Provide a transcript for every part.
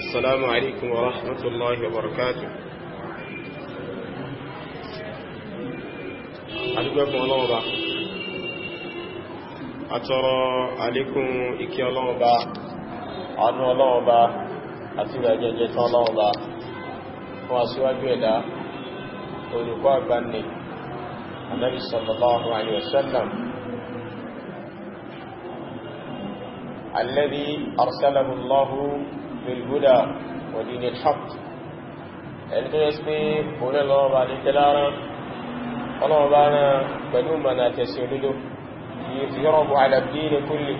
السلام عليكم ورحمة الله وبركاته أدوكم الله با أترى عليكم إكي الله با عنو الله با أتوى جيجة الله با وأسوى جيدا ولقاء بني النبي صلى الله عليه وسلم الذي أرسله الله bilhuda wadini alhaq ẹni tó yẹ sí pé òun náà lọ́wọ́ bá ní tẹ́lára ọlọ́wọ́ bá náà pẹ̀lú mọ̀nà àtẹ̀sí olódó yìí fi yọ́rọ̀ bọ̀ àdàbí ní kúlì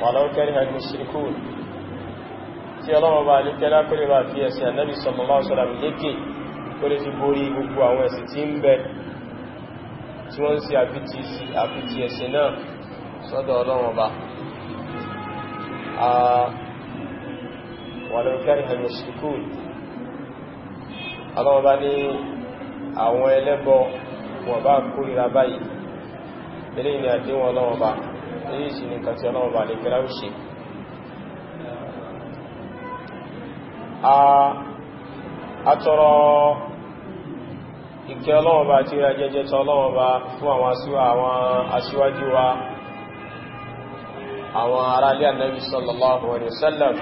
wàlọ́kẹ́rì al-mushrikun tí ọlọ́wọ́ bá ní tẹ́lá kúlì bá fi ẹ̀sẹ̀ anábì sallallahu alaihi wasallam lékè ولو كره المشركون ọlọ́wọ́ bá ní àwọn ẹlẹ́bọ wọ́n bá kó ìra báyìí ilé ìní àdíwọ̀n ọlọ́wọ́ bá èyí sì ní nǹkan tí ọlọ́wọ́ bá lè gẹ́lá ò ṣe àtọrọ ìkẹ́ ọlọ́wọ́ bá tí ìrà jẹ́jẹ́ tọ́ ọlọ́wọ́ bá fún àwọn aṣíwájú wa àwọn aráalé Ànábì sallallahu alaihi wasallam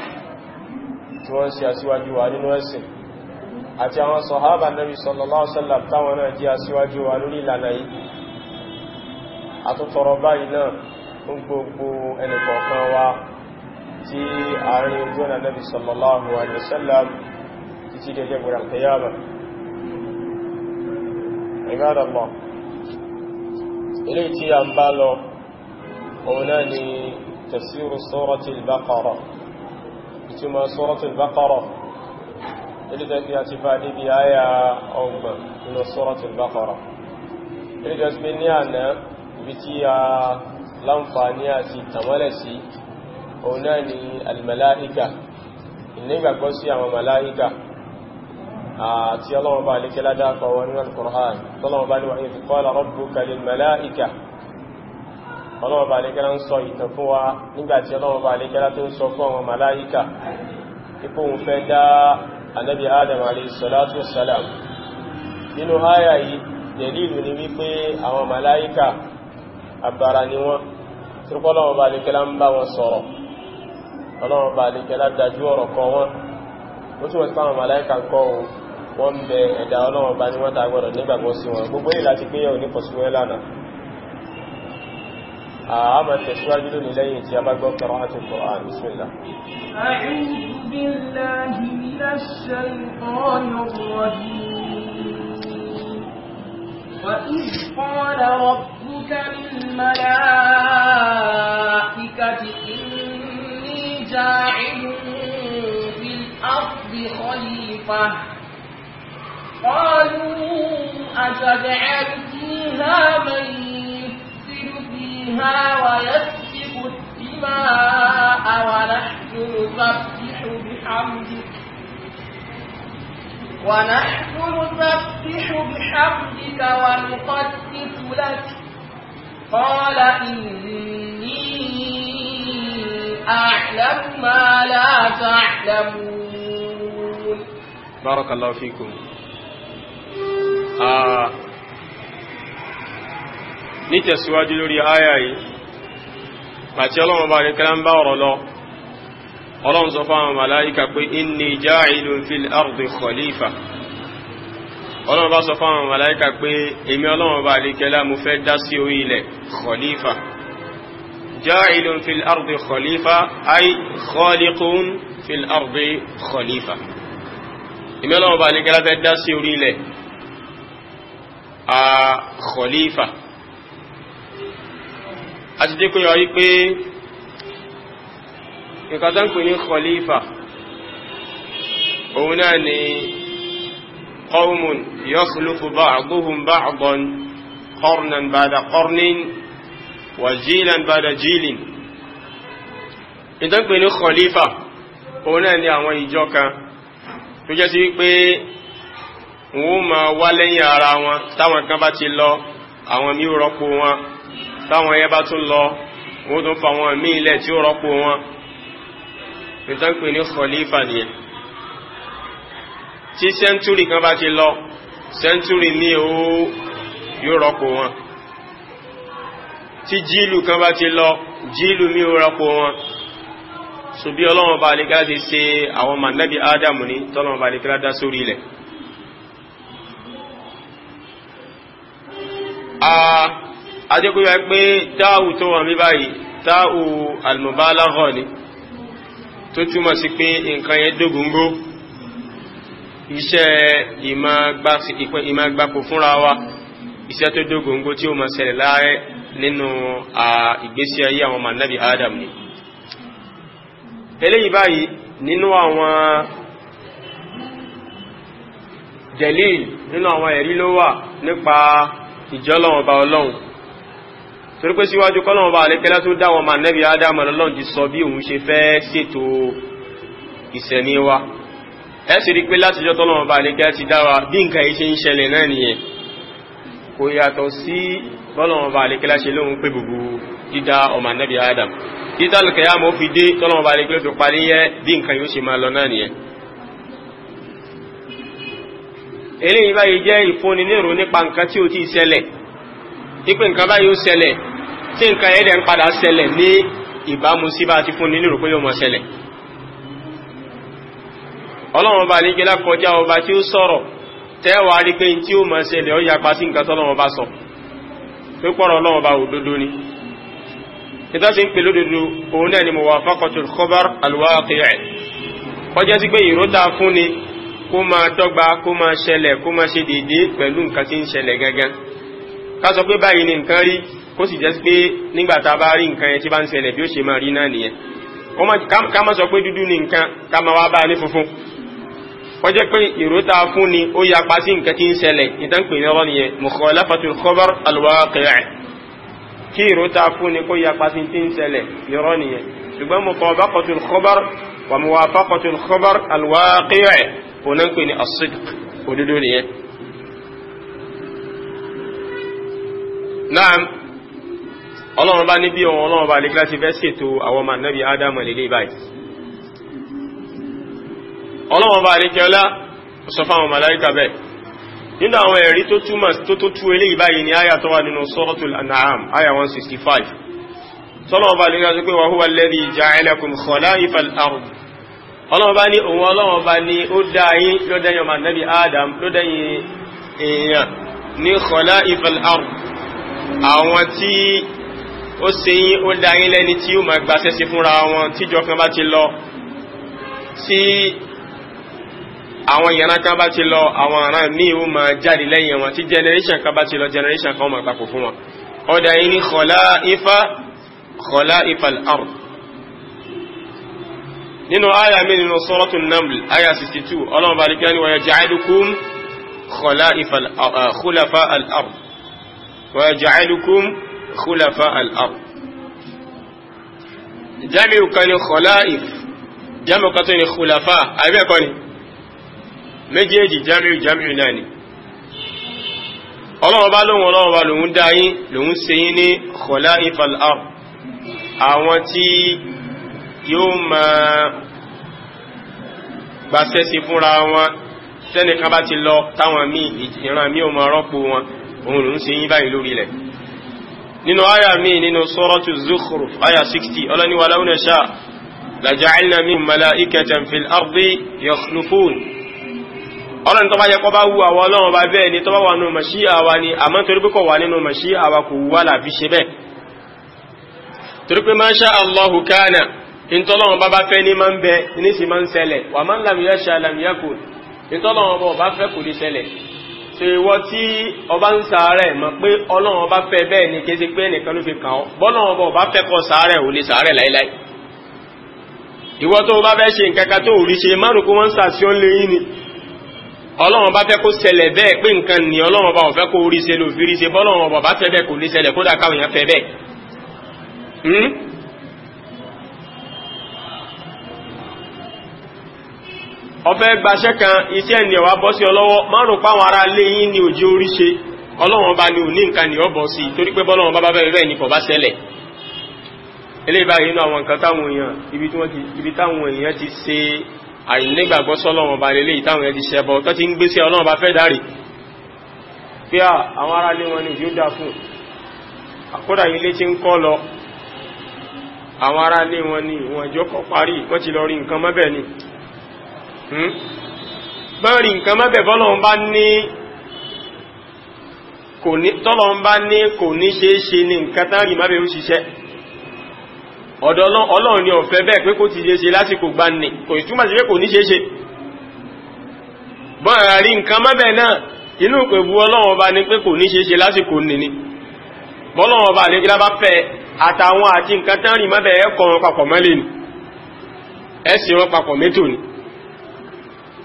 tí wọ́n ṣe aṣíwájú wa nínú ẹ̀sìn àti àwọn sọ̀hábà Nabi sallallahu alaihi wasallam táwọn náà jẹ́ aṣíwájú wa lórí ìlànà yìí àtútọrọ báyìí náà fún gbogbo ẹnìkọ̀ọ̀kan wa tí àárín ojú ọ̀nà Nabi sallallahu alaihi wasallam títí dẹjẹ́ ìtumọ̀ suratul Baqarah ilẹ̀ tí a ti fa níbi ayà ọgbọ̀n nínú suratul Baqarah ilẹ̀ tí ní àná ibi tí a láǹfààní àti tàmọ́lẹ̀ sí òun náà ni al-mala'ika ìnígbàgbọ́ ọlọ́wọ́ bá lékẹ́lá ń sọ ìtàn fún wa nígbàtí ọlọ́wọ́ bá lékẹ́lá tó ń sọ fún àwọn màláíkà ipò ń fẹ́ dá anábi adam alaihissalatu salam nínú háyà yìí dẹ̀lìlù ni wípé àwọn màláíkà àbára ni wọ́n tírúkọ́ ọlọ́wọ́ bá lékẹ́lá ń bá wọn sọ̀rọ̀ ọlọ́wọ́ bá lékẹ́lá dájú ọ̀rọ̀ kọ wọn ó túnmọ̀ sí àwọn màláíkà o wọ́n ń bẹ ẹ̀dà ọlọ́wọ́ bá ní wọ́n tàgbọ́dọ̀ nígbàgbọ́ sí wọn gbogbo èyí láti gbéyàwó ní pọ̀síwẹ́lánà أما تسواج يا جمال قراءة القرآن بسم الله أعوذ بالله من الشيطان الرجيم وإذ قال ربك للملائكة إني جاعل في الأرض خليفة قالوا أتجعل فيها من بها ويسفك الدماء ونحن نسبح بحمدك ونحن نسبح بحمدك ونقدس لك قال إني أعلم ما لا تعلمون بارك الله فيكم آه nítẹ̀síwájú lórí àyà yìí àti ọlọ́run bá nìkan ń bá ọ̀rọ̀ lọ ọlọ́run sọ fáwọn màláíkà pé inni ja'ilun fil ardi khalifa ọlọ́run bá sọ fáwọn màláíkà pé èmi ọlọ́run bá nìkẹ́lá mo fẹ́ dá sí orí ilẹ̀ khalifa a khalifa àti jẹ́ kó yọ wí pé nǹkan tó ń pè ní khalifa òun náà ni qawmun yakhlufu ba'duhum ba'dan qarnan ba'da qarnin wa jilan ba'da jilin ìtàn pè ní khalifa òun náà ni àwọn ìjọ kan tó jẹ́ sí wípé wọ́n ma wá lẹ́yìn ara wọn táwọn kan bá ti lọ àwọn mí táwọn ẹyẹ bá tún lọ wọ́n tún fa wọn mí ilẹ̀ tí ó rọ́pò wọn nìtàn pè ní khalifa nìyẹn tí sẹ́ńtúrì kan bá ti lọ sẹ́ńtúrì ní ó yóò rọ́pò wọn tí jíìlù kan bá ti lọ jíìlù mí ó rọ́pò wọn ṣùgbí ọlọ́run bá nìkan ti ṣe àwọn mànẹ́bí ádámù ní tọ́lọ́run bá nìkan dá sórí ilẹ̀ adékúyà pé táàwù tó wà mí báyìí táàwù almubalaghah ni tó túmọ̀ sí pé nǹkan yẹn dógúngó iṣẹ́ ìmọ̀gbapò fúnra wa iṣẹ́ tó dógúngó tí ó mọ̀ ṣẹlẹ̀ láàrẹ́ nínú ìgbésí ayé àwọn mànábì Adam ni eléyìí báyìí nínú àwọn delil nínú àwọn ẹ̀rí ló wà nípa ìjọ́lọ́wọ̀n ọba ọlọ́run torí pé síwájú kọ́lọ̀wọ̀n bá àlékẹ́lá tó dáwọn ma nẹ́bí Ádámù lọ́lọ́n ti sọ bí òun ṣe fẹ́ ṣètò ìṣẹ̀mí wa ẹ sì rí pé látijọ́ tọ́lọ̀wọ̀n bá àlékẹ́lá ti dáwà bí nǹkan yìí ṣe ń ṣẹlẹ̀ náà nìyẹn kò yàtọ̀ sí bọ́lọ̀wọ̀n bá àlékẹ́lá ṣe lóhun pé gbogbo dídá ọmọ nẹ́bí Ádámù títà lùkẹ́yà mọ́ fi nǹkan báyìí ó ti tí nǹkan ẹ̀dẹ̀ ń padà ṣẹlẹ̀ ní ìbámu sí bá ti fún ní nírò pé yóò mọ̀ ṣẹlẹ̀ ọlọ́run ọba ní gẹ́lá kọjá ọba tí ó sọ̀rọ̀ tẹ́wàá rí pé tí ó mọ̀ ṣẹlẹ̀ ó yapa sí nǹkan tọ́lọ́run sọ ni ìtọ́ sí khabar al-waqi' kọjá sí pé ìrótà fún ni kó máa dọ́gba kó máa ṣẹlẹ̀ kó máa ṣe déédéé pẹ̀lú nǹkan tí ń ṣẹlẹ̀ gangan ká sọ pé báyìí ni nǹkan rí kó sì jẹ́ pé nígbà tá a bá rí nǹkan yẹn tí bá ń ṣẹlẹ̀ bí ó ṣe máa rí náà nìyẹn ká má sọ pé dúdú ni nǹkan ká má wá bá a ní funfun ó jẹ́ pé ìró tá a fún ni ó yapa sí nǹkan tí ń ṣẹlẹ̀ ìtàn pè ní ọwọ́ nìyẹn mukhalafatul khabar al-waqi'i kí ìró tá fún ni kó yapa sí tí ń ṣẹlẹ̀ ìrọ́ nìyẹn ṣùgbọ́n mutabaqatul khabar wa muwafaqatul khabar al-waqi'i òun náà pè ní ọlọ́run bá ní bí ohun ọlọ́run bá lè kíláṣí fẹ́ ṣètò àwọn ọmọ ànábì ádámù lè lè báyìí ọlọ́run bá lè kíọ́lá sọ fáwọn màláíkà bẹ́ẹ̀ nínú àwọn ẹ̀rí tó túmọ̀ tó tó tú eléyìí báyìí ni àyà tó wà nínú suratul 165 tọ́lọ́run bá lè kíláṣí pé wa huwa alladhi ja'alakum khala'ifal ard ọlọ́run bá ní òun ọlọ́run bá ní ó dá yín ló dẹ́yìn ọmọ ànábì ádámù àwọn tí ó ṣe yín ó dá yín lẹ́ni tí ó ma gbáṣẹ́ sí fúnra wọn tíjọ kan bá ti lọ tí àwọn ìyànà kan bá ti lọ àwọn ará míì ó ma jáde lẹ́yìn wọn tí generation kan bá ti lọ generation kan ma papò fún wọn ó dá yín ní khala'ifa khala'ifa al-ard nínú àyà mi nínú suratul naml àyà 62 ọlọ́run bá rí kí wọ́n yẹ ja'alukum khala'ifa al-ard wọ́n yẹ ja'alukum khulafa al-ard jami'u kan ni khulaif jami'u kan tó ni khulafa àbí ẹ̀kọ́ ni méjèèjì jami'u jami'u náà ni ọlọ́run bá lóhun ọlọ́run bá lòun dá yín lòun ṣe yín ní khulaif al-ard àwọn tí yóò máa gbàṣẹ́ sí fúnra wọn tẹ́nìkan bá ti lọ táwọn míì ìran míì ò máa rọ́pò wọn òun lòun ṣe yín báyìí lórí ilẹ̀ nínú àyà mi nínú suratu Zukhruf àyà 60 ọlọ́ni walau nasha laja'alna minhum mala'ikatan fil ardi yakhlufun ọlọ́ni tó bá yẹ kó bá wù àwọn ọlọ́run bá bẹ́ẹ̀ ni tó bá wà nínú màṣí àwa ni àmọ́ torí pé kò wà nínú màṣí àwa kò wù wá làbí ṣe bẹ́ẹ̀ torí pé ma sha Allahu kana ìtọ́lọ́run bá bá fẹ́ ní máa ń bẹ ní sì máa ń ṣẹlẹ̀ wa man lam yasha lam yakun ìtọ́lọ́run bá fẹ́ kò ní ṣẹlẹ̀ so ìwọ tí ọba ń sàárẹ̀ mọ̀ pé ọlọ́run ọba fẹ́ bẹ́ẹ̀ ni kése pé ẹnìkan ló fi kàn ọ́ bọ́lọ́run ọba ọba fẹ́ kọ sàárẹ̀ ò lè sàárẹ̀ láíláí ìwọ tó bá fẹ́ ṣe nǹkankan tó rí ṣe márùn kó wọ́n ń sàṣí ó lè yín ni ọlọ́run ọba fẹ́ kó ṣẹlẹ̀ bẹ́ẹ̀ pé nǹkan ni ọlọ́run ọba ọ̀fẹ́ kó rí ṣe ló fi rí ṣe bọ́lọ́run ọba fẹ́ bẹ́ẹ̀ kò lè ṣẹlẹ̀ kódà káwọn èèyàn fẹ́ bẹ́ẹ̀ hmm? ọfẹ́ gbaṣẹ́ kan iṣẹ́ ẹni ọ̀wá bọ́ sí ọlọ́wọ́ márùn páwọn ará lé yín ni òjì orí ṣe ọlọ́wọ́n bá ní òní nǹkan ní ọbọ̀ sí torí pé bọ́lọ́wọ́n bá bẹ́ẹ̀ bẹ́ẹ̀ ní kò bá ṣẹlẹ̀ eléyìí báyìí inú àwọn nǹkan táwọn ni yóò dá fún àkódà ilé tí àwọn ará lé wọn ni ìwọ̀n ìjọ́kọ̀ parí wọ́n ti lọ rí nǹkan mọ́bẹ̀ ni Hmm? bọ́rin nǹkan mẹ́bẹ̀ bọ́lọ̀un bá ní kò ní tọ́lọ̀un bá ní kò ní ṣe é ṣe ní nǹkan tán rí mẹ́bẹ̀ ń ṣiṣẹ́ ọ̀dọ̀ ọlọ́run ni ọ̀fẹ́ bẹ́ẹ̀ pé kó ti ṣe ṣe lásìkò gbá ní kò ìtúmọ̀ sí pé kò ní ṣe é ṣe bọ́ra rí nǹkan mẹ́bẹ̀ náà inú pẹ̀bú ọlọ́run ọba ni pé kò ní ṣe ọba ní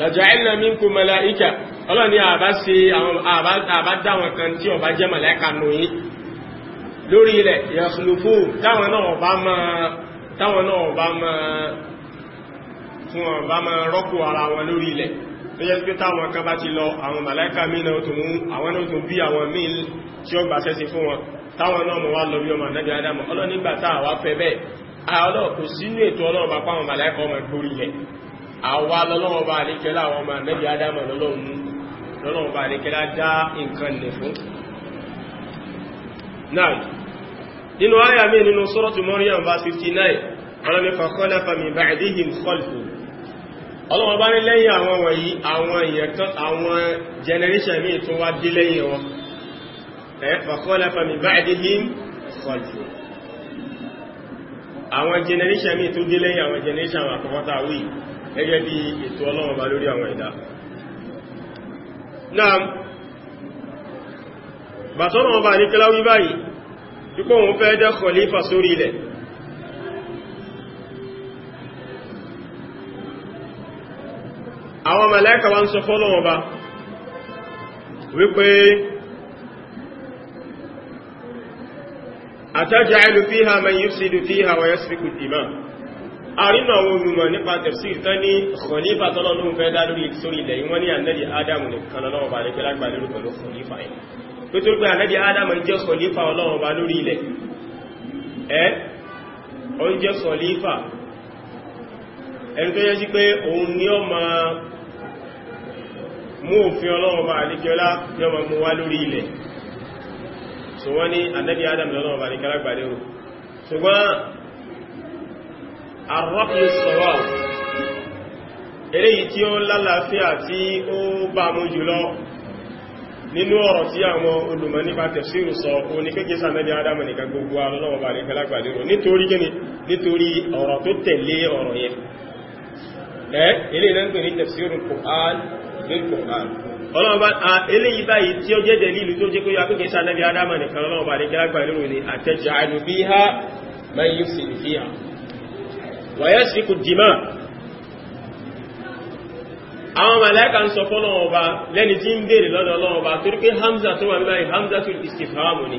laja'alna minkum malaika ọlọ́run ní àbá ṣe àwọn àbá dá wọn kan tí ọba jẹ́ màláìka nù yín lórí ilẹ̀ yasulufu táwọn náà ọba máa táwọn náà ọba máa fún ọba máa rọ́pò ara wọn lórí ilẹ̀ tó yẹ pé táwọn kan bá ti lọ àwọn màláìka mìíràn tó mú àwọn náà tó bí àwọn míì tí ó ilẹ̀ àwa lọ́lọ́wọ́ bá àríkẹ́lá àwọn ọmọ àmẹ́bí adámà lọ́lọ́wọ́ bá àríkẹ́lá dá nǹkan nì fún náà nínú àyà mi nínú suratu Maryam bá 59 ọlọ́mí fakhalafa min ba'dihim khalfun ọlọ́wọ́ bá ní lẹ́yìn àwọn wọ̀nyí àwọn èèyàn kan àwọn generation mi tún wá dé lẹ́yìn wọn ẹ̀ fakhalafa min ba'dihim khalfun gẹ́gẹ́ bí ètò Ọlọ́run bá lórí àwọn ẹ̀dá náà bàtọ́nà ọba ní kíláwí báyìí wípé òun fẹ́ dá khalifa sórí ilẹ̀ àwọn màláíkà wá ń sọ fọ́lọ́wọ́ bá wípé ataj'alu fiha man yufsidu fiha wa yasfiku ad-dima' àrínà àwọn olùmọ̀ nípa tafsir tán ní khalifa tọ́lọ́nù fẹ́ dá lórí sórí ilẹ̀ ìwọ́n ní ànẹ́dì Ádámù nìkan lọ́wọ́ bá lẹ́kẹ́ lágbà lórí pẹ̀lú khalifa yìí nítorí pé ànẹ́dì Ádámù jẹ́ khalifa Ọlọ́run bá lórí ilẹ̀ ẹ́ ó jẹ́ khalifa ẹni tó yẹ́ sí pé ṣùgbọ́n arọ́pìlú sọ̀rọ̀ eléyìí tí ó lálàáfíà tí ó bá mú jùlọ nínú ọ̀rọ̀ tí àwọn olùmọ̀ nípa tẹ̀síru sọ o ní kéèkéé sàmẹ́bí adámà nìkan gbogbo alọ́lọ́wọ́ bá nìkan lágbàlérò nítorí gẹ́ni nítorí ọ̀rọ̀ tó tẹ̀lé ọ̀rọ̀ yẹn ẹ́ ilé ìrẹ́gbẹ̀ ní tẹ̀síru Qur'an ní Qur'an ọlọ́ọ̀bá eléyìí báyìí tí ó jẹ́ dẹ̀lílù tó jẹ́ pé akéèkéé sàmẹ́bí wàyẹ́sìkù dìmá àwọn màláíkà ń sọ fọ́nà ọba lẹ́ni tí ń bèèrè lọ́dọ̀ Ọlọ́run Ọba torí pé hamza tó wà nílá hamza tó istifhamu ni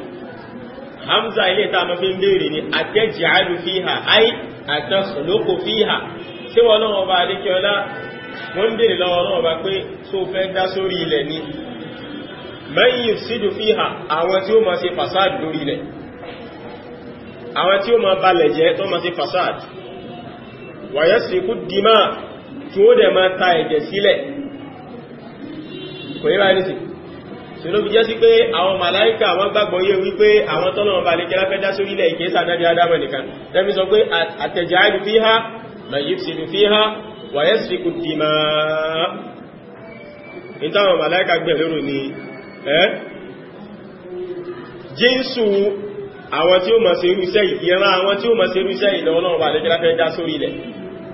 hamza ilé ìta fi ń bèèrè ni ataj'alu fiha ay atakhluqu fiha tí wọ́n náà ọba adékẹ́ọlá wọ́n bèèrè wàyẹ́sìkú dìmá tí ó dẹ̀ máa ta ẹ̀jẹ̀ sílẹ̀ kò yíra nìsì tí ló fi jẹ́ sí pé àwọn màláíkà wọ́n gbàgbọ́ yé wípé àwọn tọ́nà ọba àlékẹ́lá fẹ́ dá sórílẹ̀ ìkéésà náà adámọ̀ nìkan lẹ́mi sọ pé àtẹ̀jẹ̀ àìlú fi há mẹ̀yìfsìlú fi há wàyẹ́sìkú dìmá ìtàwọn màláíkà gbẹ̀ e lérò ni ẹ́ jínsù àwọn tí ó mọ̀ sí irúṣẹ́ ìran àwọn tí ó mọ̀ sí irúṣẹ́ ìlọ́wọ́lọ́wọ́ àlékẹ́lá fẹ́ dá sórílẹ̀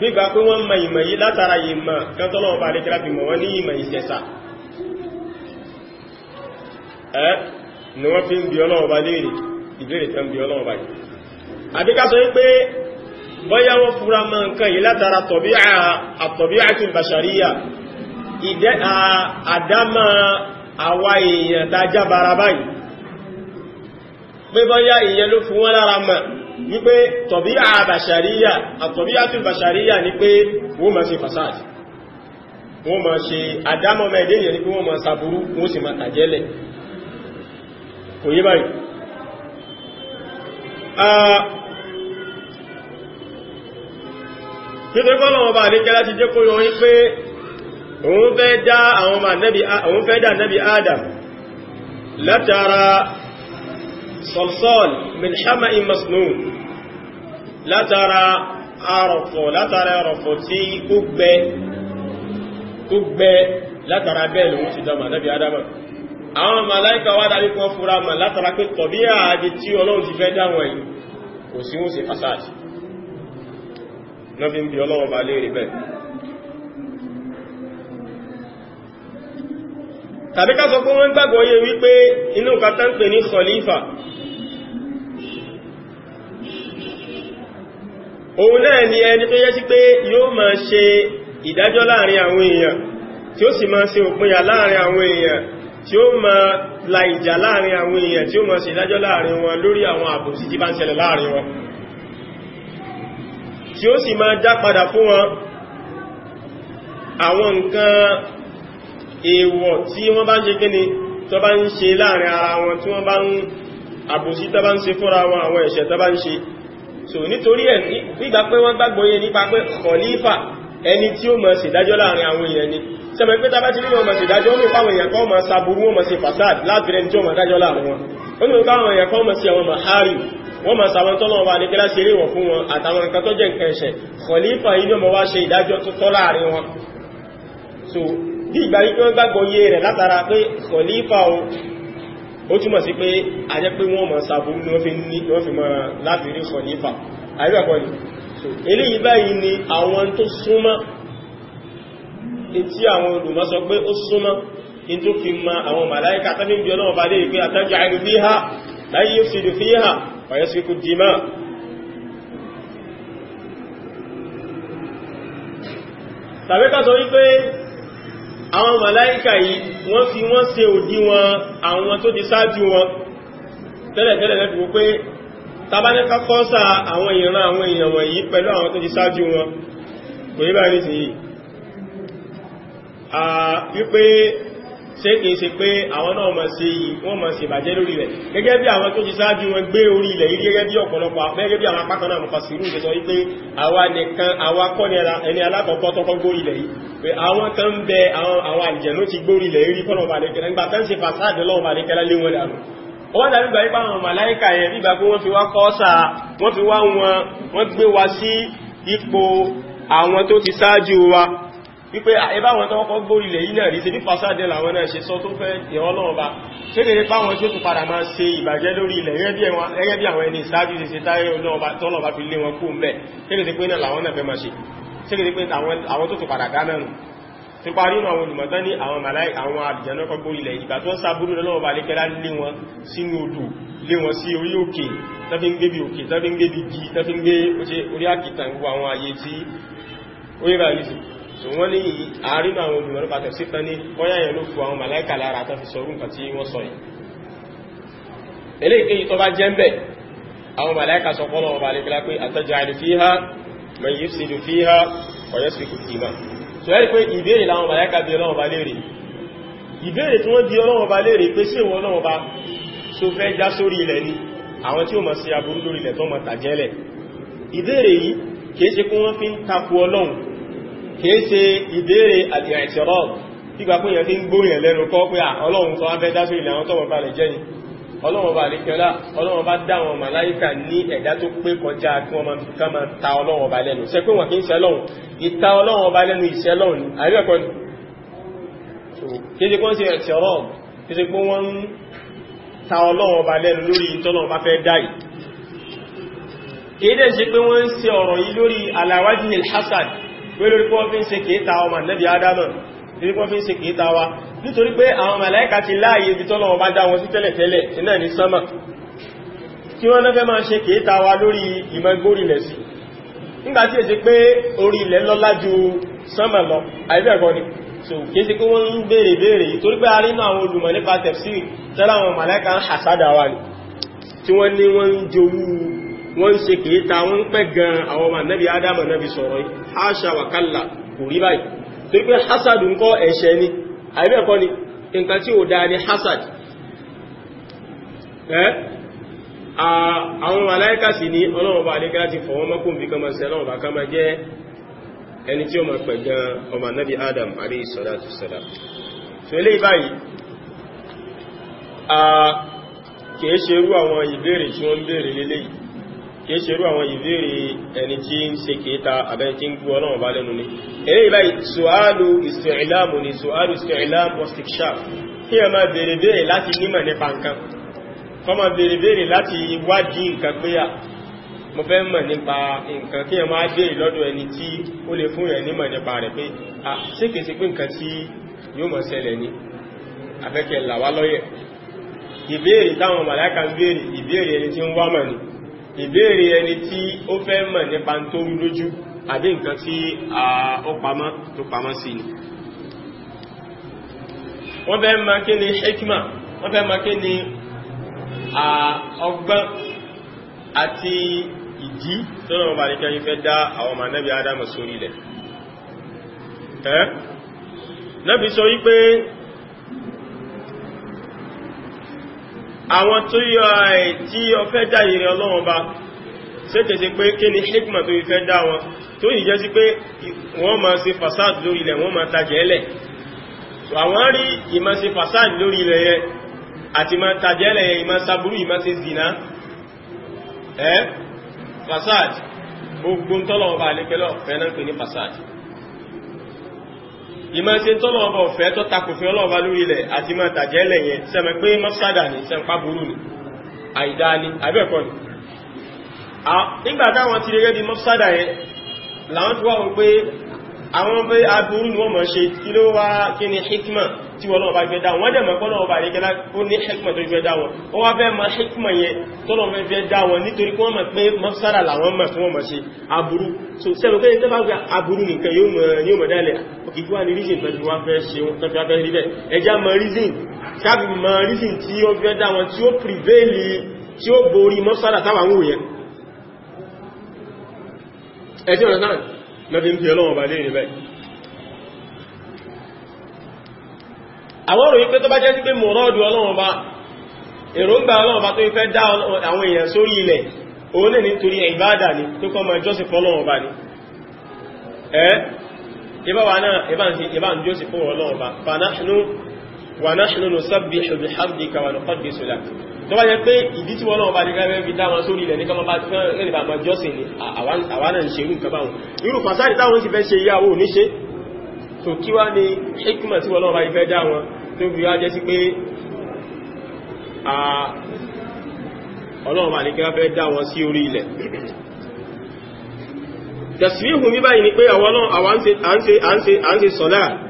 nígbà pé wọ́n mọ ìmọ̀ yìí látara ìmọ̀ kan tọ́lọ̀ ọba àríkẹ́lá fi mọ̀ wọ́n ní ìmọ̀ ìṣẹ̀ṣà ẹ́ ni wọ́n fi ń bí ọlọ́run ọba léèrè ìbéèrè tán bí ọlọ́run ọba yìí àbí ká sọ wípé bọ́yá wọ́n fura mọ́ nǹkan yìí látara àtọ̀bíàtù wípé tọ̀bíà bàṣàríyà àtọ̀bíà tún bàṣàríyà ní pé wọ́n máa ṣe fasad wọ́n máa ṣe àdámọ́ mẹ́ẹ̀dẹ́ yẹn ní pé wọ́n máa sàbúrú wọ́n sì máa tàjẹ́lẹ̀ kò yé báyìí nítorí pọ́lọ̀wọ́ bá níkẹ́ láti jẹ́ kó yọ yí pé òun fẹ́ dá àwọn Adam látara salsal min hama'in masnun látara àrọ̀fọ̀ látara àrọ̀fọ̀ tí ó gbẹ tó gbẹ látara bẹ́ẹ̀ lòun ti dámà nábi adama àwọn màláìkà wá dárí kan fúra mà látara pé tọ̀bí ààbí tí ọlọ́run ti fẹ́ dáwọn yìí kò sí wọ́n ṣe fasáàtì náà fi ń bí ọlọ́run bá lè rí bẹ́ẹ̀ tàbí ká sọ pé wọ́n gbàgbọ́ yé wípé inú kàtà ń pè ní khalifa òun náà ni ẹni tó yẹ sí pé yóò máa ṣe ìdájọ́ láàrin àwọn èèyàn tí ó sì máa ṣe òpinya láàrin àwọn èèyàn tí ó máa la ìjà láàrin àwọn èèyàn tí ó máa ṣe ìdájọ́ láàrin wọn lórí àwọn àbòsí tí bá ń ṣẹlẹ̀ láàrin wọn tí ó sì máa já padà fún wọn àwọn nǹkan èèwọ̀ tí wọ́n bá ń ṣe kíni tó bá ń ṣe láàrin ara wọn tí wọ́n bá ń àbòsí tó bá ń ṣe fúnra wọn àwọn ẹ̀ṣẹ̀ tó bá ń ṣe so nítorí ẹ̀ nígbà pé wọ́n gbàgbọ́ yé nípa pé kọ̀lífà ẹni tí ó máa ṣèdájọ́ láàrin àwọn èèyàn ni sẹ́mọ̀ pé tàbá ti rí wọn máa ṣèdájọ́ ní ìpáwọn èèyàn kan máa sàbúrú wọn máa ṣe fasad láti rẹ̀ tí ó máa dájọ́ láàrin wọn ó ní ìpáwọn èèyàn kan máa ṣe àwọn mahari wọ́n máa sàwọn tọ́lọ̀ wà ní so bí ìgbà wípé wọ́n gbàgbọ́ yé rẹ̀ látara pé kọ̀lífà o ó túmọ̀ sí pé a jẹ́ pé wọ́n mọ̀ sàbúrú ni wọ́n fi ní wọ́n fi mọ̀ láti rí kọ̀lífà àríwẹ̀kọ́ ni eléyìí báyìí ni àwọn tó súnmọ́ tí àwọn olùmọ̀ sọ pé ó súnmọ́ in tó fi ma àwọn màláíkà tàbí bí ọlọ́wọ́ bá dé ìpé àtàjì àìlú fi ha láyé yóò fìdí fi ha ọ̀yẹ́ tàbí ká sọ wípé àwọn màláíkà yìí wọ́n fi wọ́n ṣe òdiwọ̀n àwọn tó ti ṣáájú wọn tẹ́lẹ̀tẹ́lẹ̀ lẹ́fi wó pé tabanẹ́ká kọ́sà àwọn ìran àwọn èèyàn wọ̀nyí pẹ̀lú àwọn tó ti ṣáájú wọn kò yí bá ní sí yìí ṣé kìí ṣe pé àwọn náà mọ̀ sí yìí wọ́n mọ̀ sí ìbàjẹ́ lórí rẹ̀ gẹ́gẹ́ bí àwọn tó ti ṣáájú wọn gbé orí ilẹ̀ yìí gẹ́gẹ́ bí ọ̀pọ̀lọpọ̀ gẹ́gẹ́ bí àwọn apákan náà mọ̀kàn sí irú ìṣẹ́sọ wípé àwa nìkan àwa kọ́ ni ẹni alákọ̀ọ́kọ́ tọ́kọ́ gbórí ilẹ̀ yìí pé àwọn kan ń bẹ àwọn àlìjẹ̀nú ti gbórí ilẹ̀ yìí rí kọ́nà balẹ̀kẹ́lá nígbà tán ṣe fàṣáàdì lọ́wọ́ balẹ̀kẹ́lá lé wọ́n dàbí gbà ipá àwọn màláíkà yẹn nígbà pé wọ́n fi wá kọ́ọ́sà wọ́n fi wá wọn wọ́n gbé wa sí ipò àwọn tó ti ṣáájú wa wípé ah, ẹbáwọn tó kọ́kọ́ gbórílẹ̀ yìí náà rí ṣe bí fàṣádẹ́ làwọn náà ṣe sọ tó fẹ́ ìrọ́lọ́wọ́ bá ṣe lè páwọn tí ó tún padà máa ṣe ìbàjẹ́ lórí ilẹ̀ gẹ́gẹ́ bí àwọn ẹni ìsáájú ṣe táyé ọlọ́ọ̀bá fi lé wọn kú mẹ́ ṣe lè pé náà làwọn náà fẹ́ máa ṣe ṣe lè pé àwọn tó tún padà lé wọn sínú so wọ́n ní àárínú àwọn olùmọ̀ nípa tẹ̀sí tán ní bọ́yá yẹn ló fún àwọn màláìkà lára tán fi sọrú nǹkan tí wọ́n sọ yìí eléyìí tó bá jẹ́ ń bẹ̀ àwọn màláìkà sọ fọ́lọ̀ ọba alẹ́kẹ́lá pé ataj'alu fiha man yufsidu fiha wa yasfiku diman so ẹ́rì pé ìbéèrè làwọn màláìkà bí ọlọ́wọ́ ba léèrè ìbéèrè tí kìí ṣe ìbéèrè a gbígbà pé èèyàn ti ń gbóyàn lẹ́nu kọ́ pé ọlọ́run tó wá fẹ́ dá sórí àwọn tọ́wọ́ bá lè jẹ́ ni ọlọ́run bá lékẹ́lá ọlọ́run bá dá àwọn ní ẹ̀dá tó pé kọjá kí wọ́n máa ta ọlọ́run ọba lẹ́nu ṣe pé wọ́n kí ń lọ́run ìta ọlọ́run lẹ́nu lọ́run ni àríwẹ̀kọ́ ta lórí pọ́ fi ń ṣe kéta ọmọ nẹ́bí adama lórí pọ́ fi ń ṣe kéta wa nítorí pé àwọn màláíkà ti láàyè ibi tọ́lọ̀ ọba dá wọn sí tẹ́lẹ̀tẹ́lẹ̀ iná ní sánmà kí wọ́n náà máa ṣe kéta wa lórí ìmọ̀gbórinlẹ̀ sí nígbà èsì pé orí ilẹ̀ lọ́lá ju sánmà lọ àìbẹ̀ẹ̀kọ́ ni so kìí sí pé wọ́n ń béèrè béèrè torí pé a rí náà àwọn olùmọ̀ nípa tẹ̀fsí tẹ́lá ni tí wọ́n ń ṣe kèéta wọ́n ń pẹ́ gan àwọn ọmọ ànábì ádámà náà fi sọ̀rọ̀ yìí haṣa wàkálà kò rí báyìí tó pé hasad ń kọ́ ẹ̀ṣẹ̀ ni àìbẹ̀kọ́ ni nǹkan tí ò dáa ni hasad ẹ́ àwọn màláíkà sì ní ọlọ́run bá adéká ti fọwọ́ mọ́kùn bí kan máa ṣe ọlọ́run bá ká máa jẹ́ ẹni tí ó máa pẹ̀ gan ọmọ kìí ṣe irú àwọn ìbéèrè tí wọ́n ń béèrè lélẹ́yìí kìí ṣerú àwọn ìbéèrè ẹni tí ń ṣe kìíta àbẹ́ni tí ń gbú ọlọ́run bá lẹ́nu ní èyí báyìí ṣòhálù ìsìnlámù ni ṣòhálù ìsìnlámù ostikshaf kí ẹ máa bèèrè bèèrè láti nímọ̀ nípa nǹkan kọ́ máa bèèrè bèèrè láti wádìí nǹkan pé à mo fẹ́ mọ̀ nípa nǹkan kí ẹ máa bèèrè lọ́dọ̀ ẹni tí ó lè ìbéèrè táwọn màláìka ń béèrè ìbéèrè ẹni tí ń wá mọ̀ ni ìbéèrè ẹni tí ó fẹ́ mọ̀ nípa tó rú lójú àbí nǹkan tí ó pamọ́ tó pamọ́ sí ni wọ́n fẹ́ mọ̀ kí ni hikma wọ́n fẹ́ mọ̀ kí ni ọgbọ́n àti ìdí tó rọrùn bá nìkan yí fẹ́ dá àwọn ọmọ anábì Ádámù sórí ilẹ̀ àwọn tó yọ ẹ̀ eh, tí ọ fẹ́ dá ìrẹ ọlọ́run bá ṣe tẹ̀sí pé kí ni hikma tó ìfẹ́ dá wọn tó yìí jẹ́ sí pé wọ́n máa ṣe fasad lórí ilẹ̀ wọ́n máa tajẹ̀ ẹlẹ̀ àwọn rí ìmá ṣe fasad lórí ilẹ̀ yẹ àti máa tajẹ̀ ẹlẹ̀ yẹ ìmá saburú ìmá ṣe zina ẹ́ fasad gbogbo tọ́lọ̀ ọba àlẹ́pẹ́lọ́ fẹ́ náà pè ní fasad ìmọ̀ ṣe tọ́lọ̀ ọba ọ̀fẹ́ tó takòfin ọlọ́ọ̀bá lórí ilẹ̀ àti mọ̀ tàjẹ́lẹ̀ yẹn sẹ́mẹ̀ pé mọ́sádà ní sẹ́mpa burú ni àìdá ni àbẹ́ẹ̀kọ́ ni nígbà táwọn ti rẹ́gẹ́ bí mọ́sádà yẹn làwọn ti wá wọn pé àwọn pé aburú ni wọ́n mọ̀ ṣe kí ló wá kí ni hikma tí wọ́n lọ́wọ́ bá gbé dá wọn wọ́n dẹ̀ mọ̀ pọ́lọ́wọ́ bá rí gẹ́lá ní hikma tó gbé dá wọn ó wá fẹ́ mọ̀ hikma yẹn tọ́lọ̀ fẹ́ fẹ́ dá wọn nítorí pé wọ́n mọ̀ pé mọ́sára làwọn mọ̀ so sẹ́nu pé tẹ́ bá gbé aburú nìkan yóò mọ̀ yóò mọ̀ dálẹ̀ òkè kí wá ní reason tọ́jú wá fẹ́ ṣe wọn tọ́jú wá fẹ́ rí bẹ́ẹ̀ ẹja mọ̀ reason káàbì mọ̀ lọ́bí ń fi ọlọ́wọ̀n bá léèrè báyìí àwọn òròyìn pé tó bá jẹ́ sí pé mọ̀rọ̀dù ọlọ́wọ̀n bá èròǹgbà ọlọ́wọ̀n bá tó fẹ́ dá àwọn èèyàn sórí ilẹ̀ òun lè nítorí ìbádà ni tó kọ́ ma jọ́sìn fọ́lọ́wọ̀n bá ni ẹ́ ìbá wa náà ìbá ń jọ́sìn fọ́lọ́wọ̀n bá fa nahnu wa nahnu nusabbihu bihamdika wa nuqaddisu lak tó bá jẹ́ pé ìdí tí wọ́n náà bá nígbà fi dá wọn sórí ilẹ̀ ní kọmọ bá rẹ̀ bá jọ́sìn ní àwánà ìṣe irú nǹkan báwọn irú fàsáàdì táwọn sì fẹ́ ṣe ìyàwó ní ṣe tó kí wá ní hikima tí wọ́n náà bá fẹ́ dá wọn tó bí wá jẹ́ sí pé ọlọ́run bá nígbà fẹ́ dá wọn sí orí ilẹ̀ tẹ̀síwíhùn ní báyìí ni pé àwọn náà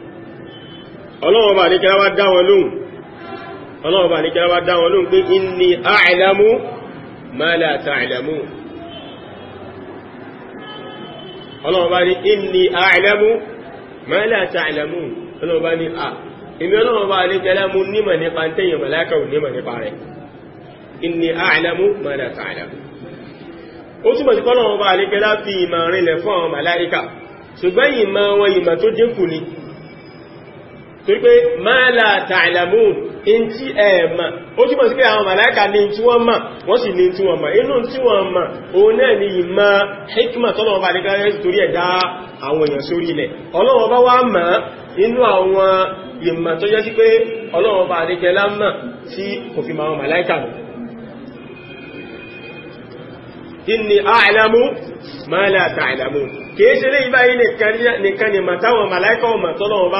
ọlọ́wọ́ bá ní kí wá dá wọn lóhùn ọlọ́wọ́ bá ní kí wá dá wọn lóhùn pé inni a'lamu ma la ta'lamu ọlọ́wọ́ bá ní inni a'lamu ma la ta'lamu ọlọ́wọ́ bá ní à ìmí ọlọ́wọ́ bá ní kẹ́lá mú nímọ̀ nípa tẹ́yìn mọ̀láka ò nímọ̀ nípa rẹ̀ ó túnbọ̀ sí kọ́lọ́wọ́ bá ní fi ìmọ̀ rinlẹ̀ fún àwọn màláíkà ṣùgbọ́n ìmọ̀ wọn ìmọ̀ tó dínkù ni torí pé mẹ́lá tàìlàmù in tí ẹ mọ̀ ó túnmọ̀ sí pé àwọn màláìkà ní tí wọ́n mọ̀ wọ́n sì ní tí wọ́n mọ̀ inú tí wọ́n mọ̀ òun náà ni ìmọ̀ hikma tọ́lọ̀wọ́ bá ní gáyẹ́ torí ẹ̀dá àwọn èèyàn sórí ilẹ̀ ọlọ́wọ́ bá wá mọ̀ inú àwọn ìmọ̀ tó jẹ́ sí pé ọlọ́wọ́ ma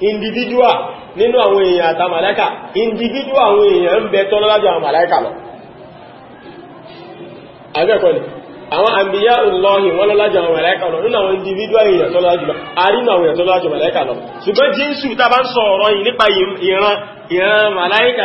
individual nínú àwọn èèyàn àtà màláìkà individual àwọn èèyàn ń bẹ tọ́lọ́lájọ àwọn màláìkà lọ agẹ́kọ̀ọ́ ni àwọn àmìyà ìlọ́hìn wọ́n lọ́lájọ àwọn màláìkà lọ nínú àwọn individual èèyàn tọ́lọ́lájọ àrínà màláìkà lọ ṣùgbọ́n jíńsù tá bá ń sọ ọ̀rọ̀ yìí nípa ìran màláìkà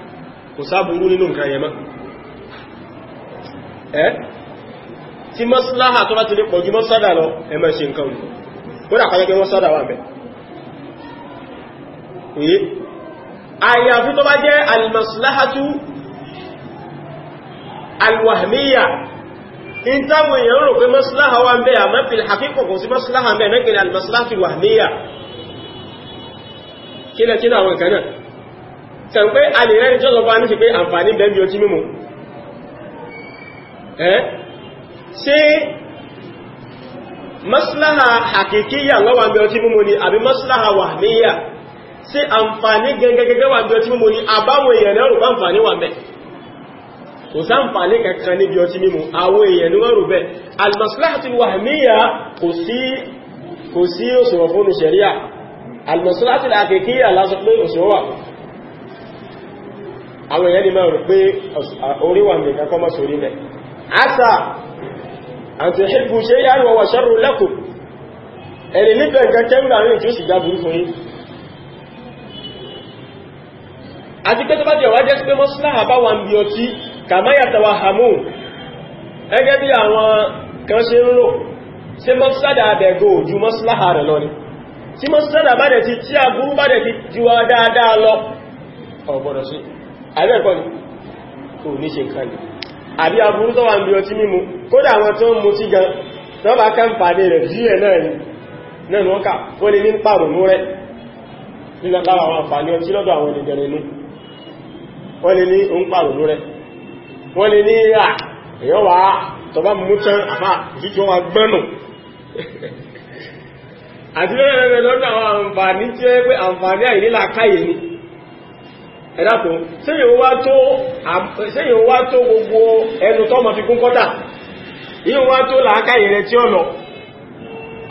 kò sáàbùrú nínú nǹkan yẹmá ẹ́ tí mọ́síláhà tó láti lè pọ̀jú mọ́sádà lọ ẹmọ́ ṣe nǹkan òun ó dà kọjọ́ pé mọ́sádà wà bẹ̀ òye àyàfi tó bá jẹ́ alìmọ̀síláhàtú alwahmiya in táwọn èèyàn rò pé mọ́síláhà wà bẹ̀ tẹ̀ pé a lè rẹ́ni tí ó sọ fún aníṣì pé àǹfààní bẹ́ẹ̀ bí ọtí mímu ẹ́ ṣe maslaha hakikiyya lọ́wà bí ọtí mímu ni àbí maslaha wahmiyya ṣe àǹfààní gẹ́gẹ́gẹ́gẹ́ wà bí ọtí mímu ni àbáwọn èèyàn lẹ́rù bá àǹfààní wà bẹ́ẹ̀ kò sáǹfààní kankan níbi ọtí mímu àwọn èèyàn ni wọ́n rò bẹ́ẹ̀ almaslahatu wahmiyya kò àwọn èèyàn lè máa rò pé orí wà nìkan kọ́ mọ́sí orí mẹ́ àṣà àti ìhìbù ṣe yàrù ọwà ṣẹ́rù lẹ́kù ẹ̀rẹ̀ níbẹ̀ nǹkan kẹ́rùn àárín tí ó sì jábùrú fún yí àti pé tó bá jẹ̀wà jẹ́ pé mọ́síláhà bá wà ń bí ọtí kàmáyàtàwà hàmù ẹgẹ́ bí àwọn kan ṣe sí àbẹ́ẹ̀kọ́ ni kò ní ṣe nǹkan ni àbí aburú tó wà ń bí ọtí mímu kódà àwọn tó ń mú tí gan tó bá ká ń pàdé rẹ̀ díẹ̀ náà ni náà wọ́n kà ó lè ní pàrùnú rẹ̀ nígbà lára àwọn àǹfààní ọtí lọ́dọ̀ àwọn ènìyàn nínú wọ́n lè ní ń pàrùnú rẹ̀ wọ́n lè ní à èyàn wà tó bá ẹ̀dàkùn sẹ́yìn ó wá tó gbogbo ẹnu tọ́mọ̀ fi kún kọ́tà yíò wá tó làákà ìrẹ tí ọ̀nà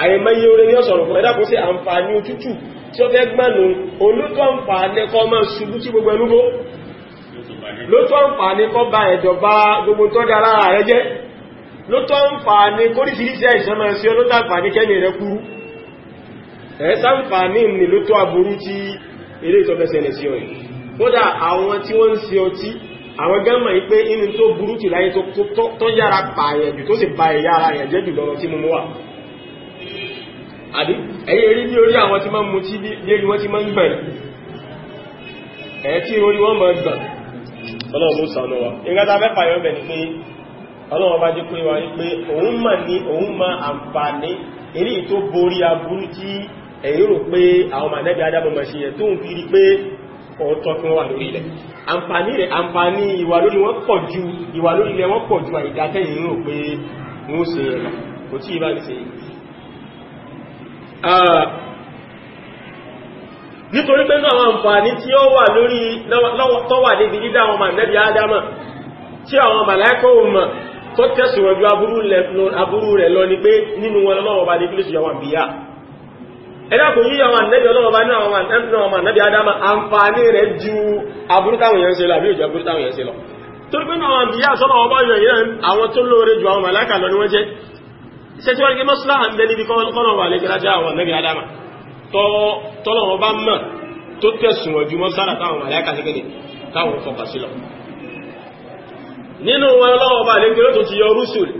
àìmẹ́yẹ orin ní ọ̀sọ̀rọ̀ fún ẹ̀dàkùn sí àǹfààní òtútù tí ó fẹ́ gbẹ́nu olótọ́ àǹfààní kọ́ gbogbo gbogbo tó àbúrú tí sí kódà àwọn tí wọ́n ń ṣe ọtí àwọn gánmà yí pé inú tó burú jù láyé tó yára pààyàn jù tó sì ba ẹ̀yà ara rẹ̀ jẹ́ jù lọ́rọ̀ tí mo mọ́ wà àbí ẹ̀yẹ rí ní orí àwọn tí máa mú tí lérí wọ́n ti máa ń gbẹ̀rẹ̀ ẹ̀ tí orí wọ́n máa ma àǹfààní èrí rò pé àwọn mànẹ́bí adábọ̀mọ̀ ṣe tó ń fi rí pé ọ̀tọ̀ fún wà lórí ilẹ̀ àǹfààní rẹ̀ àǹfààní ìwà lórí wọn pọ̀ ju ìwà lórí ilẹ̀ wọn pọ̀ ju àìdátẹ́yìn rò pé wọ́n ṣe ẹ̀rọ kò tí ìbá lè ṣe nítorí pé náà àǹfààní tí ó wà lórí tọ́wà níbi dídá àwọn ni pé nínú wọn lọ́wọ́ bá ní kílùsù yàwọn ẹ̀dàkùn yíyọ àwọn ànẹ́bí ọlọ́run bá ní àwọn ànẹ́bí adama àǹfààní rẹ̀ ju aburútàwọn yẹn ṣe lọ àbí òjò aburútàwọn yẹn ṣe lọ torí pé náà bí yá sọ́lọ́ ọba yọ yẹn àwọn tó lóore ju àwọn màláìkà lọ ní wọ́n jẹ́ ṣe tí wọ́n gé mọ́sílá à ń bẹ níbi kọ́nà wà lẹ́gbẹ̀rẹ́ ajá àwọn ànẹ́bí adama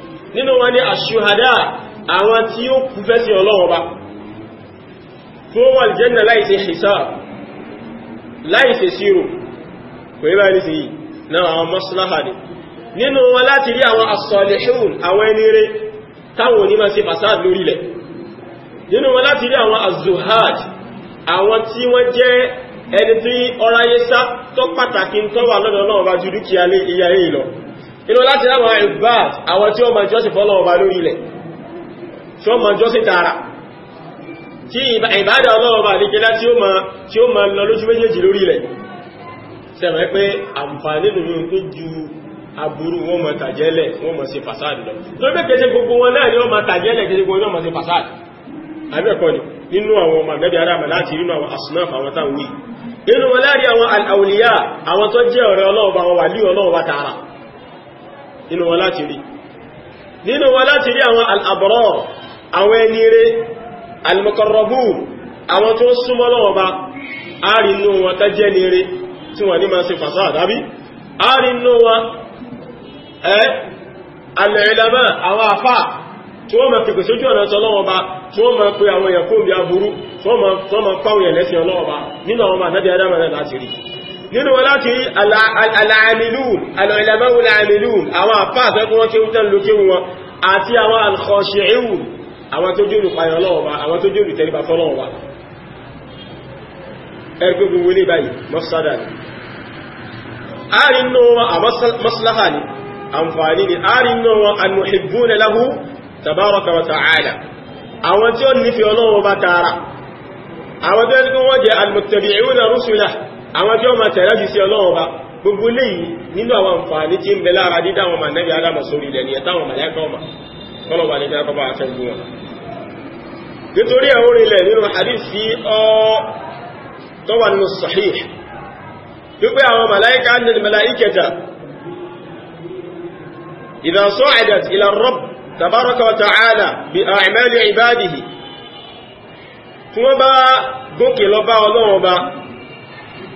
nínú wọn ni aṣùhàdá àwọn tí ó kú fẹ́ sí Ọlọ́run Ọba fún wọn jẹ́nà láìsí hisab láìsí sírò kò yí báyìí sí náà àwọn maslaha ni nínú wọn láti rí àwọn as-salihun àwọn ẹni rere táwọn onímọ̀ sí fasad lórílẹ̀ nínú wọn láti rí àwọn az-zuhad àwọn tí wọ́n jẹ́ ẹni tí ọráyé tó pàtàkì tó lọ́dọ̀ náà bá ju dúkìá ilé ìlọ inú láti láwọn ìbáàt àwọn tí ó ma jọ́sìn fọ́lọ̀ ọba lórí ilẹ̀ tí ó ma jọ́sìn tààrà tí ìbádà ọlọ́ọba àdíkẹ́lá tí ó ma lọ lójú méjèèjì lórí ilẹ̀ sẹ́mẹ́ pé àǹfààní lòyún tó ju aburú wọn ma tàjẹ́lẹ̀ wọn ma ṣe ni wọn ma ni nínú àwọn ọmọ àgbẹ́bẹ̀ aráàmà láti nínú àwọn asnaf àwọn táwọn wí nínú wọn láàrin àwọn al-awliya àwọn tó jẹ́ ọ̀rẹ́ ọlọ́ọ̀bá wọn wà nínú wọn láti rí nínú wọn láti rí àwọn al-abrar àwọn ẹnire al-muqarrabun àwọn tó súnmọ́ Ọlọ́run bá àrínú wọn tó jẹ́ nire tí wọ́n ní máa ṣe fàṣà àdábí àrínú wọn ẹ́ al-ulama àwọn àfà tí wọ́n máa pèpè sójú ọ̀nà Ọlọ́run bá tí wọ́n máa pe nínú wọn láti rí alàmìlún alàìlàmáwò alàmìlún àwọn àfáàfẹ́ kún wọ́n kí wọ́n tán lókè wọn àti àwọn alkhọ́ṣẹ̀ẹ́wù àwọn tó jòrò payọ̀ lọ́wọ́wà àwọn tó jòrò tẹ́ríba fọ́lọ́wọ́wà ẹgbẹ́ gbogbo ní báyìí mafsada ni àárín náà a maslaha ni àǹfààní ni àárín náà annuhibbuna lahu tabaraka wa ta'ala àwọn tí ó nífẹ̀ẹ́ bá tààrà àwọn tó yẹ́ àwọn tí ó máa tẹ̀lé jù sí ọlọ́run bá gbogbo léyìí nínú àwọn àǹfààní tí ń bẹ lára dídá àwọn mànẹ́bí adámọ̀ sórí ilẹ̀ ni ẹ̀táwọn màlẹ́kà ọmọ ọlọ́ba ní kẹ́kọ́ bá aṣẹ́ gbogbo wọn nítorí ẹ̀ orin ilẹ̀ nínú hadith sí ọ tọ́wà nínú sahih wípé àwọn màláíkà ní màláíkẹta idha sa'adat ila rabb tabaraka wa ta'ala bi a'mali ibadihi tí wọ́n bá gòkè lọ bá ọlọ́run ọba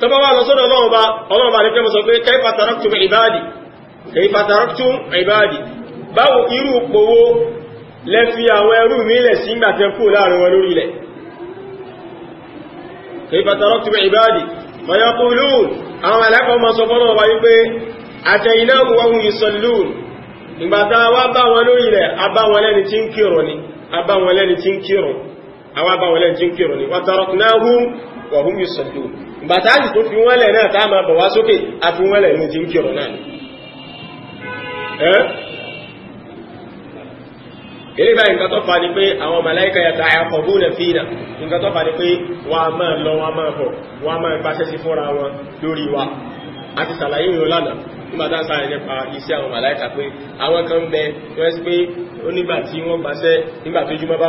tó bá wà lọ sọ́dọ̀ ọlọ́run bá ọlọ́run bá ní pé mo sọ pé kaifa taraktum ibadi kaifa taraktum ibadi báwo irú pòwó lẹ́fi àwọn ẹrú mi lẹ̀ sí ìgbà tẹ́ kú láàrin wọn lórí ilẹ̀ kaifa taraktum ibadi wa yaqulun àwọn ẹlẹ́kọ̀ọ́ ma sọ fọ́nà ọba wípé ataynahum wa hum yusallun ìgbàta wàhún yóò sọ̀dọ̀ ìgbàtàájì tó fi wọ́n lẹ̀ náà tá máa bọ̀ wá sókè a fi wọ́n lẹ̀ ní ti ń kí ọ̀rọ̀ náà ni ilé báyìí nǹkan tó fa ni pé àwọn màláìka yàtà àkọ̀bù nà fi nǹkan tó fa ni pé wọ́n a máa lọ wọ́n máa bọ̀ wọ́n máa wa a ti sàlàyé ìrìn lánàá nígbà tá sáré nípa iṣẹ́ àwọn màláìka pé àwọn kan bẹ wọ́n sí pé ó nígbà tí wọ́n nígbà tó jùmọ́ bá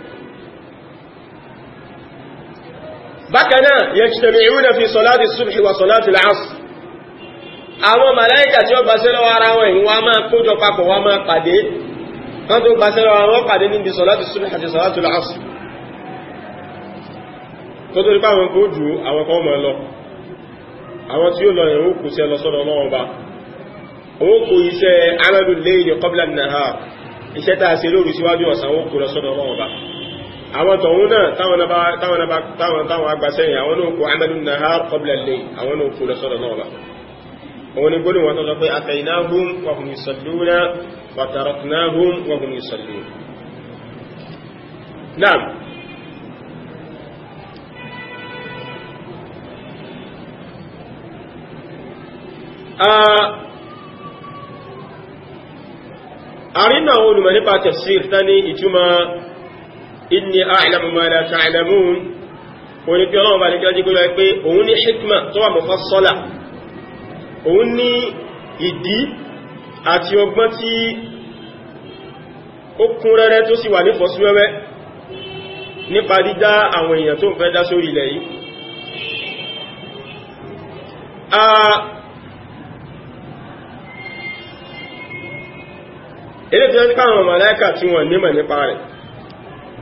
bákanáà yajtami'una fi salati subhi wa salati al-asr àwọn màláìkà tí ó gbàṣẹ́ lọ́wọ́ ara wọn ìwọ́n a máa kójọ papọ̀ wọ́n máa pàdé wọ́n tó gbàṣẹ́ lọ́wọ́ àwọn pàdé níbi salati subhi àti salati al-asr tó tó nípa àwọn kó jù àwọn kan àwọn tọ̀hún náà táwọn agbàṣẹ́yìn àwọn náà kò amẹ́lú náà qabla al-layl àwọn náà kò lọ́sọ́dọ̀ náà wà òun ni gbónú wọn tọ́jọ pé ataynahum wa hum yusalluna wa taraknahum wa hum yusalluna naam àrínà inni a'lamu ma la ta'lamun òní pé ọlọ́run bá ní kílájí kó lọ pé òun ní hikma tó wà mufassala òun ní ìdí àti ọgbọ́n tí ó kún rẹ́rẹ́ tó sì wà ní fọ́súwẹ́wẹ́ nípa dídá àwọn èèyàn tó ń fẹ́ dá sórí ilẹ̀ yìí ilé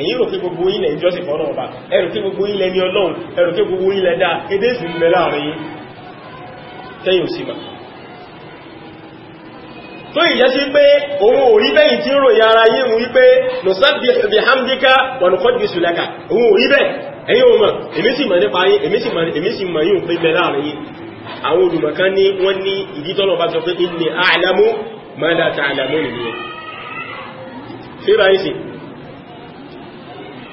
ẹ̀yin rò pé gbogbo ilẹ̀ ìjọsìn fọ́nà ọba ẹ̀rù pé gbogbo ilẹ̀ ní ọlọ́run ẹ̀rù pé gbogbo ilẹ̀ dáa kéde sì ń bẹ láàrin yìí tẹ́yìn òsì mà tó ìjẹ́ sí pé òun ò rí bẹ́yìn tí ń ròyìn ara yìí mú wípé nùsàbí hamdika wọnùkọ́dì sùlẹ́kà òun ò rí bẹ́ ẹ̀yin ò mọ̀ èmi sì mọ̀ nípa yìí èmi sì mọ̀ yìí pé bẹ láàrin yìí àwọn olùmọ̀kan ní wọ́n ní ìdí tọ́lọ̀ bá sọ pé inni a'lamu ma la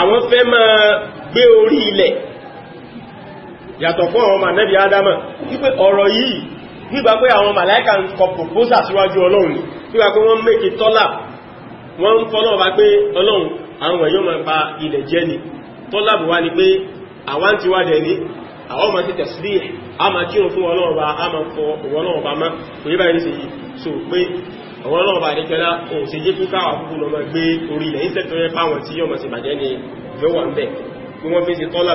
àwọn fẹ́ máa gbé orí ilẹ̀ yàtọ̀ fún àwọn mànẹ́bí adama wípé ọ̀rọ̀ yìí nígbà pé àwọn màláíkà ń kọ pòpósà síwájú ọlọ́run nígbà pé wọ́n mẹ́kì tọ́lá wọ́n ń fọ́lọ́ bá pé ọlọ́run àwọn wọ̀nyí máa pa ilẹ̀ jẹ́ ni tọ́lá bù wá ni pé àwa ń ti wá dẹ̀ ní àwọn ọmọ ti tẹ̀sílì àmà kírun fún ọlọ́run bá àmà fọ ọlọ́run bá má kò yí báyìí nísìnyí so pé àwọn ọlọ́ọ̀bà àdékẹ́lá òun sì jẹ́ kúkà wà púpù lọ́mọ gbé orí ilẹ̀ ìsẹ́tọ̀ fáwọn tí yọ́mọ̀ sí bàjẹ́ ni yóò ń bẹ̀ kí wọ́n fi sí tọ́lá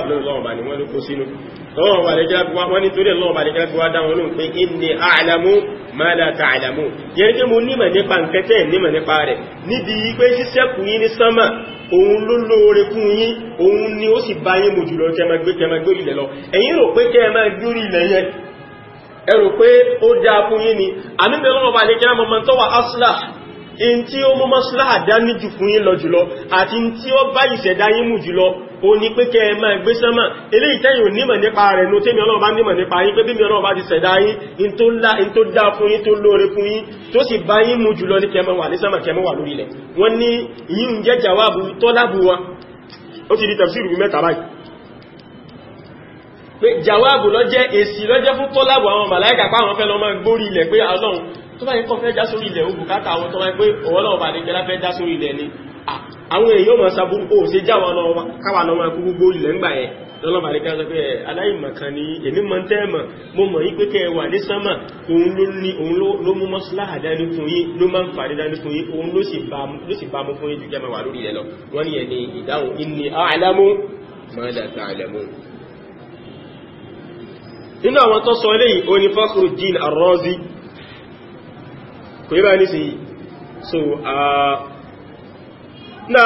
bí òun ló lóore fún yín òun ni ó sì bá yín mo kẹmẹgbé kẹmẹgbé orílẹ̀ lọ ẹ̀yin rò pé kẹmẹgbé orílẹ̀ yẹn ẹrù pé ó dáa fún yín ni àníbẹ̀ lọ́wọ́ bá lè kí mọ́ tó wà asùlá in tí ó mú mọ́sùlá àdání jù fún yín lọ jùlọ àti in tí ó bá ìṣẹ̀dá yín mú jùlọ ó ní pé kẹ́ máa gbé sánmà ilé ìtẹ́yìn ò nímọ̀ nípa rẹ̀ ló tẹ́mi Ọlọ́run bá nímọ̀ nípa yín pé bí mi Ọlọ́run bá ti ṣẹ̀dá yín in tó ńlá in tó dá fún yín tó lóore fún yín tó sì bá yín mú jùlọ ní kẹmọ wà ní sánmà kẹmọ wà lórí ilẹ̀ wọ́n ní yín jẹ́ jàwábù tọ́lábù wọn ó ti di tafsir mẹ́ta báyìí pé jàwáàbù lọ́jẹ́ èsì lọ́jẹ́ fún tọ́lábù àwọn màláìkà pa àwọn fẹ́ lọ máa gbórí ilẹ̀ pé ọlọ́run tó bá ikọ́ fẹ́ já sórí ilẹ̀ ó bùkátà àwọn tó wáyé pé ọlọ́run bá ní kẹlá fẹ́ já sórí ilẹ̀ ni àwọn èèyàn mọ̀ sábúrú ó ṣe já wọn lọ́wọ́ káwà lọ́wọ́ ẹkú gbogbo ilẹ̀ ńgbà yẹn lọ́lọ́bà ní káàkiri pé aláìmọ̀kan ní èmi mọ̀ tẹ́ẹ̀mọ̀ mo mọ̀ yí pé kẹ́ wà ní sánmà òun ló ní òun ló mú mọ́síláhà dání fún yín ló máa ń fàdé dání fún inú àwọn tó sọ eléyìí o ní Fakhruddin Ar-Razi kò yí bá ní sí so náà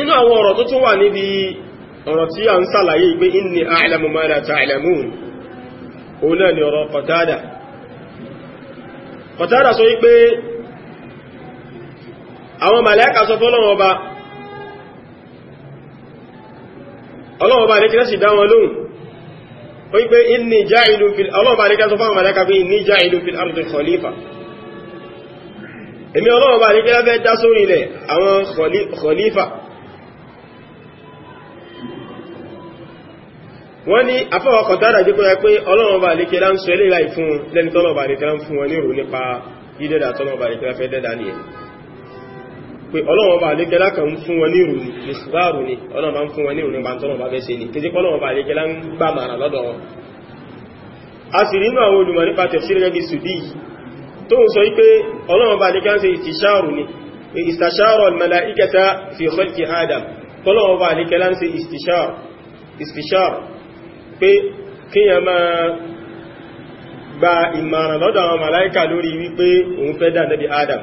inú àwọn ọ̀rọ̀ tó tún wà níbi ọ̀rọ̀ tí a ń sàlàyé pé inni a'lamu ma la ta'lamun o náà ni ọ̀rọ̀ Qatada Qatada sọ wípé àwọn màláíkà sọ fọ́lọ́wọ́ ọlọ́wọ́ bá lékẹ́ sí dáwọn lóhùn ó wípé inni ja'ilun fil ọlọ́wọ́ bá lékẹ́ sọ fáwọn mẹ́lẹ́ka bí inni ja'ilun fil ardi khalifa èmi ọlọ́wọ́ bá lékẹ́ fẹ́ dá sórí rẹ̀ àwọn khalifa wọ́n ní afọ́wọ́kọ̀ dára jíkọ́ ya pé ọlọ́wọ́ bá lékẹ́ lá ń sọ ilé láì fún lẹ́ni tọ́lọ̀ bá lékẹ́ lá ń fún wọn ní ìrò pé ọlọ́wọ́ bá àlékẹ́lá kan ń fún wọn ní ìròyìn ìsìláàrù ni ọlọ́wọ́ bá ń fún wọn ní ìròyìn bàtọ́nà bá bẹ́ẹ̀ ṣe ni kìí pọ́lọ́wọ́ bá àlékẹ́lá ń gbà màrà lọ́dọ̀ wọn a sì nínú àwọn olùmọ̀ nípa tẹ̀sí rẹ̀ bí sùdí tó ń sọ wípé ọlọ́wọ́ bá àlékẹ́lá ṣe ìtìṣàrù ni ìsìtàṣàrọ̀ mẹ́láìkẹta fi khalqi adam tọ́lọ́wọ́ bá àlékẹ́lá ṣe ìsìtìṣàrù pé adam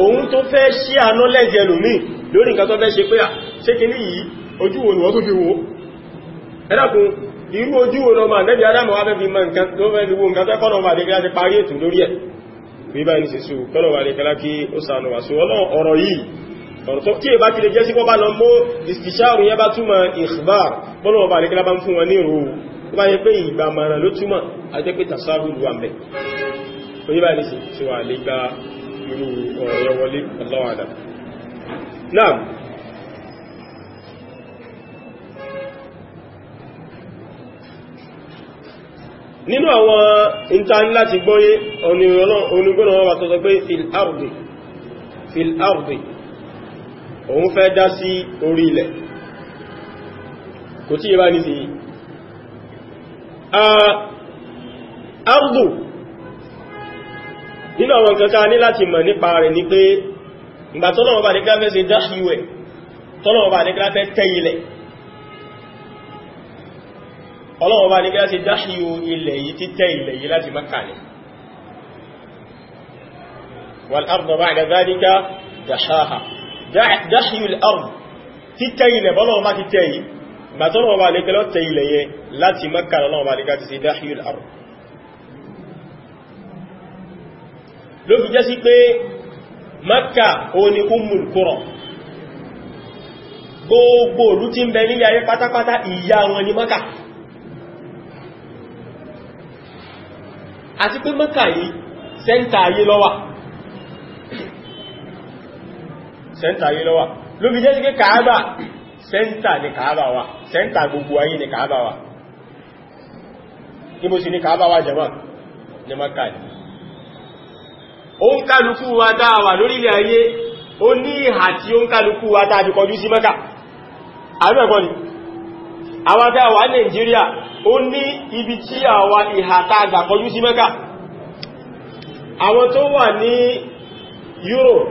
òun tó fẹ́ ṣí àánú lẹ́jẹ ẹlòmí lórí nǹkan tó fẹ́ ṣe pé à ṣe kì ní yìí ojú wo ni wọ́n tó fi wo ẹ̀dàkùn irú ojú wo lọ máa nẹ́bí adámọ̀ wá fẹ́ fi mọ́ nǹkan tó fẹ́ fi wo nǹkan tẹ́kọ́ náà wà lè kẹ́lá ti parí ètò lórí ẹ̀ bí báyìí sì sù kọ́nà wà lè kẹ́lá kí ó sànù wà lè jẹ́ irú ọ̀rọ̀ الله Allahu نعم. náà nínú àwọn ìntani láti gbọ́yé onígbónà wọn wà tọ́tọ́ pé fil-ardi fil-ardi òun fẹ́ dá sí orí ilẹ̀ kò tí ìbá ní sí ah, ardu nínú àwọn nǹkan ká ní láti mọ̀ nípa rẹ̀ ní pé ìgbà tọ́lọ̀wọ́ bá ní ká fẹ́ ṣe dáhìwẹ̀ tọ́lọ̀wọ́ bá ní ká fẹ́ tẹ́ ilẹ̀ ọlọ́wọ́ bá ní ká ṣe dáhìwò ilẹ̀ yìí ti ilẹ̀ yìí láti Mákà ló fi jẹ́ sí pé Makka ó ní ummul qura gbogbo òlú tí ń bẹ nílé ayé pátápátá ìyá wọn ni Makka àti pé Makka yìí sẹ́ntà ayé ló wà sẹ́ntà ayé ló wà ló fi jẹ́ sí pé Kaaba sẹ́ntà ni Kaaba wà sẹ́ntà gbogbo ayé ni Kaaba wà níbo sì ni Kaaba wà jẹ́mọ́ ní Makka yìí ó ń kálukú wa dáàwà lórílẹ̀ ayé ó ní ìhà tí ó ń kálukú wa dáàbí kọjú sí mẹ́kà àbẹ́ẹ̀kọ́ ni àwọn dáàwà Nàìjíríà ó ní ibi tí àwa ìhà tààgbà kọjú sí mẹ́kà àwọn tó wà ní Europe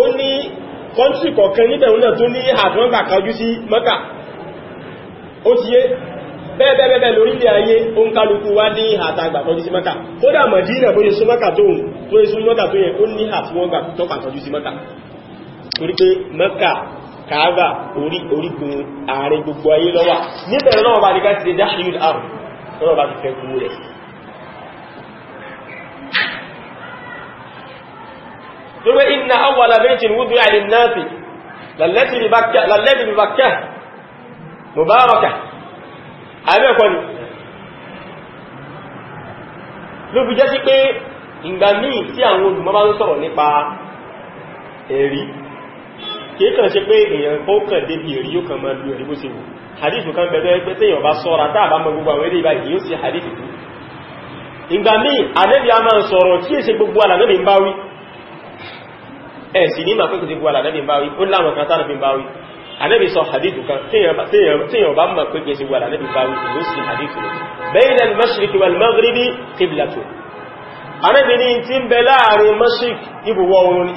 ó ní kọ́ntì kọ̀ọ̀kan níbẹ̀rún náà tó ní ìhà tó ń kàkọjú sí mẹ́kà ó ti yé bẹ́ẹ̀bẹ́ẹ̀bẹ́ lórílẹ̀ ayé ó ń kálukú wa ní ìhà tààgbà kọjú sí mẹ́kà kódà Mọ̀dínà bó ṣe sún mẹ́kà tó esú mọ́kà tó yẹ kó ní àfúwọ́gbà tọ́pà tọ́jú sí mọ́kà torí pé mọ́kà kàábà orígun ààrẹ gbogbo ayé lọ́wà níbẹ̀rẹ̀ náà bá nígbà ti dé dáhìlú àrùn náà bá ti fẹ́ kú rẹ̀ torí inna awwala jẹ́ sí pé ìgbà míì tí àwọn olùmọ̀ bá ń sọ̀rọ̀ nípa ẹ̀rí kìí kàn ṣe pé èèyàn ó kàn débi èrí yóò kàn máa lu ẹ̀rí bó ṣe wù hadith kan bẹ̀rẹ̀ ẹgbẹ́ tí èèyàn bá sọ́ra táàbá mọ gbogbo àwọn eré ìbáyìí yóò sí hadith kú ìgbà míì anẹ́bí a máa sọ̀rọ̀ tí èṣe gbogbo alànẹ́bí ń bá wí ẹ̀ sì ní màá pẹ́kẹ́ gbogbo alànẹ́bí ń bá wí ó láwọn kan tánàbí ń bá wí anẹ́bí sọ hadith kan tí èèyàn bá mọ̀ pẹ́kẹ́ gbogbo alànẹ́bí ń maghribi qiblatu anábìnrin tí ń bẹ láàrin mashrik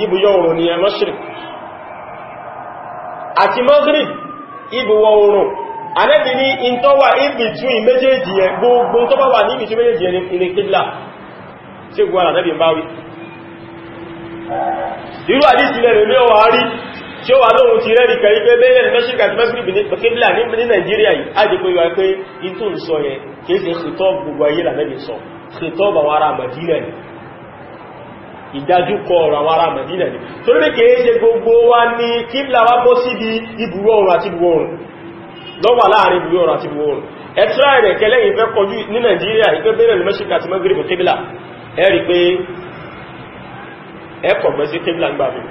ibùyọ oòrùn ni mashrik àti maghrib ibùwọ̀ oòrùn anábìnrin in tó wà in between méjèèjì yẹn gbogbo tó bá wà ní between méjèèjì yẹn ní kílá tí gbogbo anábìn bá wí irú àdísì lẹ́rẹ̀ ní ọwà rí tí ó wà lóhun ti rẹ́rì kẹrí pé bẹ́ẹ̀lẹ̀ ní mẹ́ṣíkà tí mẹ́ṣíkà ní kílá ní nàìjíríà yìí á jẹ́ pé wà pé in tó yẹn kìí sí gbogbo ayé lànẹ́bì sọ ṣètọ́bà wára Mẹ̀dínà ni ìdájúkọ ọ̀rọ̀ àwọn ará Mẹ̀dínà ni tó lórí kèé ṣe gbogbo wa ní kí láwá bọ́ síbi ibùrọ̀ oòrùn àti ibùwọ̀ oòrùn lọ́wà láàrin ibùrọ̀ oòrùn àti ibùwọ̀ oòrùn ẹ̀tọ́ ẹ̀rẹ̀ kẹlẹ́yìn fẹ́ kọjú ní Nàìjíríà ìpé bẹ́rẹ̀ ní Mẹ́ṣíkà àti mẹ́gbẹ̀rẹ̀ kébìlà ẹ̀rì pé ẹkọ̀gbẹ́ sí kébìlà ń gbàmì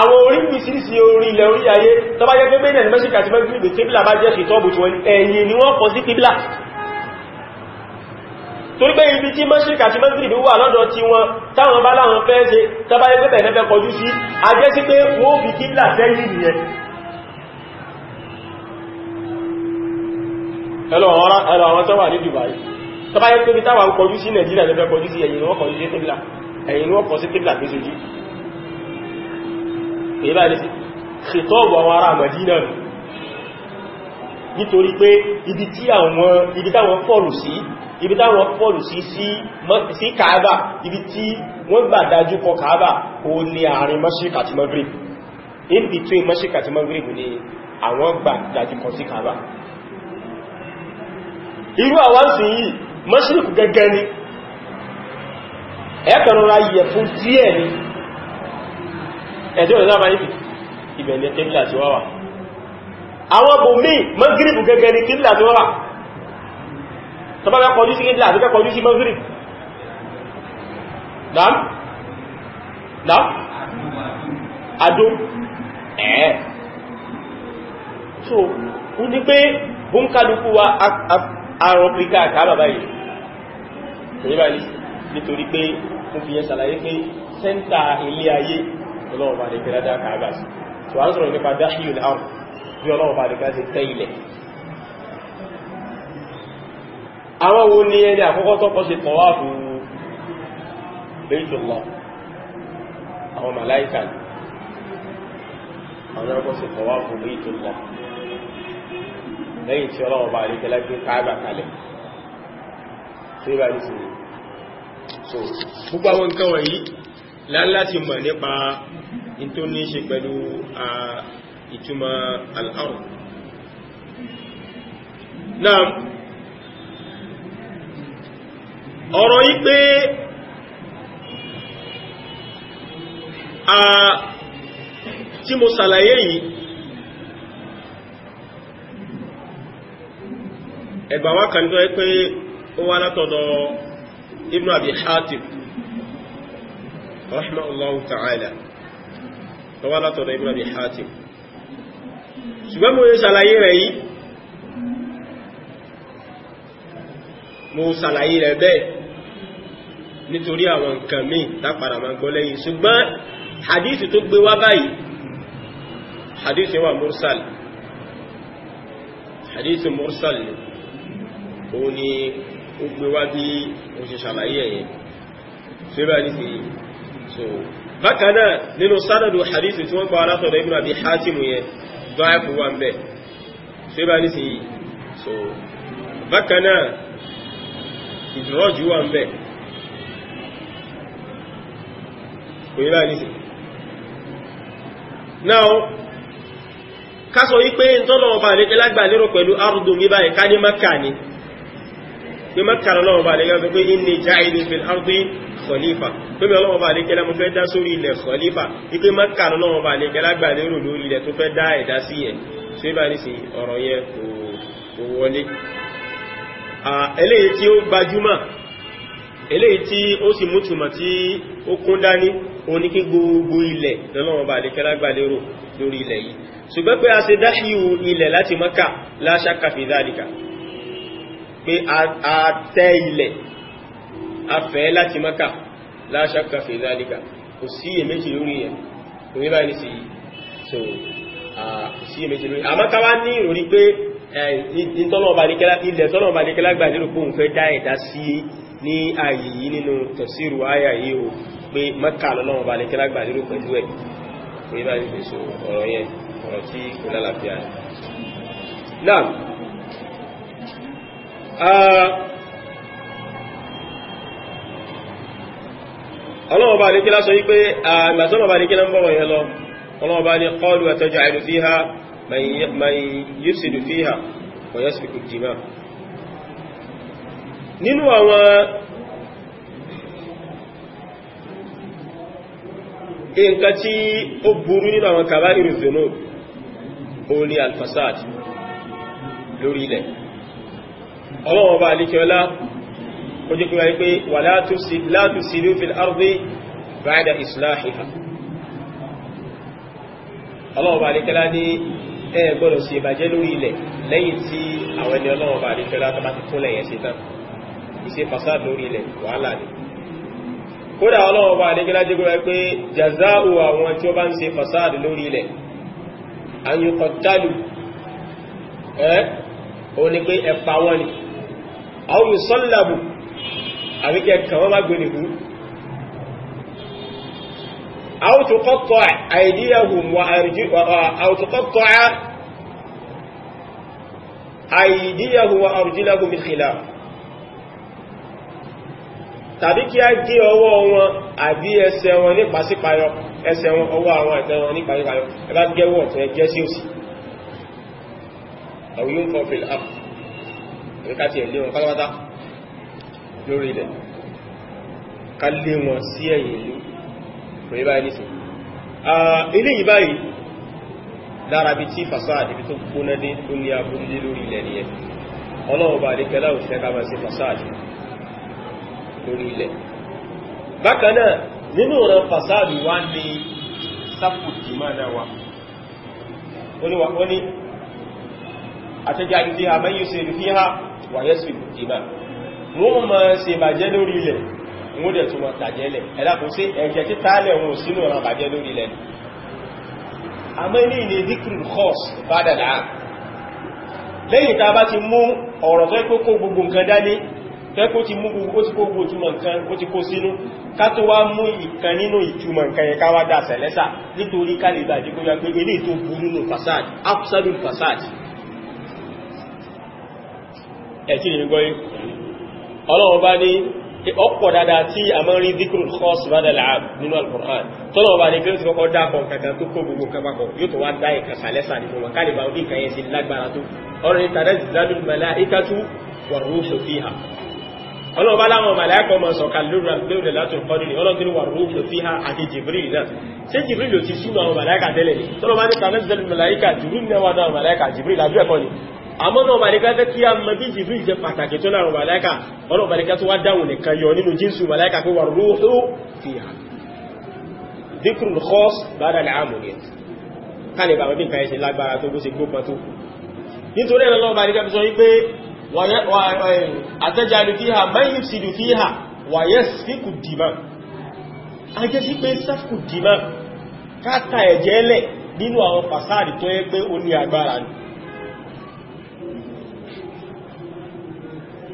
àwọn oríṣiríṣi orí ilẹ̀ orí ayé tó bá jẹ́ pé bẹ́rẹ̀ ní Mẹ́ṣíkà àti mẹ́gbẹ̀rẹ̀ kébìlà bá jẹ́ fìtọ́bù tí wọ́n ẹ̀yìn ni wọ́n kọ sí kébìlà torí pé ibi tí mọ́ṣíríkà àti mọ́ṣíríkà wà lọ́dọ̀ tí wọn táwọn bá láwọn fẹ́ ṣe tàbáyé pẹ́pẹ̀ ẹ̀fẹ́ kọjú sí ajẹ́ sí pé wọ́n fi kíblà sẹ́yìn nìyẹn ẹlọ àwọn tó wà ní Dubai tàbáyé pé bí táwọn kọjú sí Nàìjíríà lẹ́fẹ́ kọjú sí ẹ̀yìn wọ́n kọjú sí kíblà ẹ̀yìn wọ́n kọ sí kíblà pé sojú kìtọ́ọ̀bù àwọn ará Màdínà nítorí pé ibi tí àwọn ibi táwọn fọ́ọ̀lù sí ibi táwọn pọ̀lù sí sí kàábà ibi tí wọ́n gbà dájú kọ kàábà ó ní àárín mashrik àti maghrib in between mashrik àti maghrib ni àwọn gbà dájú kọ sí kàábà irú àwọn sí yìí mashrik gẹ́gẹ́ ni ẹ́kànrọra yẹ fún díẹ̀ ni ẹjọ́ ìdáma ibẹ̀ ni kíbílà ti wá wà àwọn tó bá fẹ́ kọjú sí kíndìlá àti fẹ́ kọjú sí mọ́sírì dám dám adó ẹ̀ẹ́ so ó ní pé bóńkálukú wa àrùn píkà àkàbà báyìí nítorí pé mo fi yẹn ṣàlàyé pé sẹ́ńtà ilé ayé ọlọ́ọ̀bà lè kẹ́lá dá sí so a ń sọ̀rọ̀ nípa dáhíyùn àrùn bí ọlọ́ọ̀bà lè kẹ́lá àwọn wo ni ẹni àkọ́kọ́ tọ́kọ́ ṣe tọ́wà fún Baytullah àwọn màláìkà ni àwọn ọkọ̀ ṣe tọ́wà fún Baytullah lẹ́yìn tí ọlọ́wọ́ so gbogbo àwọn nǹkan wọ̀nyí láti mọ̀ nípa in tó ní ṣe pẹ̀lú ìtumọ̀ al náà ọ̀rọ̀ yí pé a tí mo ṣàlàyé yìí ẹgbà wá kan tó yẹ pé ó wá látọ̀dọ̀ Ibn Abi Hatim rahimahullahu ta'ala tó wá látọ̀dọ̀ Ibn Abi Hatim ṣùgbọ́n mo yẹ ṣàlàyé rẹ̀ yìí mo ṣàlàyé rẹ̀ bẹ́ẹ̀ nítorí àwọn nǹkan míì lápàdà máa gbọ́ lẹ́yìn ṣùgbọ́n hadith tó gbé wá báyìí hadith wà mursal hadith mursal ó ni ó gbé wá bí ó ṣe ṣàlàyé ẹ̀yẹn ṣébà ní sí so bákan náà nínú sánàdù hadith tí wọ́n gbà látọ̀dọ̀ Ibn Abi Hatim yẹn dọ́ẹ̀kù wà ń bẹ̀ ṣébà ní sí so bákan náà ìdúrọ́jú wà ń kò yí báyìí nìsìn náà kásọ̀ wípé tọ́lọ̀ ọba àlẹ́kẹ́ lágbà lérò pẹ̀lú arúgbò mi báyìí ká ní maka ni pé maka lọ́wọ́ ọba àlẹ́kẹ́ sọ pé inni ja'ilun fil ardi khalifa pé mi ọlọ́wọ́ ọba àlẹ́kẹ́ lámọ́ fẹ́ dá sórí ilẹ̀ khalifa wípé maka lọ́wọ́ ọba àlẹ́kẹ́ lágbà lérò eléyìí tí ó sì mútùmọ̀ tí ó kún dání òní kí gbogbo ilẹ̀ lọ́lọ́wọ́ bá lè kẹ́lá gbàlérò lórí ilẹ̀ yìí ṣùgbọ́n pé a ṣe dáṣíwò ilẹ̀ láti Mákà láṣákà fi dáríkà pé a tẹ ilẹ̀ a fẹ́ láti Mákà láṣákà fi dáríkà kò sí èméjì lórí ẹ̀ kò ní báyìí sí so kò sí èméjì lórí àmọ́ ká wá ní ìròrí fẹ́ dá ẹ̀dá sí ní ààyè yìí nínú tafsiru àyà yìí o pé mẹ́kà lọ́lọ́wọ́ bá ní kí lágbà nínú pẹ̀lú ẹ̀ pé bá ní fèsò ọ̀rọ̀ yẹn ọ̀rọ̀ tí kò lálàáfíà rẹ̀ náà ọlọ́wọ́ bá ní kí lásọ yí pé àmàtọ́nà bá ní kí lọ́mbọ̀rọ̀ yẹn nínú àwọn nǹkan tí ó burú nínú àwọn kàbáyé rìzónò òun ni alfasad lórí ilẹ̀ ọlọ́wọ́n bá alikẹ́ọlá ó jẹ́ kíwáyé pé wà látù sí ní fil ardi ba'da islahiha ọlọ́wọ́n bá alikẹ́lá ní ẹ gbọ́dọ̀ sí ìbàjẹ́ lórí ilẹ̀ lẹ́yìn tí àwọn ẹni ọlọ́wọ́n bá alikẹ́lá tó bá ti sí tán ìṣe fasad lórí ilẹ̀ wàhálà ni kódà ọlọ́wọ́ bá adékẹ́lá jẹ́ gbọ́ra pé jazáù àwọn tí ó bá ń ṣe fasad lórí ilẹ̀ anyukọ̀tálù ẹ́ o ní pé ẹ̀pà wọn ni àwọn musọ́làbù àríkẹ́ kàwọn má gbé nìkú àwọn tó kọ́kọ́ àìdíyàhùn wà àrùjílàhùn tàbí kí a gé ọwọ́ wọn àbí ẹsẹ̀ wọn ní pàṣípayọ ẹsẹ̀ wọn ọwọ́ àwọn ẹ̀tẹ́ wọn ní pàṣípayọ ẹbá gẹ́wọ́ fún ẹgẹ́ sí òsì àwọn yóò fọ́ fìlà ápù ríkàtí ẹ̀lẹ́ wọn pátápátá lórí ilẹ̀ ká lé wọn sí ẹ̀yìn ìlú kò ní báyìí nìsìn ilé yìí báyìí lára bí tí fasad ibi tó lórí ilẹ̀ bákan náà nínú ọ̀ràn fasadi wá ní sáfùtì máa náà wá ó ní àtẹ́jáde tí a mẹ́yí ṣe fi ha wà yẹ́ sí ìdìmá wọ́n ma ṣe bàjẹ́ lórí ilẹ̀ wọ́n dẹ̀ tún ma tàjẹ́lẹ̀ ẹ̀dàkùn sí ẹ̀jẹ̀ títàálẹ̀ wọn sínú ọ̀ràn bàjẹ́ lórí ilẹ̀ àmọ́ ní ilé díkùn kọ́s bádàdà lẹ́yìn tá a bá ti mú ọ̀rọ̀ tó kókó gbogbo nǹkan dání tẹ́kó ti mú gbogbo tí kó gbogbo ìtumọ̀ nǹkan ó ti kó sínú ká tó wá mú ìkan nínú ìtumọ̀ nǹkan yẹ ká wá dá sẹ̀lẹ́sà nítorí ká lè bàjẹ́ kó yàgbé ilé tó burú nù fasad afsadul fasad ẹ̀kí ni gbọ́ yìí ọlọ́run bá ní ọ̀pọ̀ dáadáa tí a máa ń rí díkùn kọ́ọ̀sì rádàlá nínú al-Qur'an tọ́lọ̀ bá ní kí ó ti kọ́kọ́ dápọ̀ kankan tó kó gbogbo kápapọ̀ yóò tó wá dá ìkà sàlẹ́sà ní wọn káàlì bá orí ìkà lágbára tó ọ̀rọ̀ ni tàdá mẹ́lá ìkàtú wà rúṣò fíhà ọlọ́ọ̀bá láwọn màláìkọ̀ ma sọ̀kà lórí láti ọkọ̀dì ní ọlọ́dún wà rúrù fi ha àti Jibril náà ṣe Jibril ò ti súnmù àwọn màláìkà tẹ́lẹ̀ ní tọ́lọ́bá ní tàbí màláìkà Jibril mẹ́wàá náà màláìkà Jibril lábẹ́ẹ̀kọ́ ni àmọ́ náà màláìkà fẹ́ kí a mọ̀ bí Jibril jẹ pàtàkì tó láàrùn màláìkà ọlọ́ màláìkà tó wá dáhùn nìkan yọ nínú jínsù màláìkà pé wà rúrù fi ha dhikrul khass tó bó ṣe gbópa tó nítorí ẹ̀rọ lọ́wọ́ àtẹ́jáde fi ha man yufsidu fi ha wa eh, yasfiku dìmọ̀ a jẹ́ sí pé sáfù dìmọ̀ káta ẹ̀jẹ́ lẹ̀ nínú àwọn fàsáàdì tó yẹ pé ó ní agbára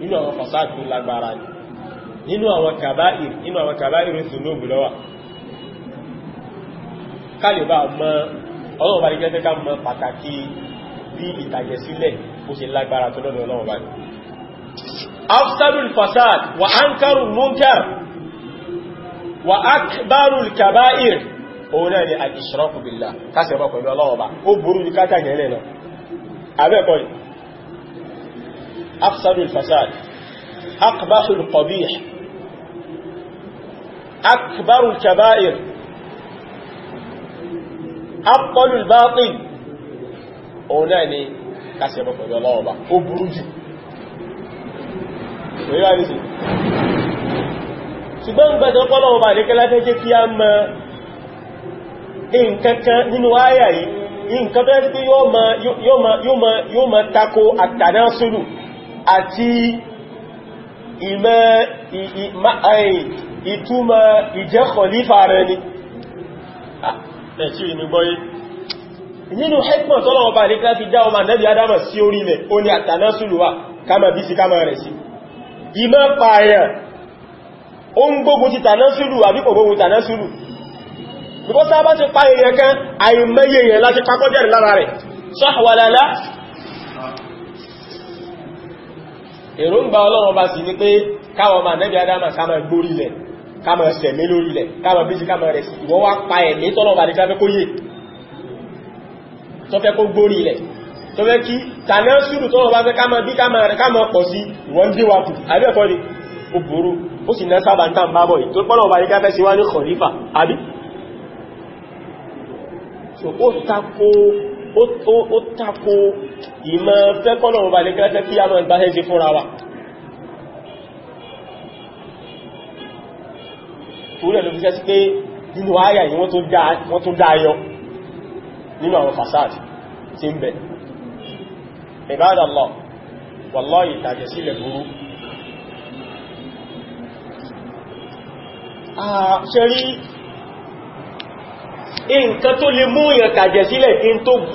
nínú àwọn fàsáàdì tó lágbára ni nínú àwọn kàbáìr nínú àwọn kàbáìr tó ní òbìlọ́wà kálìbà mọ́ ọlọ́ọ̀bà ní gẹ́gẹ́ mọ́ pàtàkì bó ṣe lágbára tó lọ́dọ̀ ọlọ́run báyìí afsadul fasad wa ankarul munkar wa akbarul kaba'ir òun náà ni al-ishraku billah káṣẹ ọba pẹ̀lú ọlọ́run bá ó burú ní káta ìyẹn lẹ́nà abẹ́ẹ̀kọ́ ni afsadul fasad akbahul qabih akbarul kaba'ir abtalul batil òun náà ni kásẹ̀bọ̀ pẹ̀lú ọlọ́ọ̀bá ó burú jù ṣùgbọ́n gbẹ̀dọ̀ pọ́lọ̀ọ̀bá ní kẹ́lẹ́fẹ́ jẹ́ kí a mọ nǹkankan nínú ayà yìí nǹkan tó yẹ́ yóò mọ tako àtànásùlù àti ìmọ̀ ìtumọ̀ ìjẹ́ kọ̀lífà rẹ̀ nínú hekima tọ́lọ̀ ọba àríkà fi dá ọmọ ànẹ́bí adama sí orí ilẹ̀ ó ní àtànásùlùwà kama bí sí kama rẹ̀ sí ìmọ̀ pààyàn ó ń gbógun ti tànásùlù àbí kò gbógun tànásùlù bíkọ́ sábá ti pa èèyàn kan àìmẹ́yẹ èèyàn láti pakọ́jẹ̀rì lára rẹ̀ sọ́hàwàlálá èròǹgbà ọlọ́run ọba sì ní pé káwọn ọmọ ànẹ́bí adama kama gbórí ilẹ̀ kama sẹ̀mí lórí ilẹ̀ kama bí sí kama rẹ̀ sí ìwọ́wá pa ẹ̀mí tọ́lọ̀ ọba àríkà fẹ́ kó yé tó fẹ́ kó gbórí ilẹ̀ tó fẹ́ kí tàná ṣúrù tó wọ́n fẹ́ káàmà bí káàmà pọ̀ sí wọ́n dí wà kù àbẹ́ẹ̀kọ́ ni ó burú ó sì ná sábà ń tàn bábọ̀ tó pọ́nà ọba ní káfẹ́ sí wá ní kọ̀lífà àbí so ó tako ó tako ìmọ̀ fẹ́ pọ́nà ọba ní káfẹ́ kí a mọ̀ ìgbáṣẹ́ sí fúnra wa torí ẹ̀ ló fi sẹ́ sí pé nínú ayà yìí wọ́n tó dáa nínú àwọn fasad tí ń bẹ ìbádàlọ́ wallahi ìtàjẹ̀ sílẹ̀ burú ṣe rí nǹkan tó lè mú èèyàn tàjẹ̀ sílẹ̀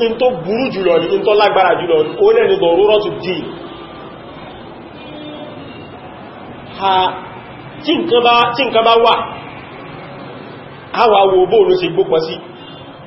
in tó burú jùlọ ní in tó lágbára jùlọ ó lẹ́nu dọ̀rọ̀rọ̀ tó dì tí nǹkan bá wà á wà wo bóòrùn sí gbópọ̀ sí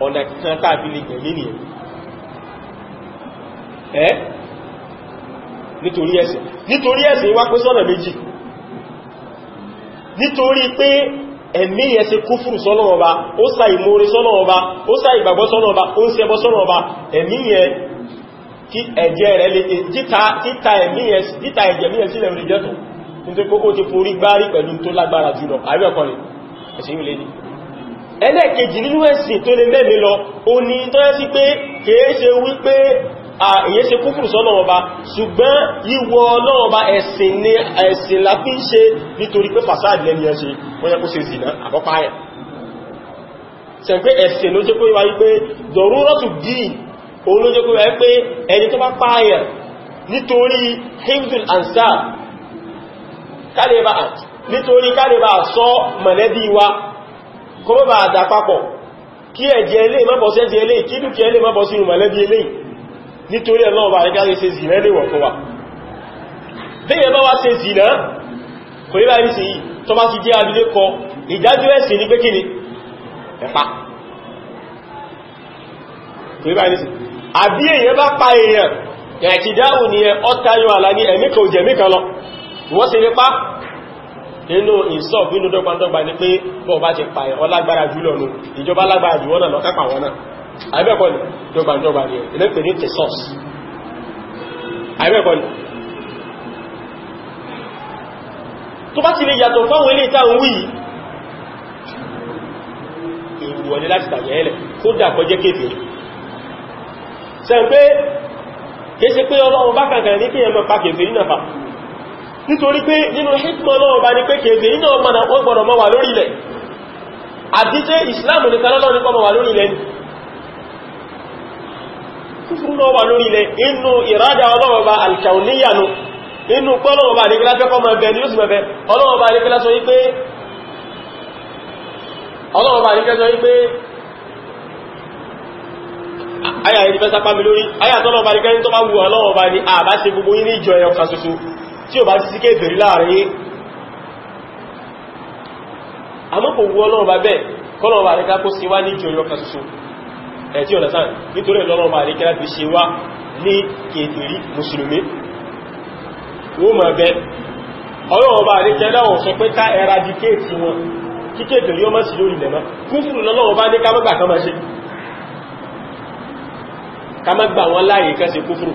ọ̀nà kan tàbí lè gẹ̀mí nìyẹn ẹ́ nítorí ẹ̀sìn nítorí ẹ̀sìn wá pín sọ́nà méjì nítorí pé ẹ̀mí yẹn ṣe kúfùrù sọ́nà ọba ó sa ìmoore sọ́nà ọba ó sa ìgbàgbọ́ sọ́nà ọba ó ń ṣẹbọ sọ́nà ọba ẹ̀mí yẹn kí ẹ̀jẹ̀ rẹ̀ lè títa ẹ̀mí yẹn títa jẹ́tọ̀ nítorí pé ó ti forí gbárí pẹ̀lú tó lágbára jùlọ àríwẹ̀kọ́ ẹ̀sìn ìwìlẹ́ ni ẹlẹ́ẹ̀kejì nínú ẹ̀sìn tó lè mẹ́mi lọ o ní tó yẹ́ sí pé kìí ṣe wípé àyẹ́ ṣe kúfùrù sọ́nà ọba ṣùgbọ́n yíwọ ọlọ́ọba ẹ̀sìn ni ẹ̀sìn la fi ń ṣe nítorí pé fàsáàdì lẹ́ni ẹ ṣe wọ́n yẹ kó ṣe zìnà àkọ́pá ẹ̀ sẹ̀pẹ́ ẹ̀sìn ló jẹ́ pé wáyé pé dọ̀rúrọ́tù díì òun ló jẹ́ pé wáyé pé ẹni tó bá pààyàn nítorí himdul ansar kálẹ̀bà nítorí kálẹ̀bà sọ mọ̀lẹ́bí wa kó mọ́ bá àdá papọ̀ kí ẹ̀jẹ̀ ilé mọ́bọ̀ sí ẹ̀jẹ̀ ilé kí dúkìá ilé mọ́bọ̀ sínú mọ̀lẹ́bí ilé nítorí ẹ̀ náà bá rẹ̀ gáre ṣe zìnà lè wọ̀n fún wa bẹ́yẹ̀ bá wá ṣe zìnà kò ní báyìí sí yìí tó bá ti jẹ́ abílé kọ ìdájọ́ ẹ̀sìn ní pé kíni ẹ̀pá kò ní báyìí sí àbí èèyàn bá pa èèyàn ẹ̀kìdáhùn ni ẹ̀ ọ́tayọ̀ àlàní ẹ̀mí kan òjẹ̀mí kan lọ wọ́n ṣe lè pa nínú ìsọ́ bínú dọ́gbandọ́gba ní pé bọ́ bá ti pààyàn ọlágbára jùlọ nù ìjọba lágbára jù wọ́nà lọ́kápà wọn náà àìbẹ́ẹ̀kọ́ ni dọ́gbandọ́gba ni ilé pè ní tesos àìbẹ́ẹ̀kọ́ ni tó bá ti lè yàtọ̀ fáwọn ilé ìta òun yìí ìwọ̀ ni láti tàjẹ̀ ẹlẹ̀ kó dàkọ́ jẹ́ kéfèé sẹ́ pé kése pé ọlọ́run bákan kẹrẹ ní kí ẹmọ pàkèfèé nínú nítorí pé nínú hikma náà bá ní pé kèèkèé iná na wọ́n gbọ́dọ̀ mọ́ wà lórí ilẹ̀ àti Islam nìkan lọ́nà nípa mọ́ wà lórí ilẹ̀ kúfùrú náà wà lórí ilẹ̀ inú ìrádà ọlọ́ọ̀bá alkauniyanu inú pọ́lọ́ọ̀bá adékílásẹ́ kọ́ mọ́ ní ó tí ó bá sí kéfèrí láàrin àmọ́ kò wú ọlọ́run bá bẹ́ẹ̀ kọ́lọ̀ bá ríká kó síwá ní jọ yọka soso ẹ̀ tí ọ̀nà sáà nítorí lọ́rọ̀ bá ríká fi ṣe wá ní kéfèrí mùsùlùmí wó mọ̀ bẹ́ ọlọ́run bá ríká dáwọ̀ sọ pé ká eradicate wọn kí kéfèrí ọmọ sí lórí lẹ́mọ́ kúfùrù lọ́lọ́run bá ní ká mọ́gbà kan máa ṣe ká mọ́gbà wọn láàyè kan ṣe kúfùrù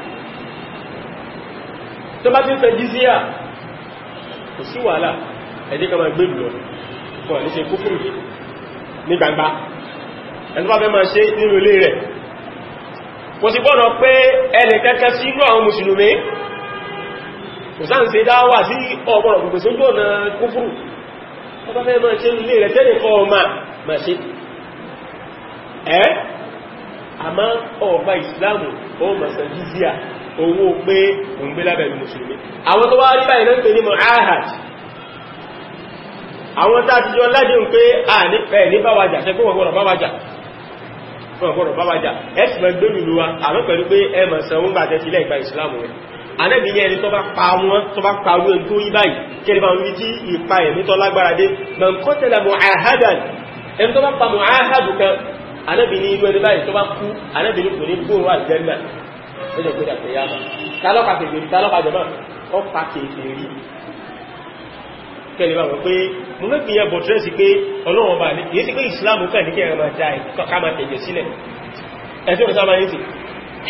tó bá ti ń fẹ́ jízíà kò sí wàhálà ẹ̀dẹ́ kan máa gbébù lọ fún àní ṣe kúfùrù ní gbangba ẹni bá fẹ́ máa ṣe nínú ilé rẹ̀ kò sí gbọ́nà pé ẹni kẹ́kẹ́ sí inú àwọn mùsùlùmí kò sáà ń ṣe dáwà sí ọgbọ̀nà kò sí gbọ́nà kúfùrù tó bá fẹ́ máa ṣe nínú ilé rẹ̀ tẹ́lẹ̀ kọ́ ọmọ máa ṣe ẹ́ àmọ́ ọ̀gbà ìsìláàmù ó máa owó pé òun gbé lábẹ̀lú mùsùlùmí àwọn tó wá rí báyìí náà ń pè ní mu'ahad àwọn tá ti jọ ládéhùn pé a nífẹ̀ẹ́ ní báwájà ṣe fún ọgbọ̀rọ̀ báwájà fún ọgbọ̀rọ̀ báwájà ẹ̀sìmẹ̀ gbẹ́lùlù wa àwọn pẹ̀lú pé ẹmọ̀ sẹ̀wọ́n gbà tẹ́sílẹ̀ ìgbà ìsìlámù rẹ̀ anẹ́bìyẹ ẹni tó bá pa wọn tó bá pa wọn tó yí báyìí kẹrìbà ń rí tí ìpa ẹ̀mí tó lágbára dé mọ̀n kọ́tẹ̀lá mu'ahadan ẹni tó bá pa mu'ahadu kan anẹ́bìyẹ irú ẹni báyìí tó bá kú anẹ́bìyẹ kò ní gbóòrò àjẹ́gbà lọ́jọ́ gbé dàgbé yá mọ̀ tálọ́ka kèké rí tálọ́ka jọmọ́ ọ́ pa kèké rí kẹlẹ̀ bá wọ́n pé mo fẹ́ fi yẹ bọ̀tírẹ́sì pé ọlọ́wọ́n bá ní kìí sí pé ìsìláàmù fẹ́ ní kẹrẹ máa jáì kọ́ká máa tẹ̀jẹ̀ sílẹ̀ ẹ̀sùn ìrìnsá máa ń sì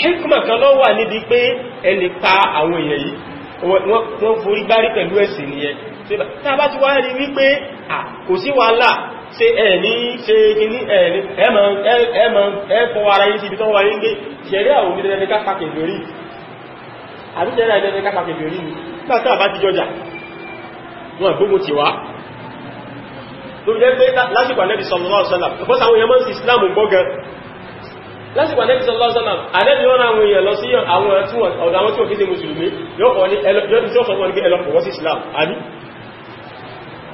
hikma kan lọ wà níbi pé ẹni pa àwọn èèyàn yìí wọ́n forí gbárí pẹ̀lú ẹ̀sìn nìyẹn tá a bá ti wá rí wípé kò sí wàhálà ṣe ẹ̀ní ṣe gini ẹ̀ní ẹmọ ẹ̀fọ́ ara yìí síbi tó wà ní gbé ṣẹ̀rẹ́ àwọn òmìnira ní kápàkì ìdórí àbí ṣẹ̀rẹ́ àwọn òmìnira kápàkì ìdórí ni láti àbá ti jọjà wọn gbogbo ti wá tó jẹ́ pé lásìkò anẹ́bì sallallahu alaihi wasallam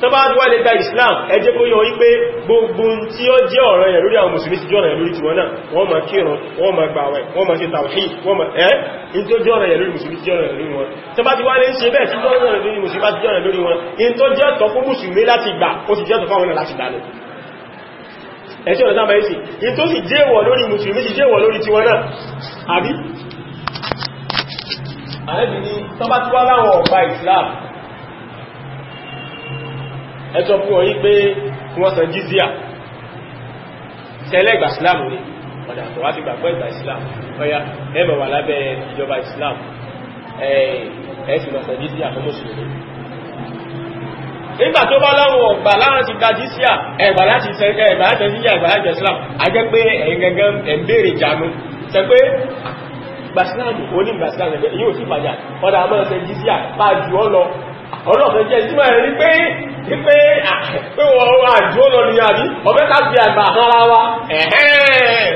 tó bá wá lè gba islam ẹjẹ́ kó yọ wípé gbogbo tí ó jẹ́ ọ̀rọ̀ yẹ̀ lórí àwọn musulmi ti jọ́rọ̀ yẹ̀ lórí tiwọn náà wọ́n ma kírun wọ́n ma gbàwẹ̀ wọ́n ma ṣe tàwí wọ́n ma ẹ́ in tó jọ́rọ̀ yẹ̀ lórí musulmi ti jọ́rọ̀ yẹ̀ lórí wọn tó bá ti wá lè ń ṣe bẹ́ẹ̀ tí jọ́rọ̀ yẹ̀ lórí musulmi ti jọ́rọ̀ yẹ̀ lórí wọn in tó jẹ́ tọ́ fún musulmi láti gbà ó sì jẹ́ tọ́ islam ẹ sọ fún wọn yí pé kí wọ́n san jizya sẹ́lẹ̀ islam ni ọ̀dà tó wá ti gbàgbọ́ ìgbà islam ọ̀yá ẹ máa wà lábẹ́ ìjọba islam ẹ sì máa san jizya fún mùsùlùmí nígbà tó bá láwọn ọ̀gbà láwọn ti gba jizya ẹ̀gbà láti sẹ́gbẹ̀ ẹ̀gbà islam a jẹ́ pé ẹ̀yin gangan ẹ̀ ń béèrè jànú sẹ pé ah, gbàsílámù onígbàsílámù ẹ̀yìn ò sí ìbàjá ọ̀dà àmọ́ ẹ̀sẹ̀ jizya bá ju ọ lọ ọlọ́fẹ́ jẹ́ ìjímọ̀ ẹ̀ rí pé pé wọ́n àjò lọ ní àbí ọbẹ́ bụ àgbà àtàrà wa ẹ̀hẹ́n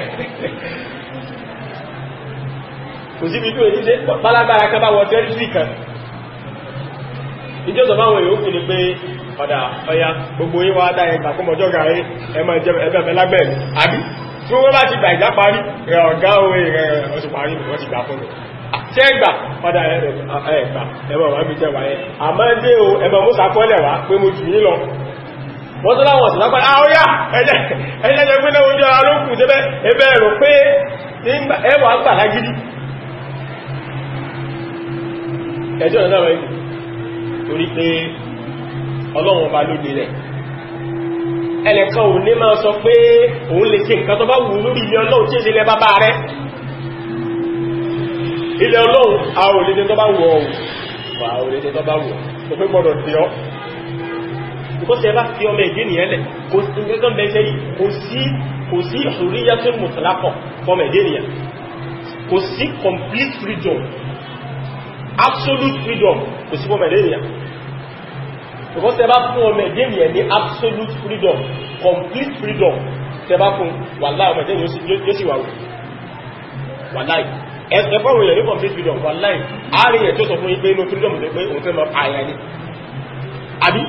kò sí ibi tó èyí dé pálágbára kan bá wọ tẹ́rìsì kan ìjọ́sọ̀ báwọn èèyàn kì ní pé ọ̀dà ọya gbogbo yíwá dá ẹgbà fún ọjọ́ gàrí ẹmọ ẹgbẹ̀fẹ́ lágbẹ̀ẹ́ àbí tí wọ́n bá ti gbà rẹ̀ ọ̀gá òwe rẹ̀ wọ́n ti gbà fún ṣé ẹgbà padà ẹgbà ẹ̀mọ̀ wà bí jẹwà yẹn àmọ́ ẹgbẹ́ o ẹ̀mọ̀ mú sàkọ́lẹ̀ wá pé mo jù yín lọ wọ́n tó láwọn ọ̀sán lápàá àwọ́yá ah, ẹ̀jẹ́ ojú ara ló kù rò pé ẹwà gbà lágídí ẹjọ́ ọ̀nà ilẹ̀ ọlọ́run a ò lè dé tó bá wù ọ́ wà ò lè dé tó bá wù ọ́ tó fẹ́ gbọ́dọ̀ tí ọ́ kó sí ẹbá fi ọmọ ìdí nìyẹn lẹ̀ kò sí gẹ́gẹ́ bẹ́ẹ̀ yìí kò sí kò sí fọmọ ìdí nìyẹn kò sí complete freedom absolute freedom kò sí fọmọ ìdí nìyẹn kò sí ẹbá fún ọmọ ìdí nìyẹn ní absolute freedom complete freedom tẹ́bá fún wàláì ọmọ ìdí nìyẹn yóò sì wà wàláì ẹgbọ́rún yẹ̀ ní complete freedom wà láì àárín ẹ̀ tó sọ fún ipé inú freedom tó pé òun fẹ́ mọ́ ààyà ní àbí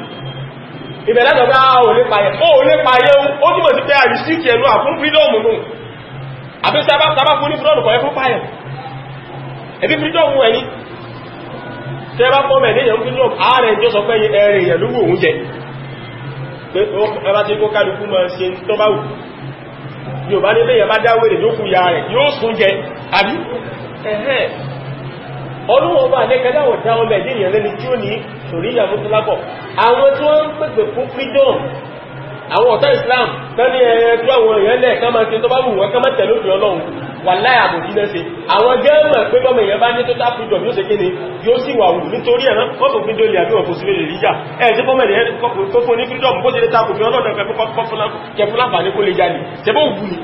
ibẹ̀ látọ̀gbá olépayẹ̀ ah, ó olépayẹ̀ ó túnmọ̀ sí pé àrí sí kẹ̀lú àfún freedom nù àbí sábà fún ní freedom kọ̀ ẹkún payẹ̀ ẹbí freedom ẹni tẹ́ bá fọ́ mẹ́lẹ́ yẹ̀ tí kó kálukú mọ́ ṣe tọ́báwù yóò bá nílé yẹ̀ bá dáwèrè yóò kú ya rẹ̀ yóò sún jẹ àbí ẹ̀hẹ́ ọlọ́wọ́ bá lẹ́kẹ́láwọ̀ dá ọmọ ẹ̀dẹ́ ìyàn lẹ́ni tí ó ní ṣòríyà mú tọ́lápọ̀ àwọn tí wọ́n ń pèpè fún freedom àwọn ọ̀tá Islam tẹ́lẹ̀ ẹ̀yẹn tí àwọn èèyàn lẹ́ ká máa ṣe tó bá wù wọ́n ká máa tẹ̀lé òfin Ọlọ́run wà láì àbòjí lẹ́sẹ̀ àwọn gẹ́ẹ̀mọ̀ pé bọ́mọ̀ èèyàn bá ní tó tá freedom yóò ṣe kéde yóò sì wà wù nítorí ẹ̀rọ kọ́pù fi dólè àbí wọn kò sí lè ríjà ẹ̀ tí bọ́mọ̀ èèyàn kò fún ní freedom bó ṣe lè ta kò fi ọlọ́dọ̀ kẹfúnláfà ní kó lè jalè tẹ́bọ̀ wù ní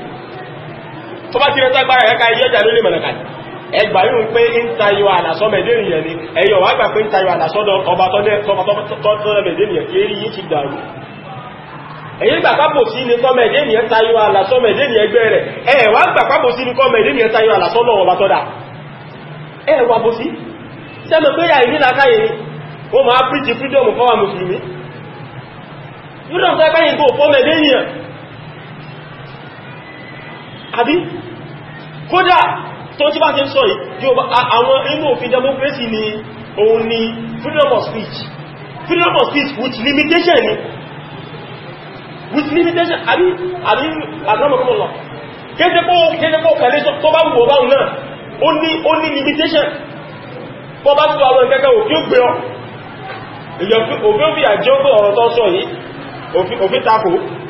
tó bá ti rẹ tágbára ẹ̀ka iye ọjà ló lè mọ̀nà kàdì ẹgbà yóò pé ń tayọ àlàsọ́ mẹ̀dẹ́nìyàn ni ẹ̀yọ̀ wá gbà pé ń tayọ àlàsọ́dọ̀ ọba tọ́lẹ̀ mẹ̀dẹ́nìyàn kí eré yìí ti dàrú èyí gbà pápò sí ní kọ́ mẹ̀dẹ́nìyàn tayọ àlàsọ́ mẹ̀dẹ́nìyàn ẹgbẹ́ rẹ̀ ẹ̀ wá gbà pápò sí ní kọ́ mẹ̀dẹ́nìyàn tayọ àlàsọ́dọ̀ ọba tọ́dà ẹ̀ wà bó sí sẹ́mọ̀ pé àìní làkáyè ni ó máa píjì fídíọ̀mù fọ́wà mùsùlùmí àbí kódà tó tí bá ti ń sọ yìí àwọn inú òfin democracy ni òun ni freedom of speech freedom of speech with limitation ni with limitation àbí àbí àgbàmọ̀kọ́ lọ kéde kó kéde kó kẹ̀lé tó bá wù ọba náà ó ní ó ní limitation kó bá tó àwọn ìkẹ́kẹ́ òfin ó gbé ọ òfin ó fi àjọ́gbọ̀ ọ̀rọ̀ tó sọ yìí òfin takò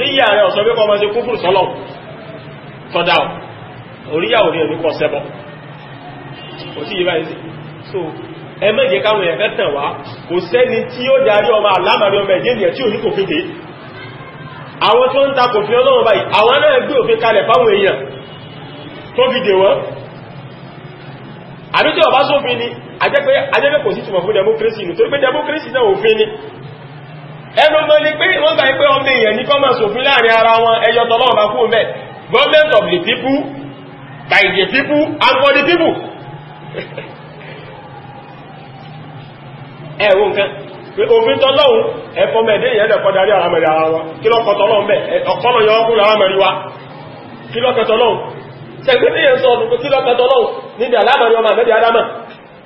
ríyà rẹ̀ ọ̀sọ̀ wípọ́ máa ṣe kúfùrù sọ́lọ̀ tọ́dá oríyà ò ní ẹ̀mí kọ sẹ́bọ̀ kò sí ìbá ìsì so ẹ mẹ́jẹ káwọn ẹ̀fẹ́ tàn wá kò sẹ́ni tí ó darí ọmọ alámàrí ọmọ ẹ̀jẹ́ nìyẹn tí ò ní kò kéde àwọn tó ń ta kò fi ọlọ́run báyìí àwọn náà gbé òfin kalẹ̀ fáwọn èèyàn tó fi dè wọ́n àbí tí ọba sófin ni ajẹ́gbẹ́ kò sí túnmọ̀ fún democracy nítorí pé democracy náà òfin ni ẹnu mọ́ ni pé wọ́n gbà pé ọmọ èèyàn ní kọ́mọ̀ sòfin láàrin ara wọn ẹyọ tọ́lọ́wọ́ bá kú mẹ́ government of the people by the people and for the people ẹ̀wọ nǹkan pé òfin tọ́lọ́hun ẹ̀fọ́ mẹ́ẹ̀dẹ́ ìyẹn dẹ̀kọ́ darí ara mẹ́rin ara wọn kí lọ́kọ̀ tọ́lọ́hun bẹ̀ ọ̀kọ́lọ̀ yọ ọkùnrin ara mẹ́rin wa kí lọ́kọ̀ tọ́lọ́hun tẹ̀gbẹ́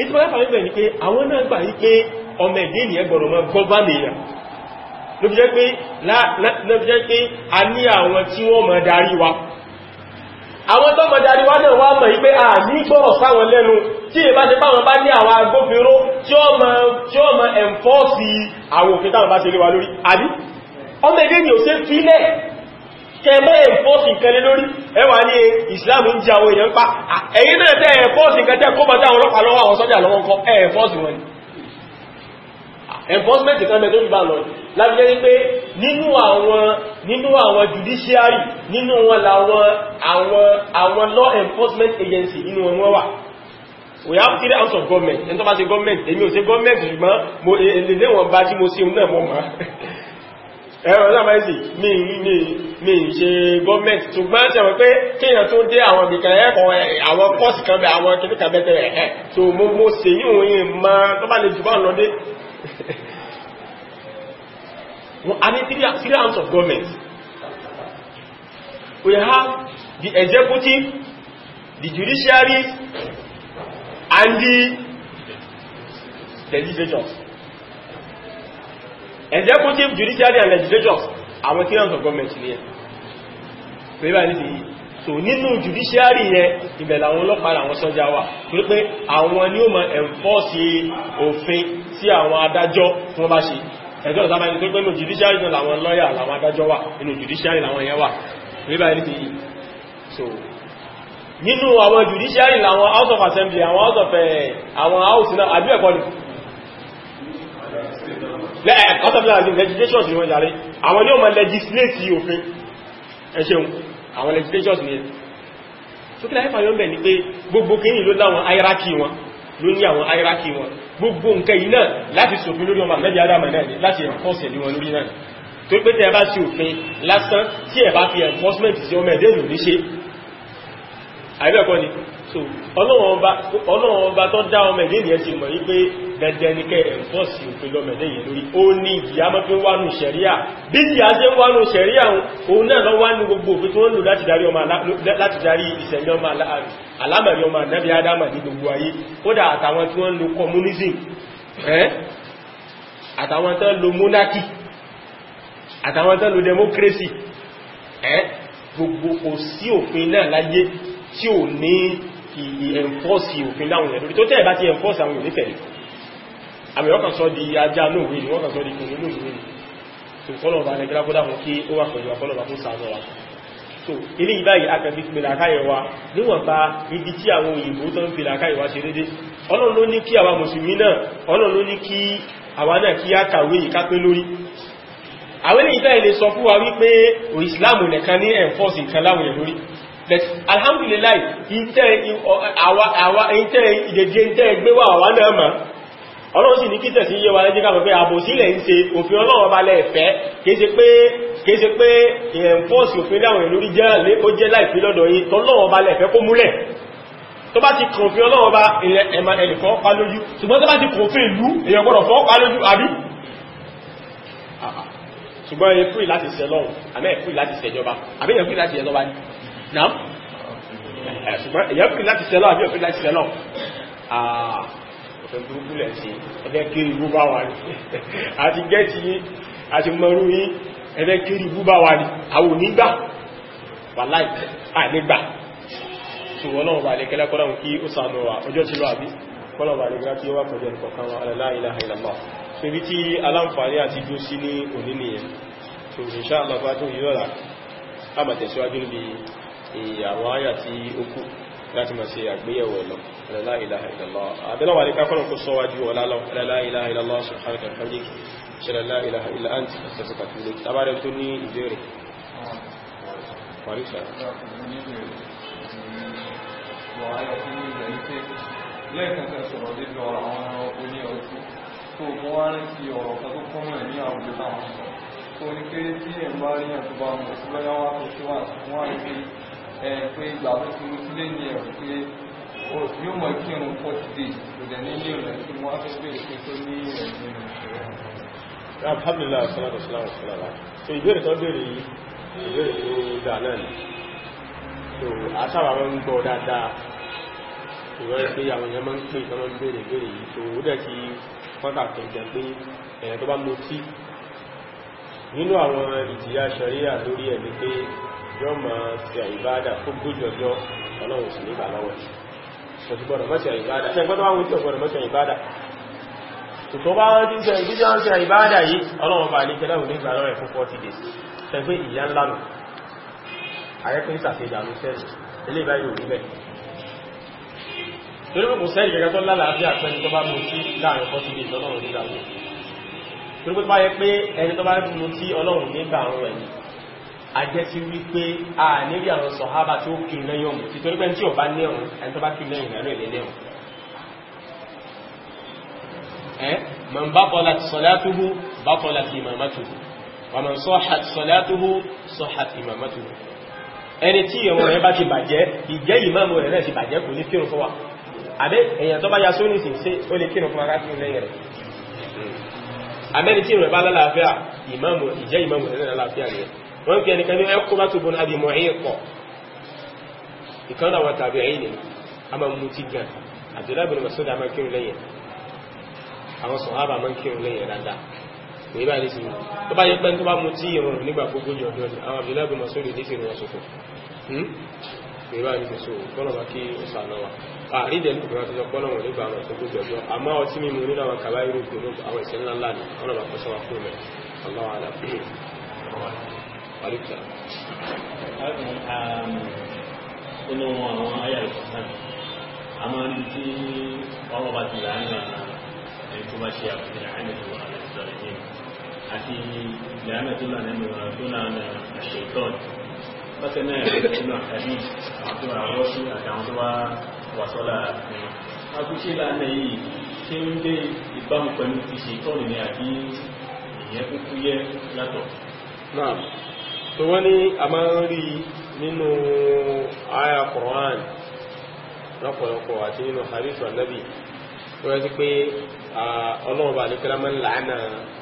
ìtí wọ́n láfàá níbẹ̀ ni pé àwọn náà gbà yí pé ọmọ ẹ̀dẹ́ ènìyàn gbọ́dọ̀ mọ́ gọ́bá lèèyàn ló fi jẹ́ pé a ní àwọn tí wọ́n mọ̀ darí wa àwọn tó mọ̀ darí wa náà wá mọ̀ yí pé a ní gbọ́rọ̀ sáwọn lẹ́nu tí ìbá ti báwọn bá ní àwọn agbófinró tí ó mọ̀ ẹ̀ǹfọ́ọ̀sì àwọn òfin táwọn bá ṣe lé wa lórí àbí ọmọ ẹ̀dẹ́ ni ò ṣe fílẹ̀ tẹ́bẹ́ ìfọ́sì kẹlẹ́ lórí ẹwà ní ìsìláàmù ń jẹ àwọn èèyàn pa ẹ̀yìn náà tẹ́ ẹ̀fọ́sì kẹtẹ́ kó bàtà àwọn ọlọ́pàá lọ́wọ́ àwọn sọ́jà lọ́wọ́ kọ ẹ̀fọ́sì wọn enforcement kan mẹ́tò ìbá lọ judiciary nínú wọn làwọn àwọn law enforcement agency nínú wọn we have three house of government ẹni tó bá government èmi ò ṣe government ṣùgbọ́n mo èlè lé wọn bá tí mo ṣe ẹ̀rọ lámàáìsì mi ń ṣe gọ́ọ̀mẹ́ntì tó gbá ṣe wọ́n pé kíyàn tó dé àwọn ìbìkan ẹ̀kọ́ àwọn kọ́ọ̀sì kan bẹ àwọn kìníkà bẹ́tẹ̀ ẹ̀ tó mú mú sí yíò yìí ma tó bá lè jù bá lọ dé a ní three arms of government we have the executive the judiciary and the legislature executive judiciary and legislatures àwọn clearance of government ni ẹ pẹ̀lú àti yìí so nínú judiciary yẹn ibẹ̀ làwọn ọlọ́pàá àwọn sọ́jà wà torí pé àwọn ni ó mọ̀ enforce òfin sí àwọn adájọ́ fún bá ṣe ẹjọ́ ìsáma ẹni tó pé nínú judiciary náà làwọn lọ́yà làwọn adájọ́ wà nínú judiciary làwọn yẹn wà pẹ̀lú àti yìí so nínú àwọn judiciary làwọn house of assembly àwọn house of eh, àwọn house náà àbí ẹ̀kọ́ legislations ni wọ́n jàre àwọn ni ó ma legislate òfin ẹ ṣeun àwọn legislations ni ẹ̀ tó kí láyé fàyọ́ bẹ̀ ni pé gbogbo kìí ló láwọn hierarchy wọn ló ní àwọn hierarchy wọn gbogbo nǹkan yìí náà láti ṣòfin lórí ọmọ mẹ́bí adama náà ni láti enforce ẹ̀lú wọn lórí náà tó pé tẹ́ bá sí òfin lásán tí ẹ bá fi enforcement sí ọmọ ẹ̀dẹ́ ìlú ní ṣe àìbẹ̀kọ́ ni so ọlọ́run ọba tó dá ọmọ ẹ̀dẹ́ ìyẹn ti mọ̀ yí pé dandan ní kẹ́ ẹ̀fọ́sì òfin lọ́mọ ẹ̀dẹ́ yẹn lórí ó ní ìyá mọ́ fi wánú ṣẹ̀ríà bí ìyá ṣe ń wánú ṣẹ̀ríà òun náà lọ wánú gbogbo òfin tó ń lò láti darí ìṣẹ̀lẹ̀ ọmọ alámẹ̀rí ọmọ ànábì adama ní gbogbo ayé kódà àtàwọn tí wọ́n ń lo communism àtàwọn tó ń lo monarchy àtàwọn tó ń lo democracy gbogbo kò sí òfin náà láyé tí ò ní fi ẹ̀nfọ́sì òfin láwọn ẹ̀lú tó tẹ́ẹ̀ bá ti ẹ̀nfọ́sì àwọn ìlẹ́tẹ̀lẹ̀ àmì ọkàn sọ di ajá lóòwé ni wọ́n kàn sọ di kò nínú ìwé ni tó fọ́lọ̀ bá ní gírákódà wọn kí ó wà pẹ̀lú àfọ́lọ̀ bá fún sàánà wa so ilé ìbáyìí akẹ́bí pè làkáyẹ̀ wa níwọ̀nba ibi tí àwọn òyìnbó tó ń pè làkáyẹ̀ wa ṣe dédé ọlọ́run ló ní kí àwa mùsùlùmí náà ọlọ́run ló ní kí àwa náà kí á kàwé ìkápé lórí àwọn ilé ìbáyìí lè sọ fún wa wípé ìsìláàmù nìkan ní ẹ̀fọ́sì nǹkan láwọn èèyàn lórí but alhamdulillah ìtẹ́ ìdèdè ìtẹ́ ìgbéwà wà náà ma ọlọ́run sì ní kíṣẹ̀ sí yíwa lẹ́jẹ́ káàkiri pé àbò sílẹ̀ ń ṣe òfin ọlọ́run ọba lẹ́ẹ̀fẹ́ kéèṣe pé ẹ̀ǹfọ́ọ̀sì òfin láwọn ìlú jẹ́ ó jẹ́ láìfí lọ́dọ̀ yìí tọ́lọ́run ọba lẹ́ẹ̀fẹ́ kó múlẹ̀ tó bá ti kòfin ọlọ́run ọba ilẹ̀ ẹ̀mà ẹ̀lẹ̀kọ́ pa lójú ṣùgbọ́n tó bá ti kòfin ìlú èèyàn gbọ́dọ̀ fọ́ pa lójú àbí ṣùgbọ́n ẹ̀fúrì láti ṣẹlọ́run àmẹ́ ẹ̀fúrì láti ṣẹjọba àbẹ́yẹ̀fúrì láti ẹ̀lọ́ba ni náà eh, ṣùgbọ́n èyàn fi láti sẹ́lọ́ àbí òfin láti sẹ́lọ́ ah, ọ̀fẹ́ burúkú lẹ̀ sí ẹgbẹ́ kiri bú bá wà ní àti gẹ́ẹ̀tì yí àti mọ̀rú yí ẹgbẹ́ kiri bú bá wà ní àwọn onígbà wà láì àìlẹ́gbà ṣùgbọ́n náà wà lè kẹ́lẹ́ kọ́lọ́run kí ó sànù wà ọjọ́ ti lọ àbí kọ́lọ̀ wà lè gbá kí ó wà pẹ̀lú ẹ̀kọ̀kan wà la ilaha illallah so ibi tí aláǹfààní àti dó sí ní òní nìyẹn so insha Allah bá tó yíyọ́ra a mà tẹ̀síwájú níbi àwọn àyà tí ó kù láti máa ṣe àgbéyẹ̀wò lọ la ilaha illallah àbẹ́lọ́wà ní kákọ́lọ̀ kó sọ wájú ọlá lọ la ilaha illallah subhanaka wa bihamdika ṣẹlẹ̀ la ilaha illa anta astaghfiruka wa atubu ilayk tàbárẹ̀ tó ní ìbéèrè lẹ́ẹ̀kẹ́kẹ́ sọ̀rọ̀ débi ọ̀rọ̀ àwọn oní ọdún tó mọ́ wá ní sí mọ̀ sí lọ́yá wá tó ẹ pé ìgbà tó fi sílé ní ẹ̀rọ pé yóò mọ̀ kí ẹ̀rùn forty days kò dẹ̀ ní ilé rẹ̀ tí wọ́n fẹ́ bèèrè pé tó ní ẹ̀rùn alhamdulillah salatu salamu so ìbéèrè tó béèrè yìí ìbéèrè ní ìgbà náà ni so asáwà máa ń gbọ́ dáadáa ìwọ́n pé àwọn èèyàn máa ń pè tó máa ń béèrè béèrè yìí so ó dẹ̀ ti kọ́tà kẹ̀kẹ́ pé ẹ̀yàn tó bá mutí nínú àwọn ìjìyà ṣàríà lórí ẹ̀ ni pé yóò máa ṣe ìbádà fún gbójú ọjọ́ ọlọ́run sì nígbà lọ́wọ́ ṣọ̀tùgbọ́dọ̀ mọ́ṣẹ̀ ìbádà ṣẹ́gbọ́dọ̀ wáwọn tí ọ̀gbọ́dọ̀ mọ́ṣẹ̀ ìbádà tó bá wọ́n tí ń ṣe ìdíjọ́ ń ṣe ìbádà yìí ọlọ́run bá ní kẹlẹ́wò nígbà lọ́rẹ̀ fún 40 days ṣẹgbẹ́ ìyá ńlá nù àrẹ́kùn ìsàfihàn sẹ́rì ilé ìbáyìí ò níbẹ̀ torí pé kò sẹ́rì gẹ́gẹ́ tó lálàáfíà pẹ́ni tó bá mú sí láàrin 40 days ọlọ́run nígbà lọ́rẹ̀ torí pé bá yẹ pé ẹni tó bá mú sí ọlọ́run nígbà àwọn ẹ̀yìn àjẹ́sí wípé a nírí àwọn sọ̀hábà tó kìí lẹ́yìn ọmọ títorí pé tí ò bá ní ọ̀run ẹni tó bá kìí lẹ́yìn ìrẹ́lẹ̀ ilé lẹ́wọ̀n ẹ́ mọ̀ bá bọ́lá ti salatuhu bá bọ́lá ti imamatuhu wà mọ̀ sọ́hà ti salatuhu sọ́hà ti imamatuhu ẹni tí ìrun rẹ̀ bá ti bàjẹ́ ìjẹ́ ìmáàmù rẹ̀ náà ti bàjẹ́ kò ní kírun fún wa àbẹ́ hmm. tí ìrun bá lálàáfíà ìmáàmù ìjẹ́ ìmáàmù rẹ̀ lálàáfíà rẹ̀ wọ́n pè ẹnìkan ní Uqbatu bun Abi Mu'ayqa ìkan àwọn tabi'in ni a máa mú ti gan Abdullah bin Mas'ud a máa kírun lẹ́yìn àwọn sọ̀hábà máa kírun lẹ́yìn dáadáa èyí bá nísìn tó bá yẹ pé tó bá mú tí ìrùn nígbà gbogbo ní ọdún àwọn Abdullah bin Mas'ud ní sí ìrìn ọ̀sọ̀kọ̀ hmm? èyí bá nísìn so kọ́nà bá kí ó sànà àríkà. nínú um, àwọn ayé àìsàn a máa ń tí ọ̀rọ̀ bá ti láàárín ẹni tó bá ṣe àfihàn àìmọ̀tò àìsàn yìí àti ìlànà tó lànà ẹnu tó lànà àṣetọ́n bákan náà nínú àkàdé àti àwọn sí àtàwọn tó wá wà sọ́lá ẹni. a kú ṣe lànà yìí ṣé ń dé ìbámu pẹ̀lú so wọ́n ní a máa ń rí nínú àyà Qur'an lọ́pọ̀lọpọ̀ àti nínú hadith annabi tó yẹ sí pé ọlọ́ọ̀bà nìkẹ́lá máa ń làánà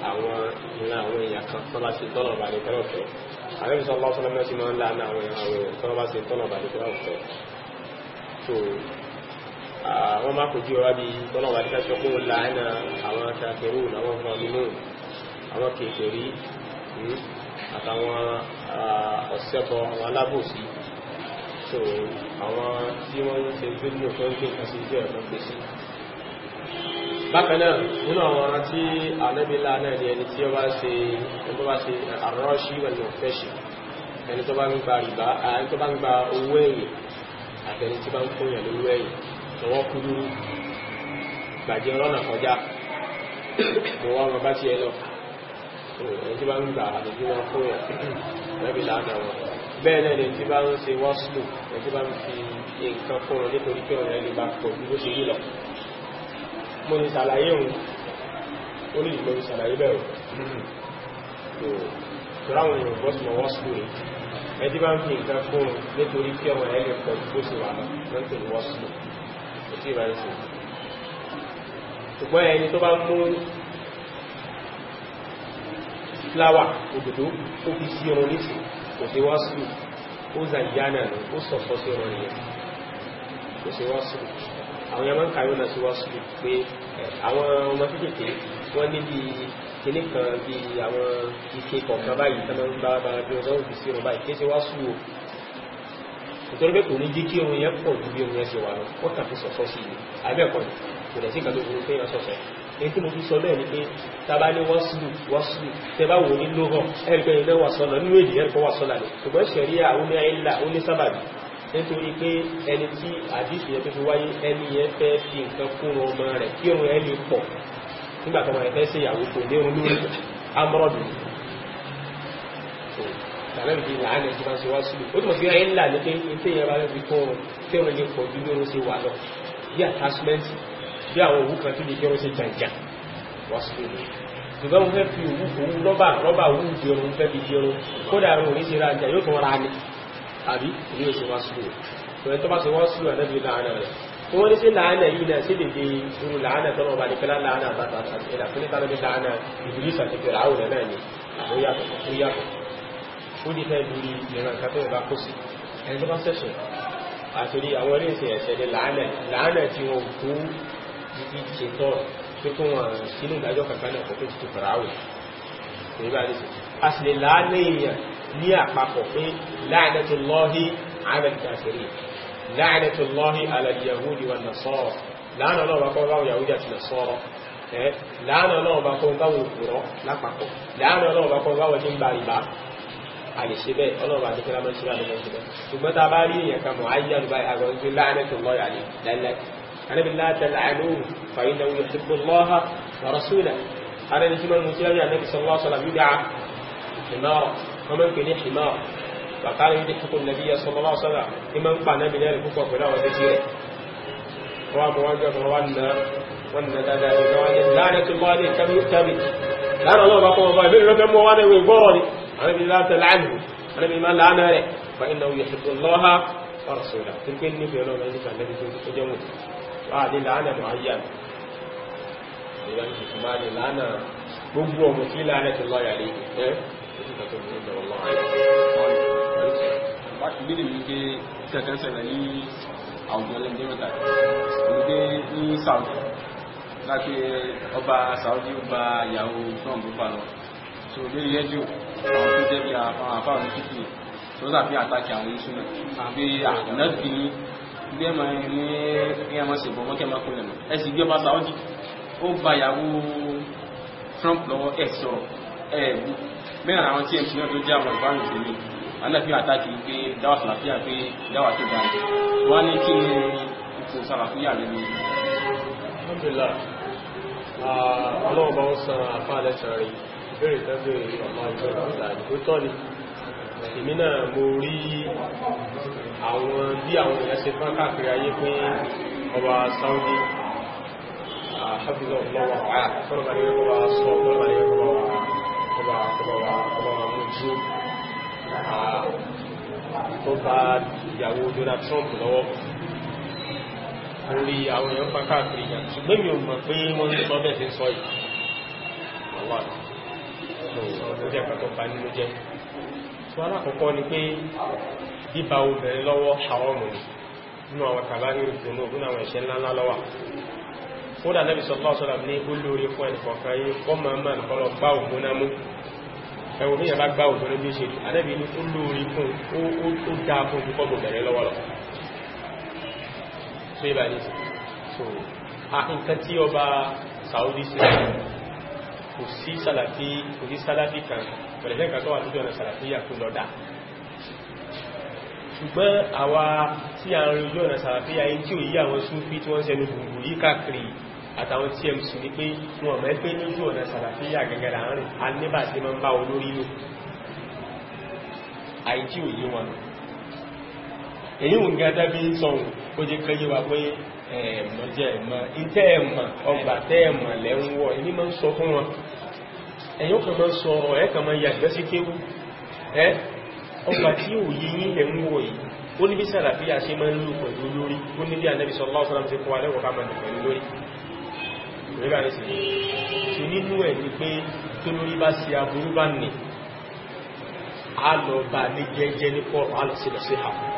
àwọn ìran àwọn èèyàn kan sọ́bà sí tọ́lọ̀bà nìkẹ́lá ọ̀fẹ́ àrẹ́bí sọ́lọ́ sọ́lọ́ mẹ́sí máa ń làánà àwọn èèyàn sọ́bà sí tọ́lọ̀bà nìkẹ́lá ọ̀fẹ́ Uh, ọ̀sẹ̀bọ̀ àwọn alábòsí so àwọn tí wọ́n ń ṣe gbé nínú fún gbé kàṣí jẹ́ ẹ̀kọ́ gbé sí bákanáà nínú àwọn tí ànábílá náà ni ẹni tí ó bá ṣe àrọ́ṣí pẹ̀lú ọ̀fẹ́ṣì ẹni tó bá ń gba rìbá ẹni tó bá ń gba owó ẹ̀yìn àtẹni tí bá ń kóyàn lówó ẹ̀yìn tọwọ́ kúrú gbàjẹ́ rọ́nà kọjá mo ọmọ bá ti ẹ lọ ẹni tí bá ń gbà àdójú wọn fún yẹn lẹ́bí lánàá wọn bẹ́ẹ̀ náà ni tí bá ń ṣe wọ́sùlù ẹni tí bá ń fi nǹkan fún wọn nítorí pé ọ̀rẹ́ lè bá pọ̀ bí ó ṣe yí lọ mo ní ṣàlàyé òun ó ní ìgbọ́n ṣàlàyé o tòráwọn èèyàn bọ́ sí wọ́sùlù rẹ̀ ẹni tí bá ń fláwà òdòdó ó fi sí ọrọ̀ nísì kò sí wá sùn ó zàyà náà lọ ó sọ̀sọ́ sí ọrọ̀ yẹn kò sí wá sùn àwọn yẹn máa ń kàwé náà sí wá sùn pé àwọn ọmọ kéékèèké wọ́n ní bí kíní kan bí àwọn ike kọ̀ọ̀kan báyìí tó máa ń bá bára bí ọjọ́ òbí sí ọrọ̀ báyìí kí ó sì wá sùn o nítorí pé kò ní jí kí orin yẹn pọ̀ ju bí orin yẹn ṣe wà lọ wọ́n kàn fi sọ̀sọ́ sí i àbẹ́ẹ̀kọ́ kò dẹ̀ sí ìgbàlódé fún yẹn sọ̀sọ́ èyí tí mo fi sọ bẹ́ẹ̀ ni pé tàbá ní wọ́sùlù wọ́sùlù tẹ́bá wò ní lóhàn ẹ̀rìkẹ́ ilẹ̀ wàsọ́nà nínú èdè ẹ̀rìkọ́ wàsọ́nà rẹ̀ ṣùgbọ́n ṣẹ̀ríà oní àìlà oní sábàbí nítorí pé ẹni tí àdìsí yẹn tó fi wáyé ẹni yẹn fẹ́ fi nǹkan kún ọmọ rẹ̀ kí òun ẹni pọ̀ nígbà tó wọn fẹ́ ṣe ìyàwó kò ní òun bí àwọn òwú kan tó lè jọrọ sí jàǹjà wá ṣùgbọ́n mo fẹ́ fi òwú òwú rọ́bà rọ́bà òwú jẹun mo fẹ́ fi jẹun kódà rẹ̀ òní ṣe ra yóò tún ra ni àbí ní oṣù wá wọ́n ní sí làánà yìí náà sí dèdè irú làánà tọ́nà ọba nìkan làánà àbàtà àti ẹ̀dà fún nípa lóbi làánà ìbílísà ti náà ni àbóyàtọ̀ ó ní fẹ́ lórí ìran kan tó kó sí ẹni tó níbi ṣe tọ́ pé kó wọn sínú ìdájọ́ kankan náà kọ̀ọ̀kan ti fàráwò ìgbà ní a sì lè láàrín èèyàn ní àpapọ̀ pé la'natullahi 'ala al-kafirin la'natullahi 'ala al-yahudi wan nasara láàrín ọlọ́ọ̀bá kọ́ báwọn yahudi àti nasara láàrín ọlọ́ọ̀bá kọ́ báwọn òkúrọ́ bá ìbá àlèṣe bẹ́ẹ̀ ọlọ́ọ̀bá àti kílámẹ́ṣẹ́ bá lọ́wọ́ ṣe bẹ́ẹ̀ ṣùgbọ́n ta bá أنا بالله تلعنوه فإنه يحب الله ورسوله أنا نسيم المسلم عن النبي صلى الله عليه وسلم يدعى حمار ومن كان حمار فقال يضحك النبي صلى الله عليه وسلم إما قال النبي لا يكفوا فلا وتسير ومواجه وانا وانا لعنة الله عليه كم يكتب لعن الله بقى الله بل لكم وانا ويقرني أنا بالله تلعنه أنا ما لعنه فإنه يحب الله ورسوله تلك النبي ولو ما يجب النبي تجمعه ààlè lánà mọ̀háyà gbogbo ọmọ kí lánà tó lọ́yà lè ẹ́ ìbílẹ̀ wípé kẹkẹsẹ̀lẹ̀ ní àwùjọ lẹ́gbẹ̀mẹ́ta wípé ní Saudi láti ọba Saudi ọba ìyàwó Trump ló pàlọ́ so lórí ẹjọ́ àwọn tó jẹ́ bí àfáà ní kíkì tó dàbí àtàkì àwọn ìṣúná àbí àdínàbí bí ẹ máa ní ẹ máa ṣe ìbọ̀wọ́ kí ẹ máa kó lẹ́nu ẹ sì gbé ọba Saudi ó gba ìyàwó Trump lọ́wọ́ ẹ sọ̀rọ̀ ẹ bú mẹ́rin àwọn TMC náà tó jẹ́ àwọn ìbáraẹni tèmi anáfi àtàkì pé dáwà sàlàfíà pé dáwà tó dáa wọ́n ní kí ni ipò sàlàfíà rẹ̀ ni. alhamdulillah ọlọ́wọ́ ń san afáàlẹ́sàn rẹ̀ ìbéèrè tẹ́lẹ̀ ọmọ ìjọba ìlànà èmi náà mo rí àwọn bí àwọn èèyàn ṣe fán káàkiri ayé pé ọba Saudi àṣàfihàn ọ̀pọ̀lọpọ̀ ọ̀pọ̀lọpọ̀ ọ̀pọ̀lọpọ̀ orí àwọn èèyàn fán káàkiri ìyàn ṣùgbọ́n mi ò mọ̀ pé wọ́n ń sọ bẹ́ẹ̀ sí sọ yìí ọwọ́ àti ọjọ́ ìpàtọ́pàá nínú jẹ́ so alákọ̀ọ́kọ́ ni pé bíbá obìnrin lọ́wọ́ haramu nínú àwọn kàbá ní ìfẹ́ náà nínú àwọn ẹ̀ṣẹ̀ ńláńlá lọ́wà ó dà Nabi sallallahu alaihi wasallam ní olórí fún ẹnìkọ̀ọ̀kan yìí kọ́ máa ń máa nìkan lọ gbá òun náà mú ẹwọ ní ìyàbá gbá òun bí ó ṣe àdẹ́bí Saudi sí kò sí sàlàfí kò kan pẹ̀lẹ̀fẹ́ nǹkan tó wà lójú ọ̀nà sàràfíyà kó lọ́dà ṣùgbọ́n àwa tí a ń rí ojú ọ̀nà sàràfíyà yìí tí ò yí àwọn súnfí tí wọ́n sẹnu gbùngbùn yí káàkiri àtàwọn tmc ní pé wọn mẹ́ pé lójú ọ̀nà sàràfíyà gẹ́gẹ́ láàrin anibà sí máa ń bá olórí lò àì jẹ́ ẹ̀mọ̀ ìtẹ́ ẹ̀mọ̀ ọgbà tẹ́ ẹ̀mọ̀ lẹ́ ń máa ń sọ fún wọn ẹ̀yìn kan máa sọ̀rọ̀ ẹ̀ kan máa yàgbẹ́ sí kéwú ẹ́ ọgbà tí ò yí yí lẹ̀ ń wọ̀ yìí ó ní bí sàlàfíà ṣe máa ń lò pẹ̀lú lórí ó ní bí ànábì sallallahu alaihi wasallam ṣe kọ́ alẹ́wọ̀ ká máa lò pẹ̀lú lórí ìrírà ní sílẹ̀ tí nínú ẹ̀ ni pé tó lórí bá ṣe aburú bá nì á lọ bá ní jẹ́jẹ́ ní pọ̀ á lọ sí lọ sí àwọn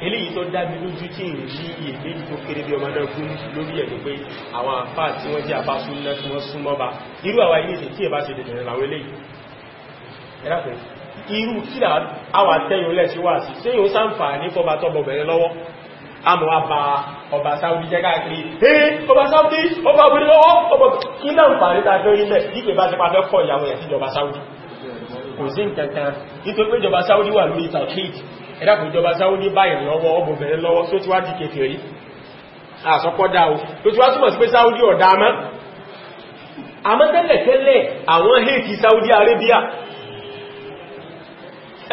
eléyìí tó dábi lójú tí ń rí ìgbéjì tó kéré bí ọmọdé fún lórí ẹ̀dùn pé àwọn àfá tí wọ́n jẹ́ àfá súnná tí wọ́n súnmọ́ bá irú àwọn ilé ìsìn tí ẹ bá ṣe dẹ̀dẹ̀ láwọn eléyìí ẹ̀rápẹ̀ irú kí àwọn àtẹ́yìn olẹ́ sí wà sí ṣé yóò sáǹfààní fọba tọ́bọ̀ bẹ̀rẹ̀ lọ́wọ́ àmọ́ àbá ọba sáwọ́dí jẹ́ káàkiri ee ọba sáwọ́dí ọba obìnrin lọ́wọ́ ọba kí náà ń fàárí tàbí orílẹ̀ dípẹ̀ bá ẹ̀dàkùn ìjọba Saudi báyìí lọ́wọ́ ọgbọ̀nbẹ̀rẹ̀ lọ́wọ́ tó ti wá di kèfèrí àsọpọ́dá o tó ti wá túnmọ̀ sí pé Saudi ọ̀dá mọ́ àmọ́ tẹ́lẹ̀tẹ́lẹ̀ àwọn hẹ́ẹ̀kì Saudi Arabia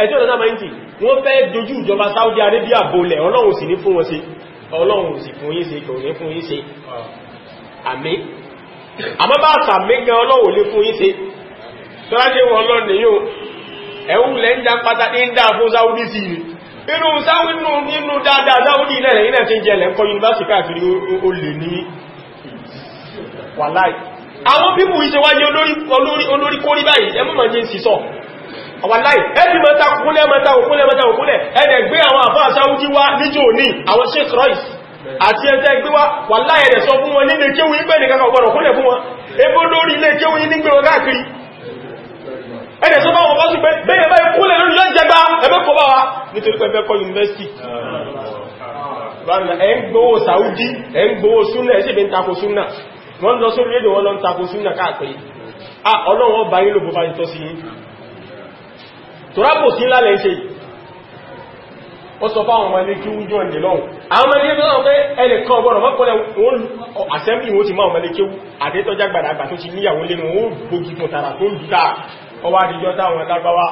ẹjọ́ ọ̀dá máa ń kì wọ́n fẹ́ dojú ìjọba Saudi Arabia bolẹ̀ Ọlọ́run sì ní fún wọn ṣe Ọlọ́run sì fún yín ṣe kò ní fún yín ṣe àmín àmọ́ bá sàmí gan Ọlọ́run lè fún yín ẹ̀hùn lẹ́ ń dá pátá ń dá fún Saudi sí ni inú sáwínú nínú dáadáa sáwúdí ilẹ̀ ilẹ̀ tí ń jẹlẹ̀ ń kọ yunifásitì káàkiri ó lè ní wàláì àwọn pípù ìṣẹ́wájú olórí kórí báyìí ẹmọ́mọ̀ jẹ́ sísọ wàláì ẹbí mẹ́ta kúnlẹ̀ mẹ́ta òkúnlẹ̀ mẹ́ta òkúnlẹ̀ ẹ̀dẹ̀ gbé àwọn àfáà sáwúdí àwọn kúnlẹ̀ ẹ̀rẹ̀ tó bá wọn bọ́ sí pé bẹ́yẹ̀ bá ikúlẹ̀ lórí lọ́jẹgbá ẹgbẹ́ kọ bá wa nítorí pé ẹgbẹ́ kọ yunifásitì ẹ̀ ń gbówó Saudi ẹ̀ ń gbówó súnà ẹ̀ sì bí ń takò súnà wọ́n lọ sórí rédíò wọ́n lọ ń ah ọlọ́run ọba yìí ló bó bá ń tọ́ sí yìí torápò sí ńlá lẹ́ṣe ó sọ fáwọn ọmọ ilé kí ó jọ ìdè lọ́wọ́ àwọn ọmọ ilé lọ́wọ́ pé ẹnìkan ọgbọ́nà mọ́kànlẹ̀ òun assembly wọ́n ti máa ọmọ ilé kéwú àdétọ́já gbàdàgbà tó ti níyàwó lẹ́nu ó gbógi fún tààrà tó ń dúdà ọwá àdìjọ táwọn lágbàwà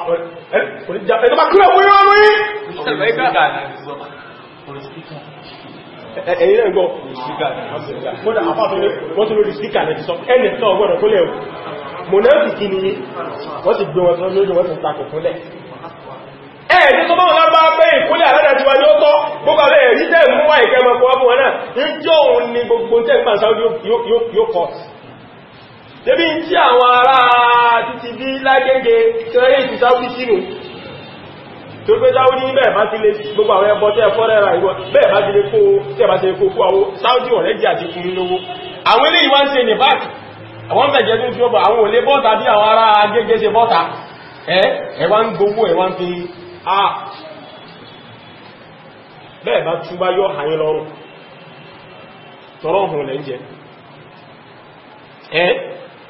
ẹ̀yìn rẹ̀ gbọ́ mọ́dá àpapọ̀ wọ́n tó lórí síkà lẹ́ti sọ ẹni tó ọgbọ́nà tó lẹ́wọ̀ mọ̀nẹ́ẹ̀kì kí ni wọ́n ti gbé wọn tó lórí wọ́n tó takò fúnlẹ̀ ẹ̀ẹ̀dí tó bọ́n lábá pé ìkúlẹ̀ àlẹ́dà ti wà ní ó tọ́ gbogbo alẹ́ ẹ̀rí tẹ́ mú wá ìkẹ́mọ̀kọ́ ọmọ náà ń jọ òun ni gbogbo tẹ́ gbà sáwọ́dí yóò kọ́ débí ń tí àwọn ará títí bí lágége kẹrẹ ìtù sínú tó gbogbo àwọn ẹbọ tẹ́ fọ́rẹ́ ra ìwọ bẹ́ẹ̀ bá ti lè kó tẹ́ bá ti lè kó kó àwọn sáwọ́dí ọ̀rẹ́ jẹ́ àti lówó àwọn ń ní báàkì àwọn mẹ́jẹ tó ń fi ọba àwọn òlé bọ́ta bí àwọn ará a bẹ́ẹ̀ bá túbá yọ lọ́rùn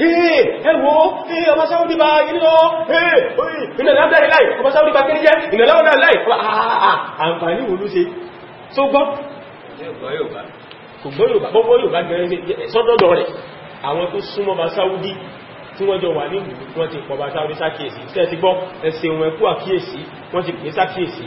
ẹwọ́ ọmọ sáwọ́dí bá ìlú ìnàlá dáre láì ọmọ sáwọ́dí bá kẹ́lẹ́jẹ́ ìnàlá ọ̀nà láì ah, ah, ah, àǹfààní wo ló ṣe tó gbọ́ gbogbo yóò bá gẹ̀rẹ́ sọ́dọ̀dọ̀ rẹ̀ àwọn tó súnmọ́ bá sáwọ́dí tí wọ́n jọ wà ní ìlú wọ́n ti pọ̀ bá sáwọ́dí sákìyèsí tẹ́ ti gbọ́ ẹsẹ̀ wọn ẹkú àkíyèsí wọ́n ti pè sákìyèsí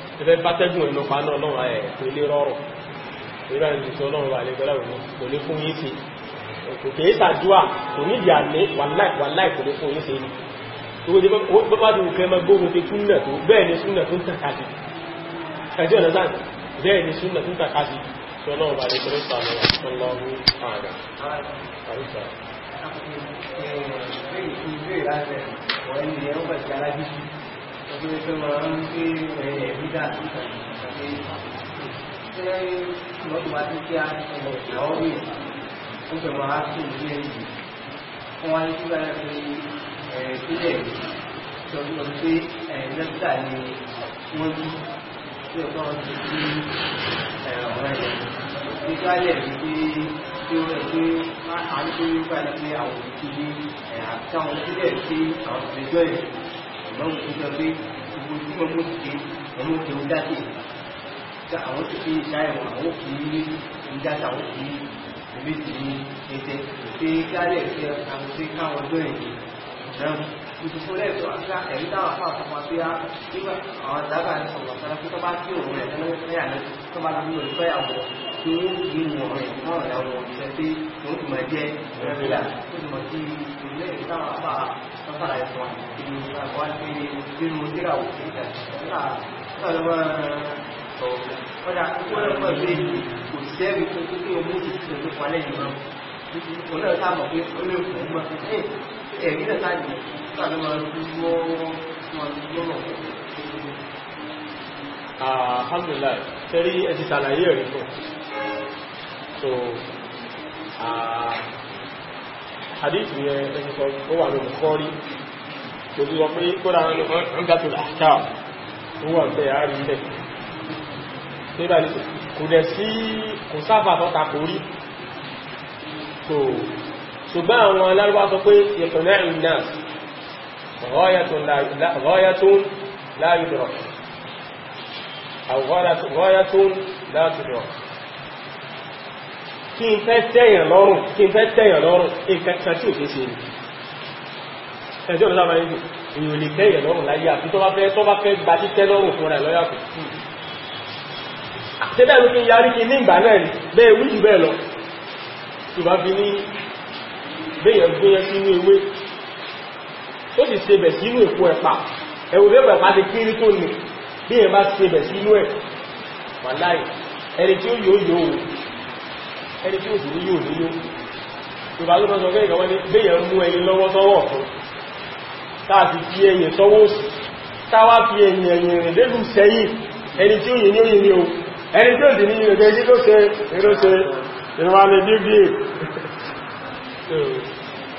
ẹfẹ́ bátẹ́gùn ẹnu paná ọlọ́run ẹ̀ kò lè rọrùn ìrọ̀ ìjìsọ ọlọ́run wà lè gbọ́lá òní kò lè fún yín sí kò kèé sàdúà kò ní ìdí àlé wàláì kò lè fún yín sí ni tó bá dùn kẹ́ máa gbóhun ti kúnnà tó bẹ́ẹ̀ ni súnnà tó ń tàkà sí ẹjọ́ ọ̀nà sáà bẹ́ẹ̀ ni súnnà tó ń tàkà sí ọlọ́run wà lè tí ó fẹ́ máa ń gbé ẹ̀yẹ̀ dídà síta àti ṣé lọ́dún wá sí kí á ọmọ ìyàwó mi ó fẹ́ máa sùn ní ẹ̀yìn wọ́n wá ní síbẹ̀ pé sílẹ̀ ìjọba lọ pé lẹ́tà ni wọ́n rí tí ọ̀tọ́ ti sí ọ̀rẹ́ rẹ̀ nígbàlẹ̀ wípé tí ó rẹ̀ pé à ń tó yípa ni pé àwọn òbí ti àtàwọn sílẹ̀ sí àwọn ìgbẹ́jọ́ yìí ìmáàmù tó gbà pé gbogbo tí wọ́n mú ti ọmọ òkè ń dáàbò tí àwọn tó fi ṣáyẹ̀ wọn àwọn òkè ní ń dáàbò àwọn òkè ní méjì ní ẹsẹ̀ pé kálẹ̀ ẹ̀sẹ̀ àwọn tó káwọn ọjọ́ ẹ̀yìn ìdáàbò ìdìbò lẹ́ẹ̀tọ́ àṣà ẹ̀rí dáwà fún àtàwọn abíyá nígbà àwọn àdábà ní sọ̀rọ̀ sára pé tó bá kí òun rẹ̀ lẹ́nu fẹ́yà ní tó bá lọ nílò ìfẹ́yà wọ̀ tí ó yí wọ̀ rẹ̀ náà rẹ̀ wọ̀ ṣe pé wọ́n ti mọ̀ jẹ́ rẹ̀bílà tó ti mọ̀ sí ilé ìdáwà fà sọ́fàrà ẹ̀fọ́ ìlú àgbà pé nínú síra wò sí ìjà kódà kókó lọ́pọ̀ ìwé kò sẹ́ẹ̀rì tó tó tó yẹ mú ìṣòro fún alẹ́ yìí náà òun náà sábà pé ó lè fún un mọ́ ẹ̀rí rẹ̀ láti máa dúró máa dúró náà. tẹ́rí ah, ẹ ti ẹ̀rí fún so ah, hadith yẹn ẹni sọ ó wà lórí kọ́rí kò sí sọ pé kódà ń gàtò àṣà ó wà bẹ́ẹ̀ á rí bẹ́ẹ̀ nígbà kò dẹ̀ sí kò sáfà tó takò rí so ṣùgbọ́n àwọn alárúbá sọ pé ìpínlẹ̀ ìnáà rọ́yàtún láyùdọ̀ rọ́yàtún látùdọ̀ kí n fẹ́ tẹ́yàn lọ́rùn kí n fẹ́ tẹ́yàn lọ́rùn ìkẹta tí ò fi ṣe ẹjọ́ ìlàmà ìlú èyàn lè tẹ́yàn lọ́rùn láyé àti tó bá fẹ́ tó bá fẹ́ gba títẹ́ lọ́rùn fún béèyàn gbéyàn sínú ewé ó sì sebẹ̀ sínú èpo ẹ̀pà ẹ̀wò bẹ́ẹ̀ bàbá ti kéré tó ní béèyàn bá sebẹ̀ sínú ẹ̀ wàláì ẹni tí ó yóò yóò ẹni tí ó sì ní yóò nílò ìbá ló sọ gẹ́gẹ́ wọ́n ni béèyàn mú ẹni lọ́wọ́ sọ́wọ́ ọ̀tún táà fi fi ẹ̀yìn sọ́wọ́ òsì táwá fi ẹ̀yìn ẹ̀yìn rìn lélù sẹ́yìn ẹni tí ó yìí ní ó yìí ní o ẹni tí ó sì ní ìrẹ̀gẹ́ sí ló ṣe ìrọ́ṣe ìrọ̀wà lè bí bí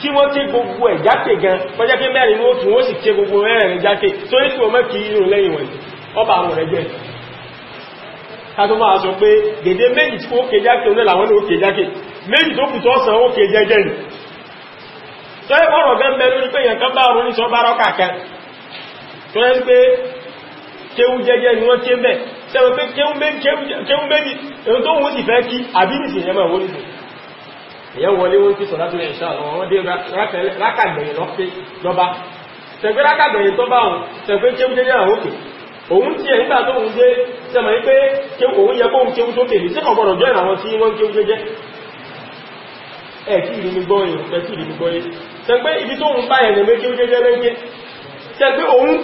kí wọ́n ké gbogbo ẹ̀ jákè gan wọ́n jẹ́ pé mẹ́rin ó tún ó sì ké gbogbo mẹ́rin jákè tó ní kí wọ́n mọ́ kí irun lẹ́yìn wọ̀nyí ọba àwọn rẹ̀ jẹ́ kátó máa sọ pé gèdè méjì tí ó ké jákè onílà wọn ó ké jákè méjì tó kù tọ́sàn ó ké jẹ́jẹ́ nì tó ẹ ọ̀rọ̀ gan bẹ lórí pé yẹn kan bá ronú sọ bá rọ́kà kan tó yẹ pé kéwú jẹ́jẹ́ ni wọ́n ké bẹ̀ sẹ́wọ́n pé kéwú méjì èyí tó wọ́n sì fẹ́ kí àbí nìsìn èyàn wọlé wọ́n kí sọ̀rọ̀ láti ìṣà àwọn ọmọdé rákàgbẹ̀yìn lọ́pẹ́ lọ́ba tẹ̀gbẹ́ rákàgbẹ̀yìn tó bá òun tẹ̀gbẹ́ kéwú dédé àwọn òkè òun tí ẹ̀ ń gbà tó òun dé sẹ́mọ̀ wípé òun yẹ kóhun kéwú tó kèlè tí kọ̀gbọ̀rọ̀ jẹ́ ìràwọn tí wọ́n kéwú jẹ́jẹ́ ẹ̀ kí ìrìn gbọ́yìn ẹ̀ kí ìrìn gbọ́yìn tẹ̀gbẹ́ ibi tó òun bá ẹ̀rẹ̀ mé kéwú jẹ́jẹ́ lẹ́yìn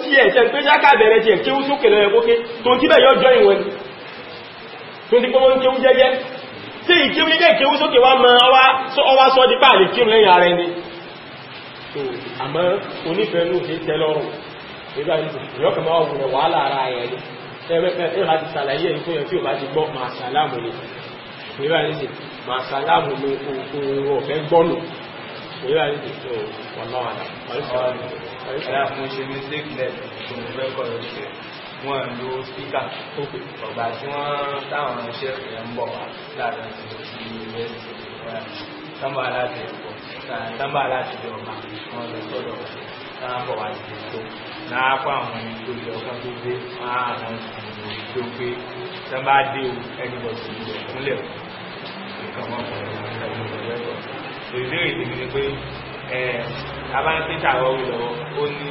tí ẹ̀ tẹ̀gbẹ́ jákàbẹ̀rẹ̀ tí tó ti bẹ̀ yọjọ́ ìwọ̀n tó jẹ́jẹ́ tí ìkírù ní kéèkéwú sókè wá mọ́ ọwá sọ dípà lè kírù lẹ́yìn ara ẹni àmọ́ onífẹ́nú kìí tẹ́ lọ́rùn nígbà ní ìyọ́kàmọ́ ọ̀gùnrẹ̀ wàhálà ara ẹni ẹ̀rẹ́ láti sàlàyé ẹni fún ẹ̀ tí ò bá ti gbọ́ máa sàlámù ni nígbà ní sì máa sàlámù ni òun ọ̀fẹ́ gbọ́nù nígbà ní sì wọ́n náà wà náà wọ́n lo spíkà tó pè ọ̀gbà tí wọ́n táwọn iṣẹ́ rẹ̀ ń bọ̀ wá láàrin ti lọ sí yunifásitì tábà láti ẹ̀kọ́ tábà láti lọ ọ̀gbà wọn lọ sọ́dọ̀ táwọn bọ̀ wá sí ètò láàpọ̀ àwọn ẹni tó lè ọkàn tó dé àwọn ìgbìmọ̀ tó gbé tábà dé o ẹni bọ̀ sí ilẹ̀ kúnlẹ̀ nǹkan wọn kọ̀ ọ́ ìbéèrè tèmi ni pé abáńtítà wọ́wí lọ́wọ́ ó ní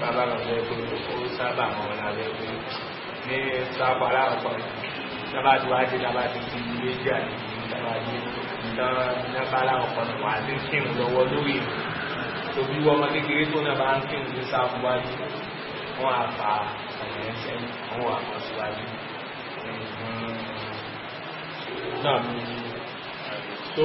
bàbá bàbá ẹgbẹ́ ó sábà mọ́ wọn lábẹ́ ẹgbẹ́ ní sábà aláàpọ̀ sábà tí wàá dé sábà ti di méjì àti sábà dé náà aláàpọ̀ wà á ti ń kírun lọ́wọ́ lórí tòbí wọ́n ọmọ kékeré tó náà bá ń kírun ní sáfù wájú wọ́n á fa ọ̀nà ẹsẹ̀ wọ́n wà mọ́ síwájú. náà so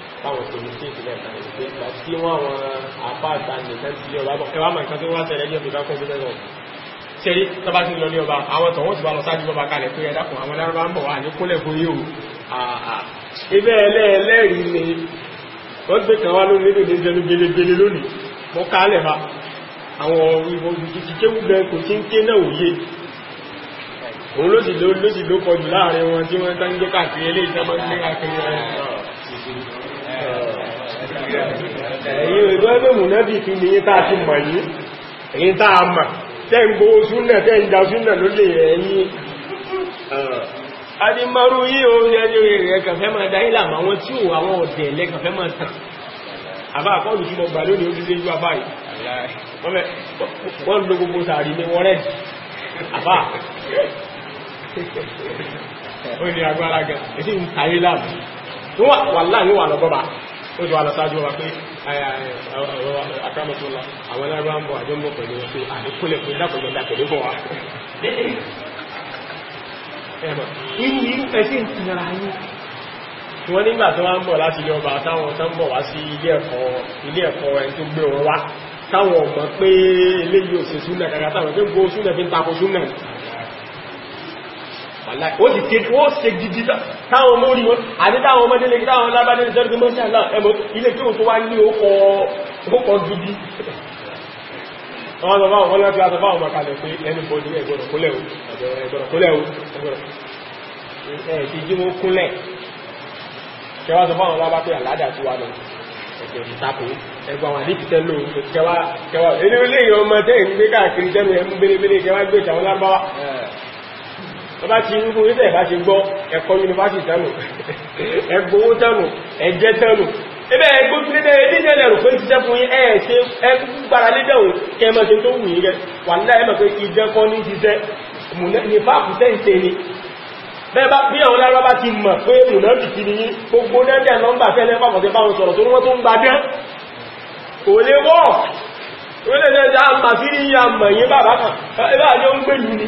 táwọn ṣe ní ṣéèkì lẹ́ẹ̀ka ìgbé ìgbà tí wọ́n àwọn apá àtàlẹ̀ tán ti lé ọba bọ̀ ẹwà màá nǹkan tó wá tẹ̀lé ní ọba ìbá kọ́sí lẹ́sọ̀ ṣe rí tọ́ba ti lọ ní ọba àwọn tọ̀wọ́n ti bá lọ sáájú ọba kalẹ̀ pé ẹ̀dá kan àwọn lárúbá ń bọ̀ wá ní kólẹ̀ fún yìí o ibẹ̀ ẹlẹ́ẹ̀lẹ́rìí ni wọ́n gbé kan wá lórí nídò ní jẹnu belebele lónìí mọ́ kálẹ̀ ma àwọn ìbọn ti kéwú bẹ kò tí ń ké náà òye òun ló sì ló kọjú láàrin wọn tí wọ́n tán ń gbé káàkiri eléyìí tán máa ń gbé ẹ̀yìn ìlú ẹgbẹ́ mùnẹ́bì kí ni yíta ti mọ̀ yìí èyí tá a mọ̀ tẹ́ ń gbó súnà tẹ́ ń ja súnà ló lè ẹ̀yìn adìmọ́rú yìí o yẹ́jẹ́ rẹ̀ kàfẹ́ máa dá ìlà àwọn tí ò àwọn ọ̀dẹ̀ lẹ́ kàfẹ́ máa tàn àbá àkọlù tí mo gbà lónìí ó ti dé agbára gan ń tàí wàláyé wà lọ́gọ́bà ó ti wà lọ sáájú wa pé akámọ́tòlá àwọn ẹlẹ́gbẹ́ ń bọ̀ àjọ ń pẹ̀lú wọn pé àdékúnlẹ̀ pé dákọ̀jọ́ bọ̀ wá wọ́n nígbà tó wá ń bọ̀ láti ilé ọba táwọn tó ń bọ̀ wá sí ilé ẹ̀kọ́ ẹni tó gbé wọn wá táwọn ọ̀gbọ́n pé eléyìí ò ṣe súnà kàkà táwọn tó ń bo fi ń tako súnà ó sì ké ó ṣe gidi táwọn ọmọ orí wọn àti táwọn ọmọdé lè táwọn lábádé lè sọ́dún mọ́sí àlá ẹmọ ilé tí ó tó wá ní ókọ̀ gidi àwọn ọmọ àwọn ọmọdé láti bá ọmọ kalẹ̀ pé ẹnu bọ́dú ẹgbọ̀rọ̀ kólẹ̀ ẹgbọ̀rọ̀ kólẹ̀ ẹgbọ̀rọ̀ kólẹ̀ ẹgbọ̀rọ̀ kólẹ̀ bá ti rúgbó ìtẹ̀ bá ti gbọ́ ẹ̀kọ́ yunifásitì tánù ẹgbówó tánù ẹjẹ́ tánù ebe ẹgbójúlédé ẹdíjẹ́lẹ̀ rò pé ti jẹ́ fún ẹ̀ẹ́ṣe ẹgbúgbára lédẹ̀wò kẹmọ́ tó wù yí ní ẹmọ̀ pé ìjẹ́kọ́ ní ṣiṣẹ́ nífààkù tẹ́ǹtẹ́ ni bẹ́ẹ̀ ni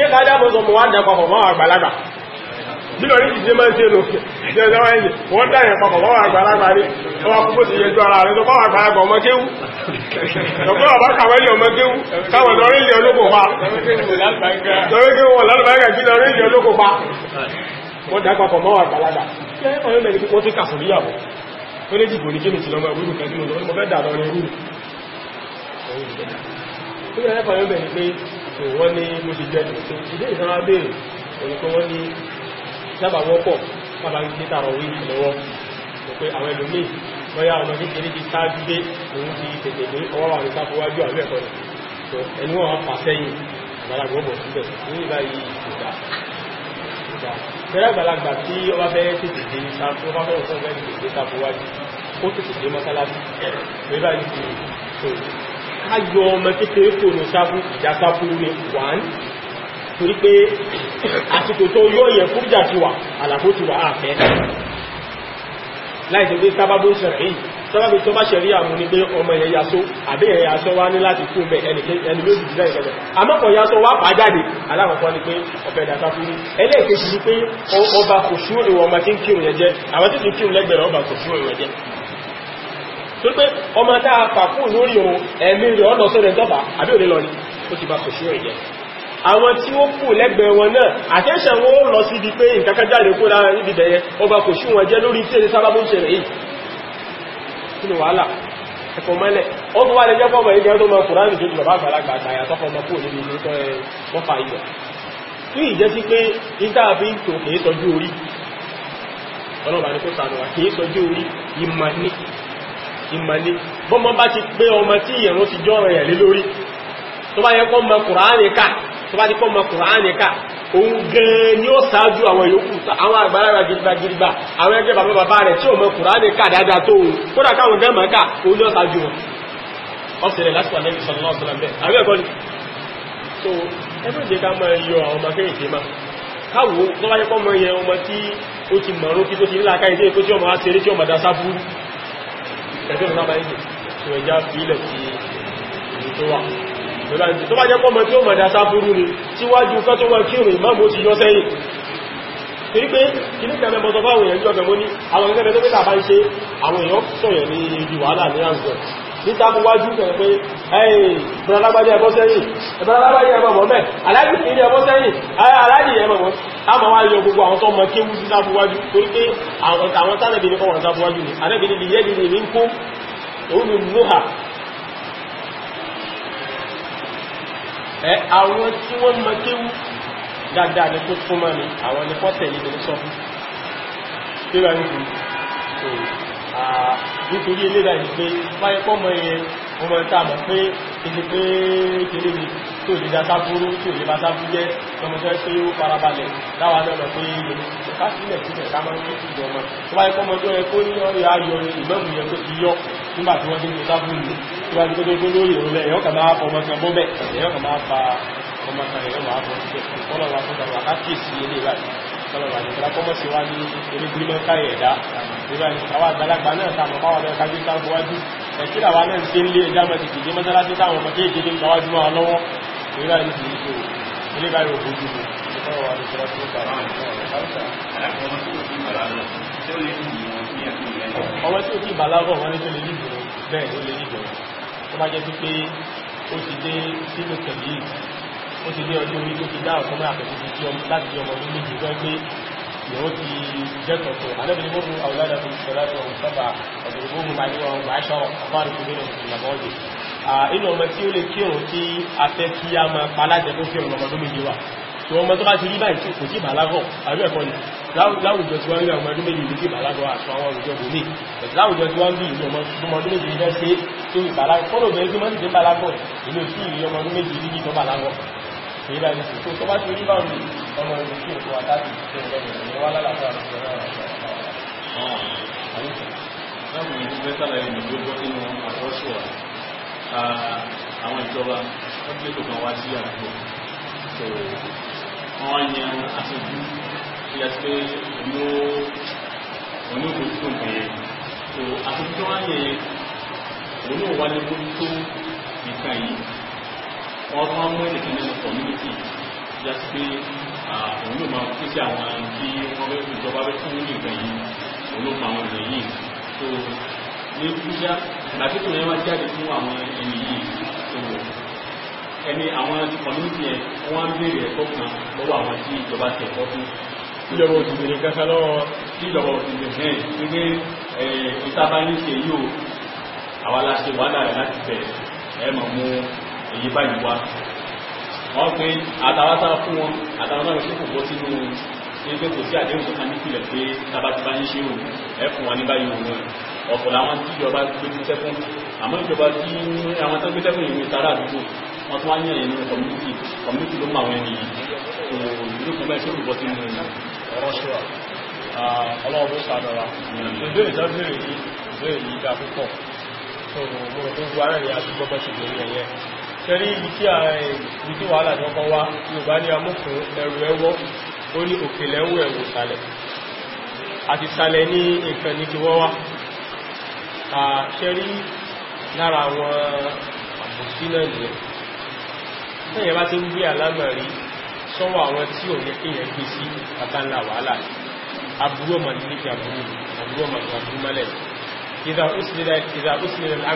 ṣe ládábọ̀ sọ mọ̀ wá dápapọ̀ mọ́ àgbàlagbà bílọ̀rí ìdíje máa ń ṣe lò wọ́n dáyẹ̀ papọ̀ mọ́ àgbàlagbà ní ọwọ́ púpọ̀ sí yẹjọ́ ara rẹ̀ tó bá àgbàlagbà ọmọ kéwú ọ̀pọ̀ ọ̀bá kàwẹ́lì ọmọ kéwú káwọn lọ rílẹ̀ olóko pa lọ́rí wọn lálùbáyà kí lọ rílẹ̀ olóko pa wọ́n dápapọ̀ mọ́ àgbàlagbà wọ́n tún kàfù níyàwó ó lé jìgbò ní kí ni ti lọ́mọ ìwúrù kẹsìmọ̀ lọ́mọ fẹ́ dà lọ́rin rú so wọ́n ní bó ṣe jẹ́ so ilé ìsanra béèrè òyìnbó wọ́n ní sábà wọ́pọ̀ sábà ń gbé tààrọ̀ wí lọ́wọ́ so pé àwọn ẹlòmíì lọ́yà ọmọ kékeré ti tájú dé òun ti tètè dé ní sáfọ́ wájú àlú ẹ̀kọ́ ni so ẹni wọ́n wọ́n fà sẹ́yìn àgbàlagbà ọ̀bọ̀ síbẹ̀ ní ìgbà yìí kò dá tẹ́lẹ̀ àgbàlagbà tí ọba fẹ́ tètè dé sáfọ́ ọba fẹ́ tètè dé sáfọ́ wájú ó tètè dé mọ́sálásí káyọ ọmọ kékeré kò ní sáfú ìjásáfú ní wọ́n torí pé àsìkò tó yọ yẹ fún ìjà ti wà àlàfo ti wà àfẹ́ láìsí pé sábábó sẹ̀rẹ̀ yìí sábábó tó bá sẹ̀rí àmú ni pé ọmọ yẹn yasó àbí yẹn yasó wá ní láti fún bẹ ẹni ló dìdí láì sẹ̀rẹ̀ àmọ́kọ̀ yasó wá pàá jáde alákọ̀ọ́kọ́ ni pé ọ̀fẹ́ ìdàta fún ní ẹlẹ́ẹ̀kejì ni pé ọba kò ṣú ìwọ̀n ọmọ tí ń kírun yẹn jẹ́ àwọn tí ń kírun lẹ́gbẹ̀rẹ̀ ọba kò ṣú ìwọ̀n jẹ́ tó pé ọmọ tá a fà fún lórí ohun ẹ̀mí rẹ̀ ọ̀nà sọ́rẹ̀ tọ́fà àbí òní lọ ní ó ti bá sọ̀ṣù rẹ̀ jẹ́ àwọn tí ó kù lẹ́gbẹ̀ẹ́ wọn náà àtẹ́ṣẹ̀ wọn ó lọ sí ibi pé nǹkankan jáde kó lára níbi bẹ̀yẹ ọba kò ṣú wọn jẹ́ lórí tí èdè sábábó ń ṣẹlẹ̀ yìí kí ni wàhálà ẹ̀fọ́ mẹ́lẹ̀ ó tún wá lè jẹ́ fọ́mọ̀ ìgbẹ́ tó mọ kùránì tó jùlọ bá àgbàlagbà àtàyà tọ́fọ́ ọmọ kúrò nínú ilé tọ́ ẹ mọ́fà ilẹ̀ tí ìjẹ́ sí pé ìtàbí tò kìí tọ́jú orí orí ìmọ̀ ní ìmọ̀lé bọ́mọ bá ti pé ọmọ tí ìrún ti jọ rẹ̀ lé lórí tó bá yẹ kọ́ mọ kùránì ká tó bá ti kọ́ mọ kùránì ká òun gan ni ó sáájú àwọn yòókù àwọn àgbàlára gidigba àwọn ẹgbẹ́ bàbá bàbá rẹ̀ tí ò mọ kùránì ká dáadáa tó òun kódà káwọn gan mọ̀ ká òun ni ó sáájú wọn ọ̀sẹ̀rẹ̀ lásìkò àdẹ́bí sọ̀rọ̀ sọ̀rọ̀ bẹ́ẹ̀ àwọn ẹ̀kọ́ ni so ẹgbẹ́ ká máa yọ àwọn ọmọ kéèkéé máa káwò tó bá yẹ kọ́ mọ yẹn ọmọ tí ó ti mọ̀rún kí tó ti nílá káyé tó tí ọmọ á ṣeré tí ọmọ dá sáfúrú tẹ̀síwọ̀n náà báyìí tó kìí kan mẹ́bọ̀ tó báwọn èèyàn jọ bẹ̀mọ́ ní àwọn ẹgbẹ́ tó pẹ́ta bá ń ṣe àwọn èèyàn sọ̀yẹ̀ ní ibi wàhálà ní àǹzọ̀ ní takuwájú kẹ̀rẹ̀ ẹ̀yìn ìbúralágbájá ẹbọ́ sẹ́yìn àmà wá yọ gbogbo àwọn tó mọ kéwú sí sáfúwájú torí pé àwọn tánàbì ní kọwọ̀n sáfúwájú ní àrẹ́bìnrin lè yẹ́ nìyẹ̀ kó olùmúhà ẹ àwọn tí wọ́n mọ kéwú dáadáa ní kó súnmọ́ ni àwọn ní nítorí ilé dáa yìí pé wáyé pọ́mọ yẹn wọ́n mọ̀ tá a mọ̀ pé kéde pé kéde ni tí ò lè da sáfúrú tí ò lè ba sáfú jẹ́ lọ́mọ tó ṣe ó farabalẹ̀ láwa lọ́nà pé ilé ká sílẹ̀ sílẹ̀ ká máa ń fi ìjọ ọmọ tó bá yẹ kọ́ ọmọdé yẹ kó ní ọ̀rẹ́ ayọ̀ ìgbẹ́mù yẹ kó ti yọ nígbà tí wọ́n dé ní sáfú ni tí wọ́n dé tó lórí ìrún bẹ́ẹ̀ ẹ̀yọ́ kà máa fọ ọmọ kan bọ́ bẹ́ẹ̀ ẹ̀yọ́ kà máa fa ọmọ kan ẹ̀yọ́ máa fọ sọ́lọ̀wà ní ìtàlákọ́mọ́ sí wá ní onígbìmọ̀ káyẹ̀ ẹ̀dá nígbà ní àwọn àgbàlagbà náà tàbí pàwọn náà kájú sáwọn wájú ẹ̀kílà wá náà ṣe ń lé ẹjá mọ̀ tìkì dé mọ́sálásí táwọn ọmọ kéèkéé ń gbáwájú wọn lọ́wọ́ nígbà ní ti ìṣò nígbà ní òbójú mi sọ́lọ̀wà ní ọmọ tí ó ti bàlágọ̀ wọn ní tó lè nídìí bẹ́ẹ̀ ló lè nídìí tó bá jẹ́ ó ti lé ọjọ́ orí tó ti dá ọ̀tọ́ mẹ́ra pẹ̀lú ti láti di ọmọ orílẹ̀ èdè wọ́n pé ìyàwó ti jẹ́kọ̀ọ́ tó alẹ́bìnrin àwùjọ tó sọ̀rọ̀ tó ń sábà ọ̀dọ̀ ìgbóhùn máa ní ọrùn àṣọ àbárí tó lérò ìyàbọ̀ ọ̀dẹ̀ inú ọmọ tí ó lè kírun tí a fẹ́ kí a máa pa láti ẹ̀kọ́ kírun ọmọ ọdún méje wà tí ọmọ tó bá ti rí báyìí tí kò sí bàlágọ̀ àbí ẹ̀kọ́ ni láwùjọ tí wọ́n rí ọmọ ọdún méje lókè bàlágọ̀ àṣọ àwọn òjò bò mí láwùjọ tí wọ́n bí ìlú ọmọ ọdún méje lẹ́sẹ̀ tó bàlágọ̀ kọ́lọ̀ bẹ̀rẹ̀ tó mọ́ sí bàlágọ̀ ìlú sí ìlú ọmọ ọdún èyí bá ní sí tó tó bá ti rí bá rí ọmọ ìlú kí òkú àtàkì tó ń lẹ́yìn ìlú wá lálàáfíà àti ìjọba láwọn ìlú mẹ́tàlá ìlú tó gbọ́ nínú àtọ́ṣọ́ àwọn ìjọba wọ́n gbé tó kan wá sí àdúgbò tó wọ́n yan aṣojú tó yà sí pé òun ò bójú tó nǹkan yẹn tó aṣojú tó wá yẹn òun ò wá ní bójú wọ́n máa ń mú ẹnìkan nínú community yá sí pé òun ló máa pèsè àwọn tí wọ́n fẹ́ fi ìjọba fẹ́ fún nìkan yìí òun ló máa yìí tó ní kújá làkìtò yẹn máa jáde fún àwọn ẹni yìí tó wọ̀ ẹni àwọn community yẹn wọ́n á béèrè ẹ̀kọ́ kan lọ́wọ́ àwọn tí ìjọba ti ẹ̀kọ́ fún ìjọba òsì kẹta lọ́wọ́ tí ìjọba òsì bèrè gbígbé ìtaba ní ṣe yóò àwọn aláṣẹ wàhálà rẹ̀ láti bẹ̀rẹ̀ ẹ̀ mọ̀ mú èyí báyìí wá wọ́n pé àtàwátá fún wọn àtàwátá rẹ̀ fún bọ́ sínú ilé kò sí àdéhùn tó ká ní ìpìlẹ̀ pé tabatibá ń ṣe òun ẹkùn wọn ní báyìí òun ọ̀pọ̀ làwọn tí ìjọba gbé tẹ́kùn àmọ́ ìjọba tí àwọn tó gbé tẹ́kùn ìwé tara àdúgbò wọ́n tún wá ní ẹ̀yìn nínú community community ló máa wọn ẹni ìlú kan mẹ́rin tó bọ́ sínú ọ̀rọ̀ ṣọ́ra ọlọ́wọ́ sàdọ̀ra ìbéèrè tó béèrè yìí púpọ̀ ṣẹ̀rí ibi tí ibi tí wàhálà tí ọkọ̀ wá Yorùbá ní amúkùn ẹrù ẹwọ́ ó ní òkè lẹ́wọ́ ẹ̀wò sàlẹ̀ àti sàlẹ̀ ní nǹkan ní ti wọ́n wá ṣẹ̀rí lára àwọn àbòsí náà nìyẹn tẹ́yẹ bá ti ń gbé alámọ̀rí sọ́wọ́ àwọn tí ò yẹ kéèyàn gbé sí àtàlà wàhálà aburú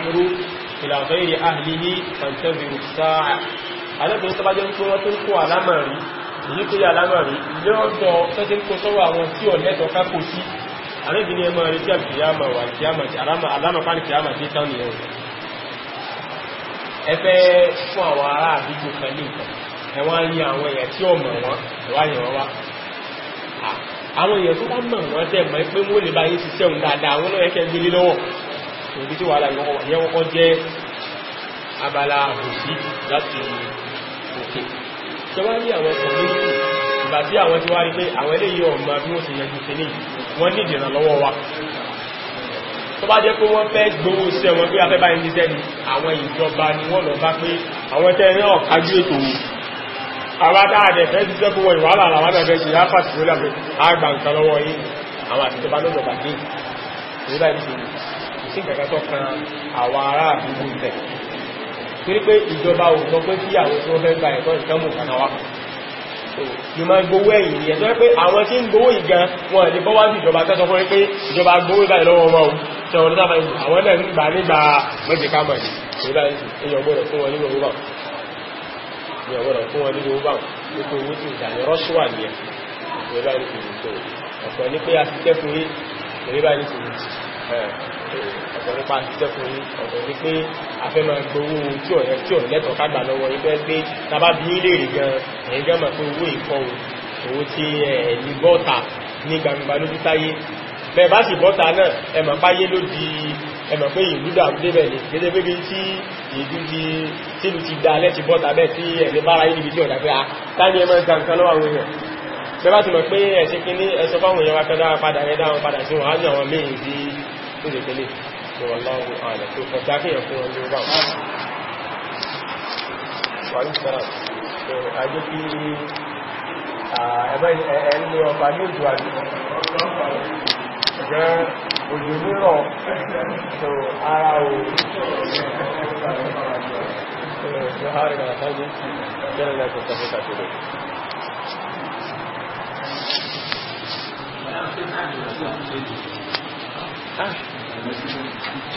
ọmọ ila ghairi ahlihi fantaziru sáà alẹ́bùn tó bá jẹ́ pé wọ́n tó ń kó alámọ̀rí èyí tó yà alámọ̀rí lọ́dọ̀ tó ti ń kó sọ́wọ́ àwọn tí ò lẹ́tọ̀ kákò sí alẹ́bìn ẹmọ rẹ̀ tí àbìyàmà wà alámọ̀pánì kìyàmà tí tán nìyẹn ẹ fẹ́ fún àwọn ará àdúgbò kan ní nǹkan ẹ̀wọ́n yí àwọn èèyàn tí ò mọ̀ wọn ìwáyẹ̀ wọn wá àwọn èèyàn tó bá mọ̀ wọn tẹ̀ mọ́ pé wọ́n lè bá yín ṣiṣẹ́ òun dáadáa àwọn náà ẹ̀kẹ́ gbélé òbí tí wà láì yẹ́wọ́kọ́ jẹ́ abala òsí láti òkè tí wọ́n ní àwọn community ìgbà tí àwọn tí wá rí pé àwọn eléyìí ọmọ bí wọ́n ti yanjú kìíní wọ́n ní ìdìrà lọ́wọ́ wa tó bá jẹ́ pé wọ́n fẹ́ gbówó sí ẹwọn pé afẹ́ báyìí ni àwọn ìjọba ni wọ́n lọ bá pé àwọn tẹ́ ẹ̀rẹ́ ọ̀kájú ètò wù àwọn adáàdẹ̀ fẹ́ jíṣẹ́ fún wọn ìwàlà àwọn abẹ́fẹ́ sí lápàtì lórí àgbà nǹkan lọ́wọ́ yìí àwọn àtijọba lọ́jọba dé sí ìkàkà tó kan àwọn ará àdúgbò ìtẹ̀ torí pé ìjọba ò sọ pé kí àwọn tí wọ́n fẹ́ gba ẹ̀tọ́ ìkẹ́mù kanáwá yóò máa gbowó ẹ̀yìn ìyẹn tó pé àwọn tí ń gbowó ìgan wọn lè bọ́ wájú ìjọba tẹ́sọ fún pé ìjọba gbowó ìbáyìí lọ́wọ́ wọn tẹ wọn lọ́tàbà ìlú àwọn náà nígbà nígbà mẹ́jẹ̀ká mọ̀ èyàn gbọ́dọ̀ fún wọn nínú owó báwọn nípa owó tí ìdàní rọ́ṣùwà ní ẹ̀ ọ̀pọ̀ nípa ṣiṣẹ́ fún yí ọ̀pọ̀ ní pé a fẹ́ máa gbowó tí ọ̀yẹ́ tí ọ̀rẹ́ lẹ́tọ̀ọ́ ká gbà lọ́wọ́ yí bẹ́ẹ̀ pé tàbá bí ilé rẹ̀ gan ẹ̀yìn gan mọ̀ pé owó ìkọ́ owó tí ẹ̀ ẹ̀mọ̀ di ẹ̀mọ̀ pé ìlú dàrú débẹ̀ ní gẹ́gẹ́ bí tí ìlú ti tílu ti dá lẹ́ti bọ́ta bẹ́ẹ̀ tí ẹ̀mí bára yìí níbi tí ọ̀dà pé a táyé ẹmọ ìgbà nǹkan lọ́wọ́ àwọn èèyàn bẹ́ẹ̀ bá ti mọ̀ pé ẹ̀ṣẹ́ kí ní ẹ̀ṣọ́ fáwọn èèyàn wá kẹ́ dára padà rẹ̀ dáhùn padà sí wọn á ní àwọn tó lè tẹ́lẹ̀ tó wà láwọ́ ààrẹ tó kọ̀ dákẹ́yàn fún wọn lórí báwọn wàrí sára tó ajé kí ẹgbẹ́ ẹni ọba ní òjò àjò jẹ́ òjò mírọ̀ tó Thank you. А?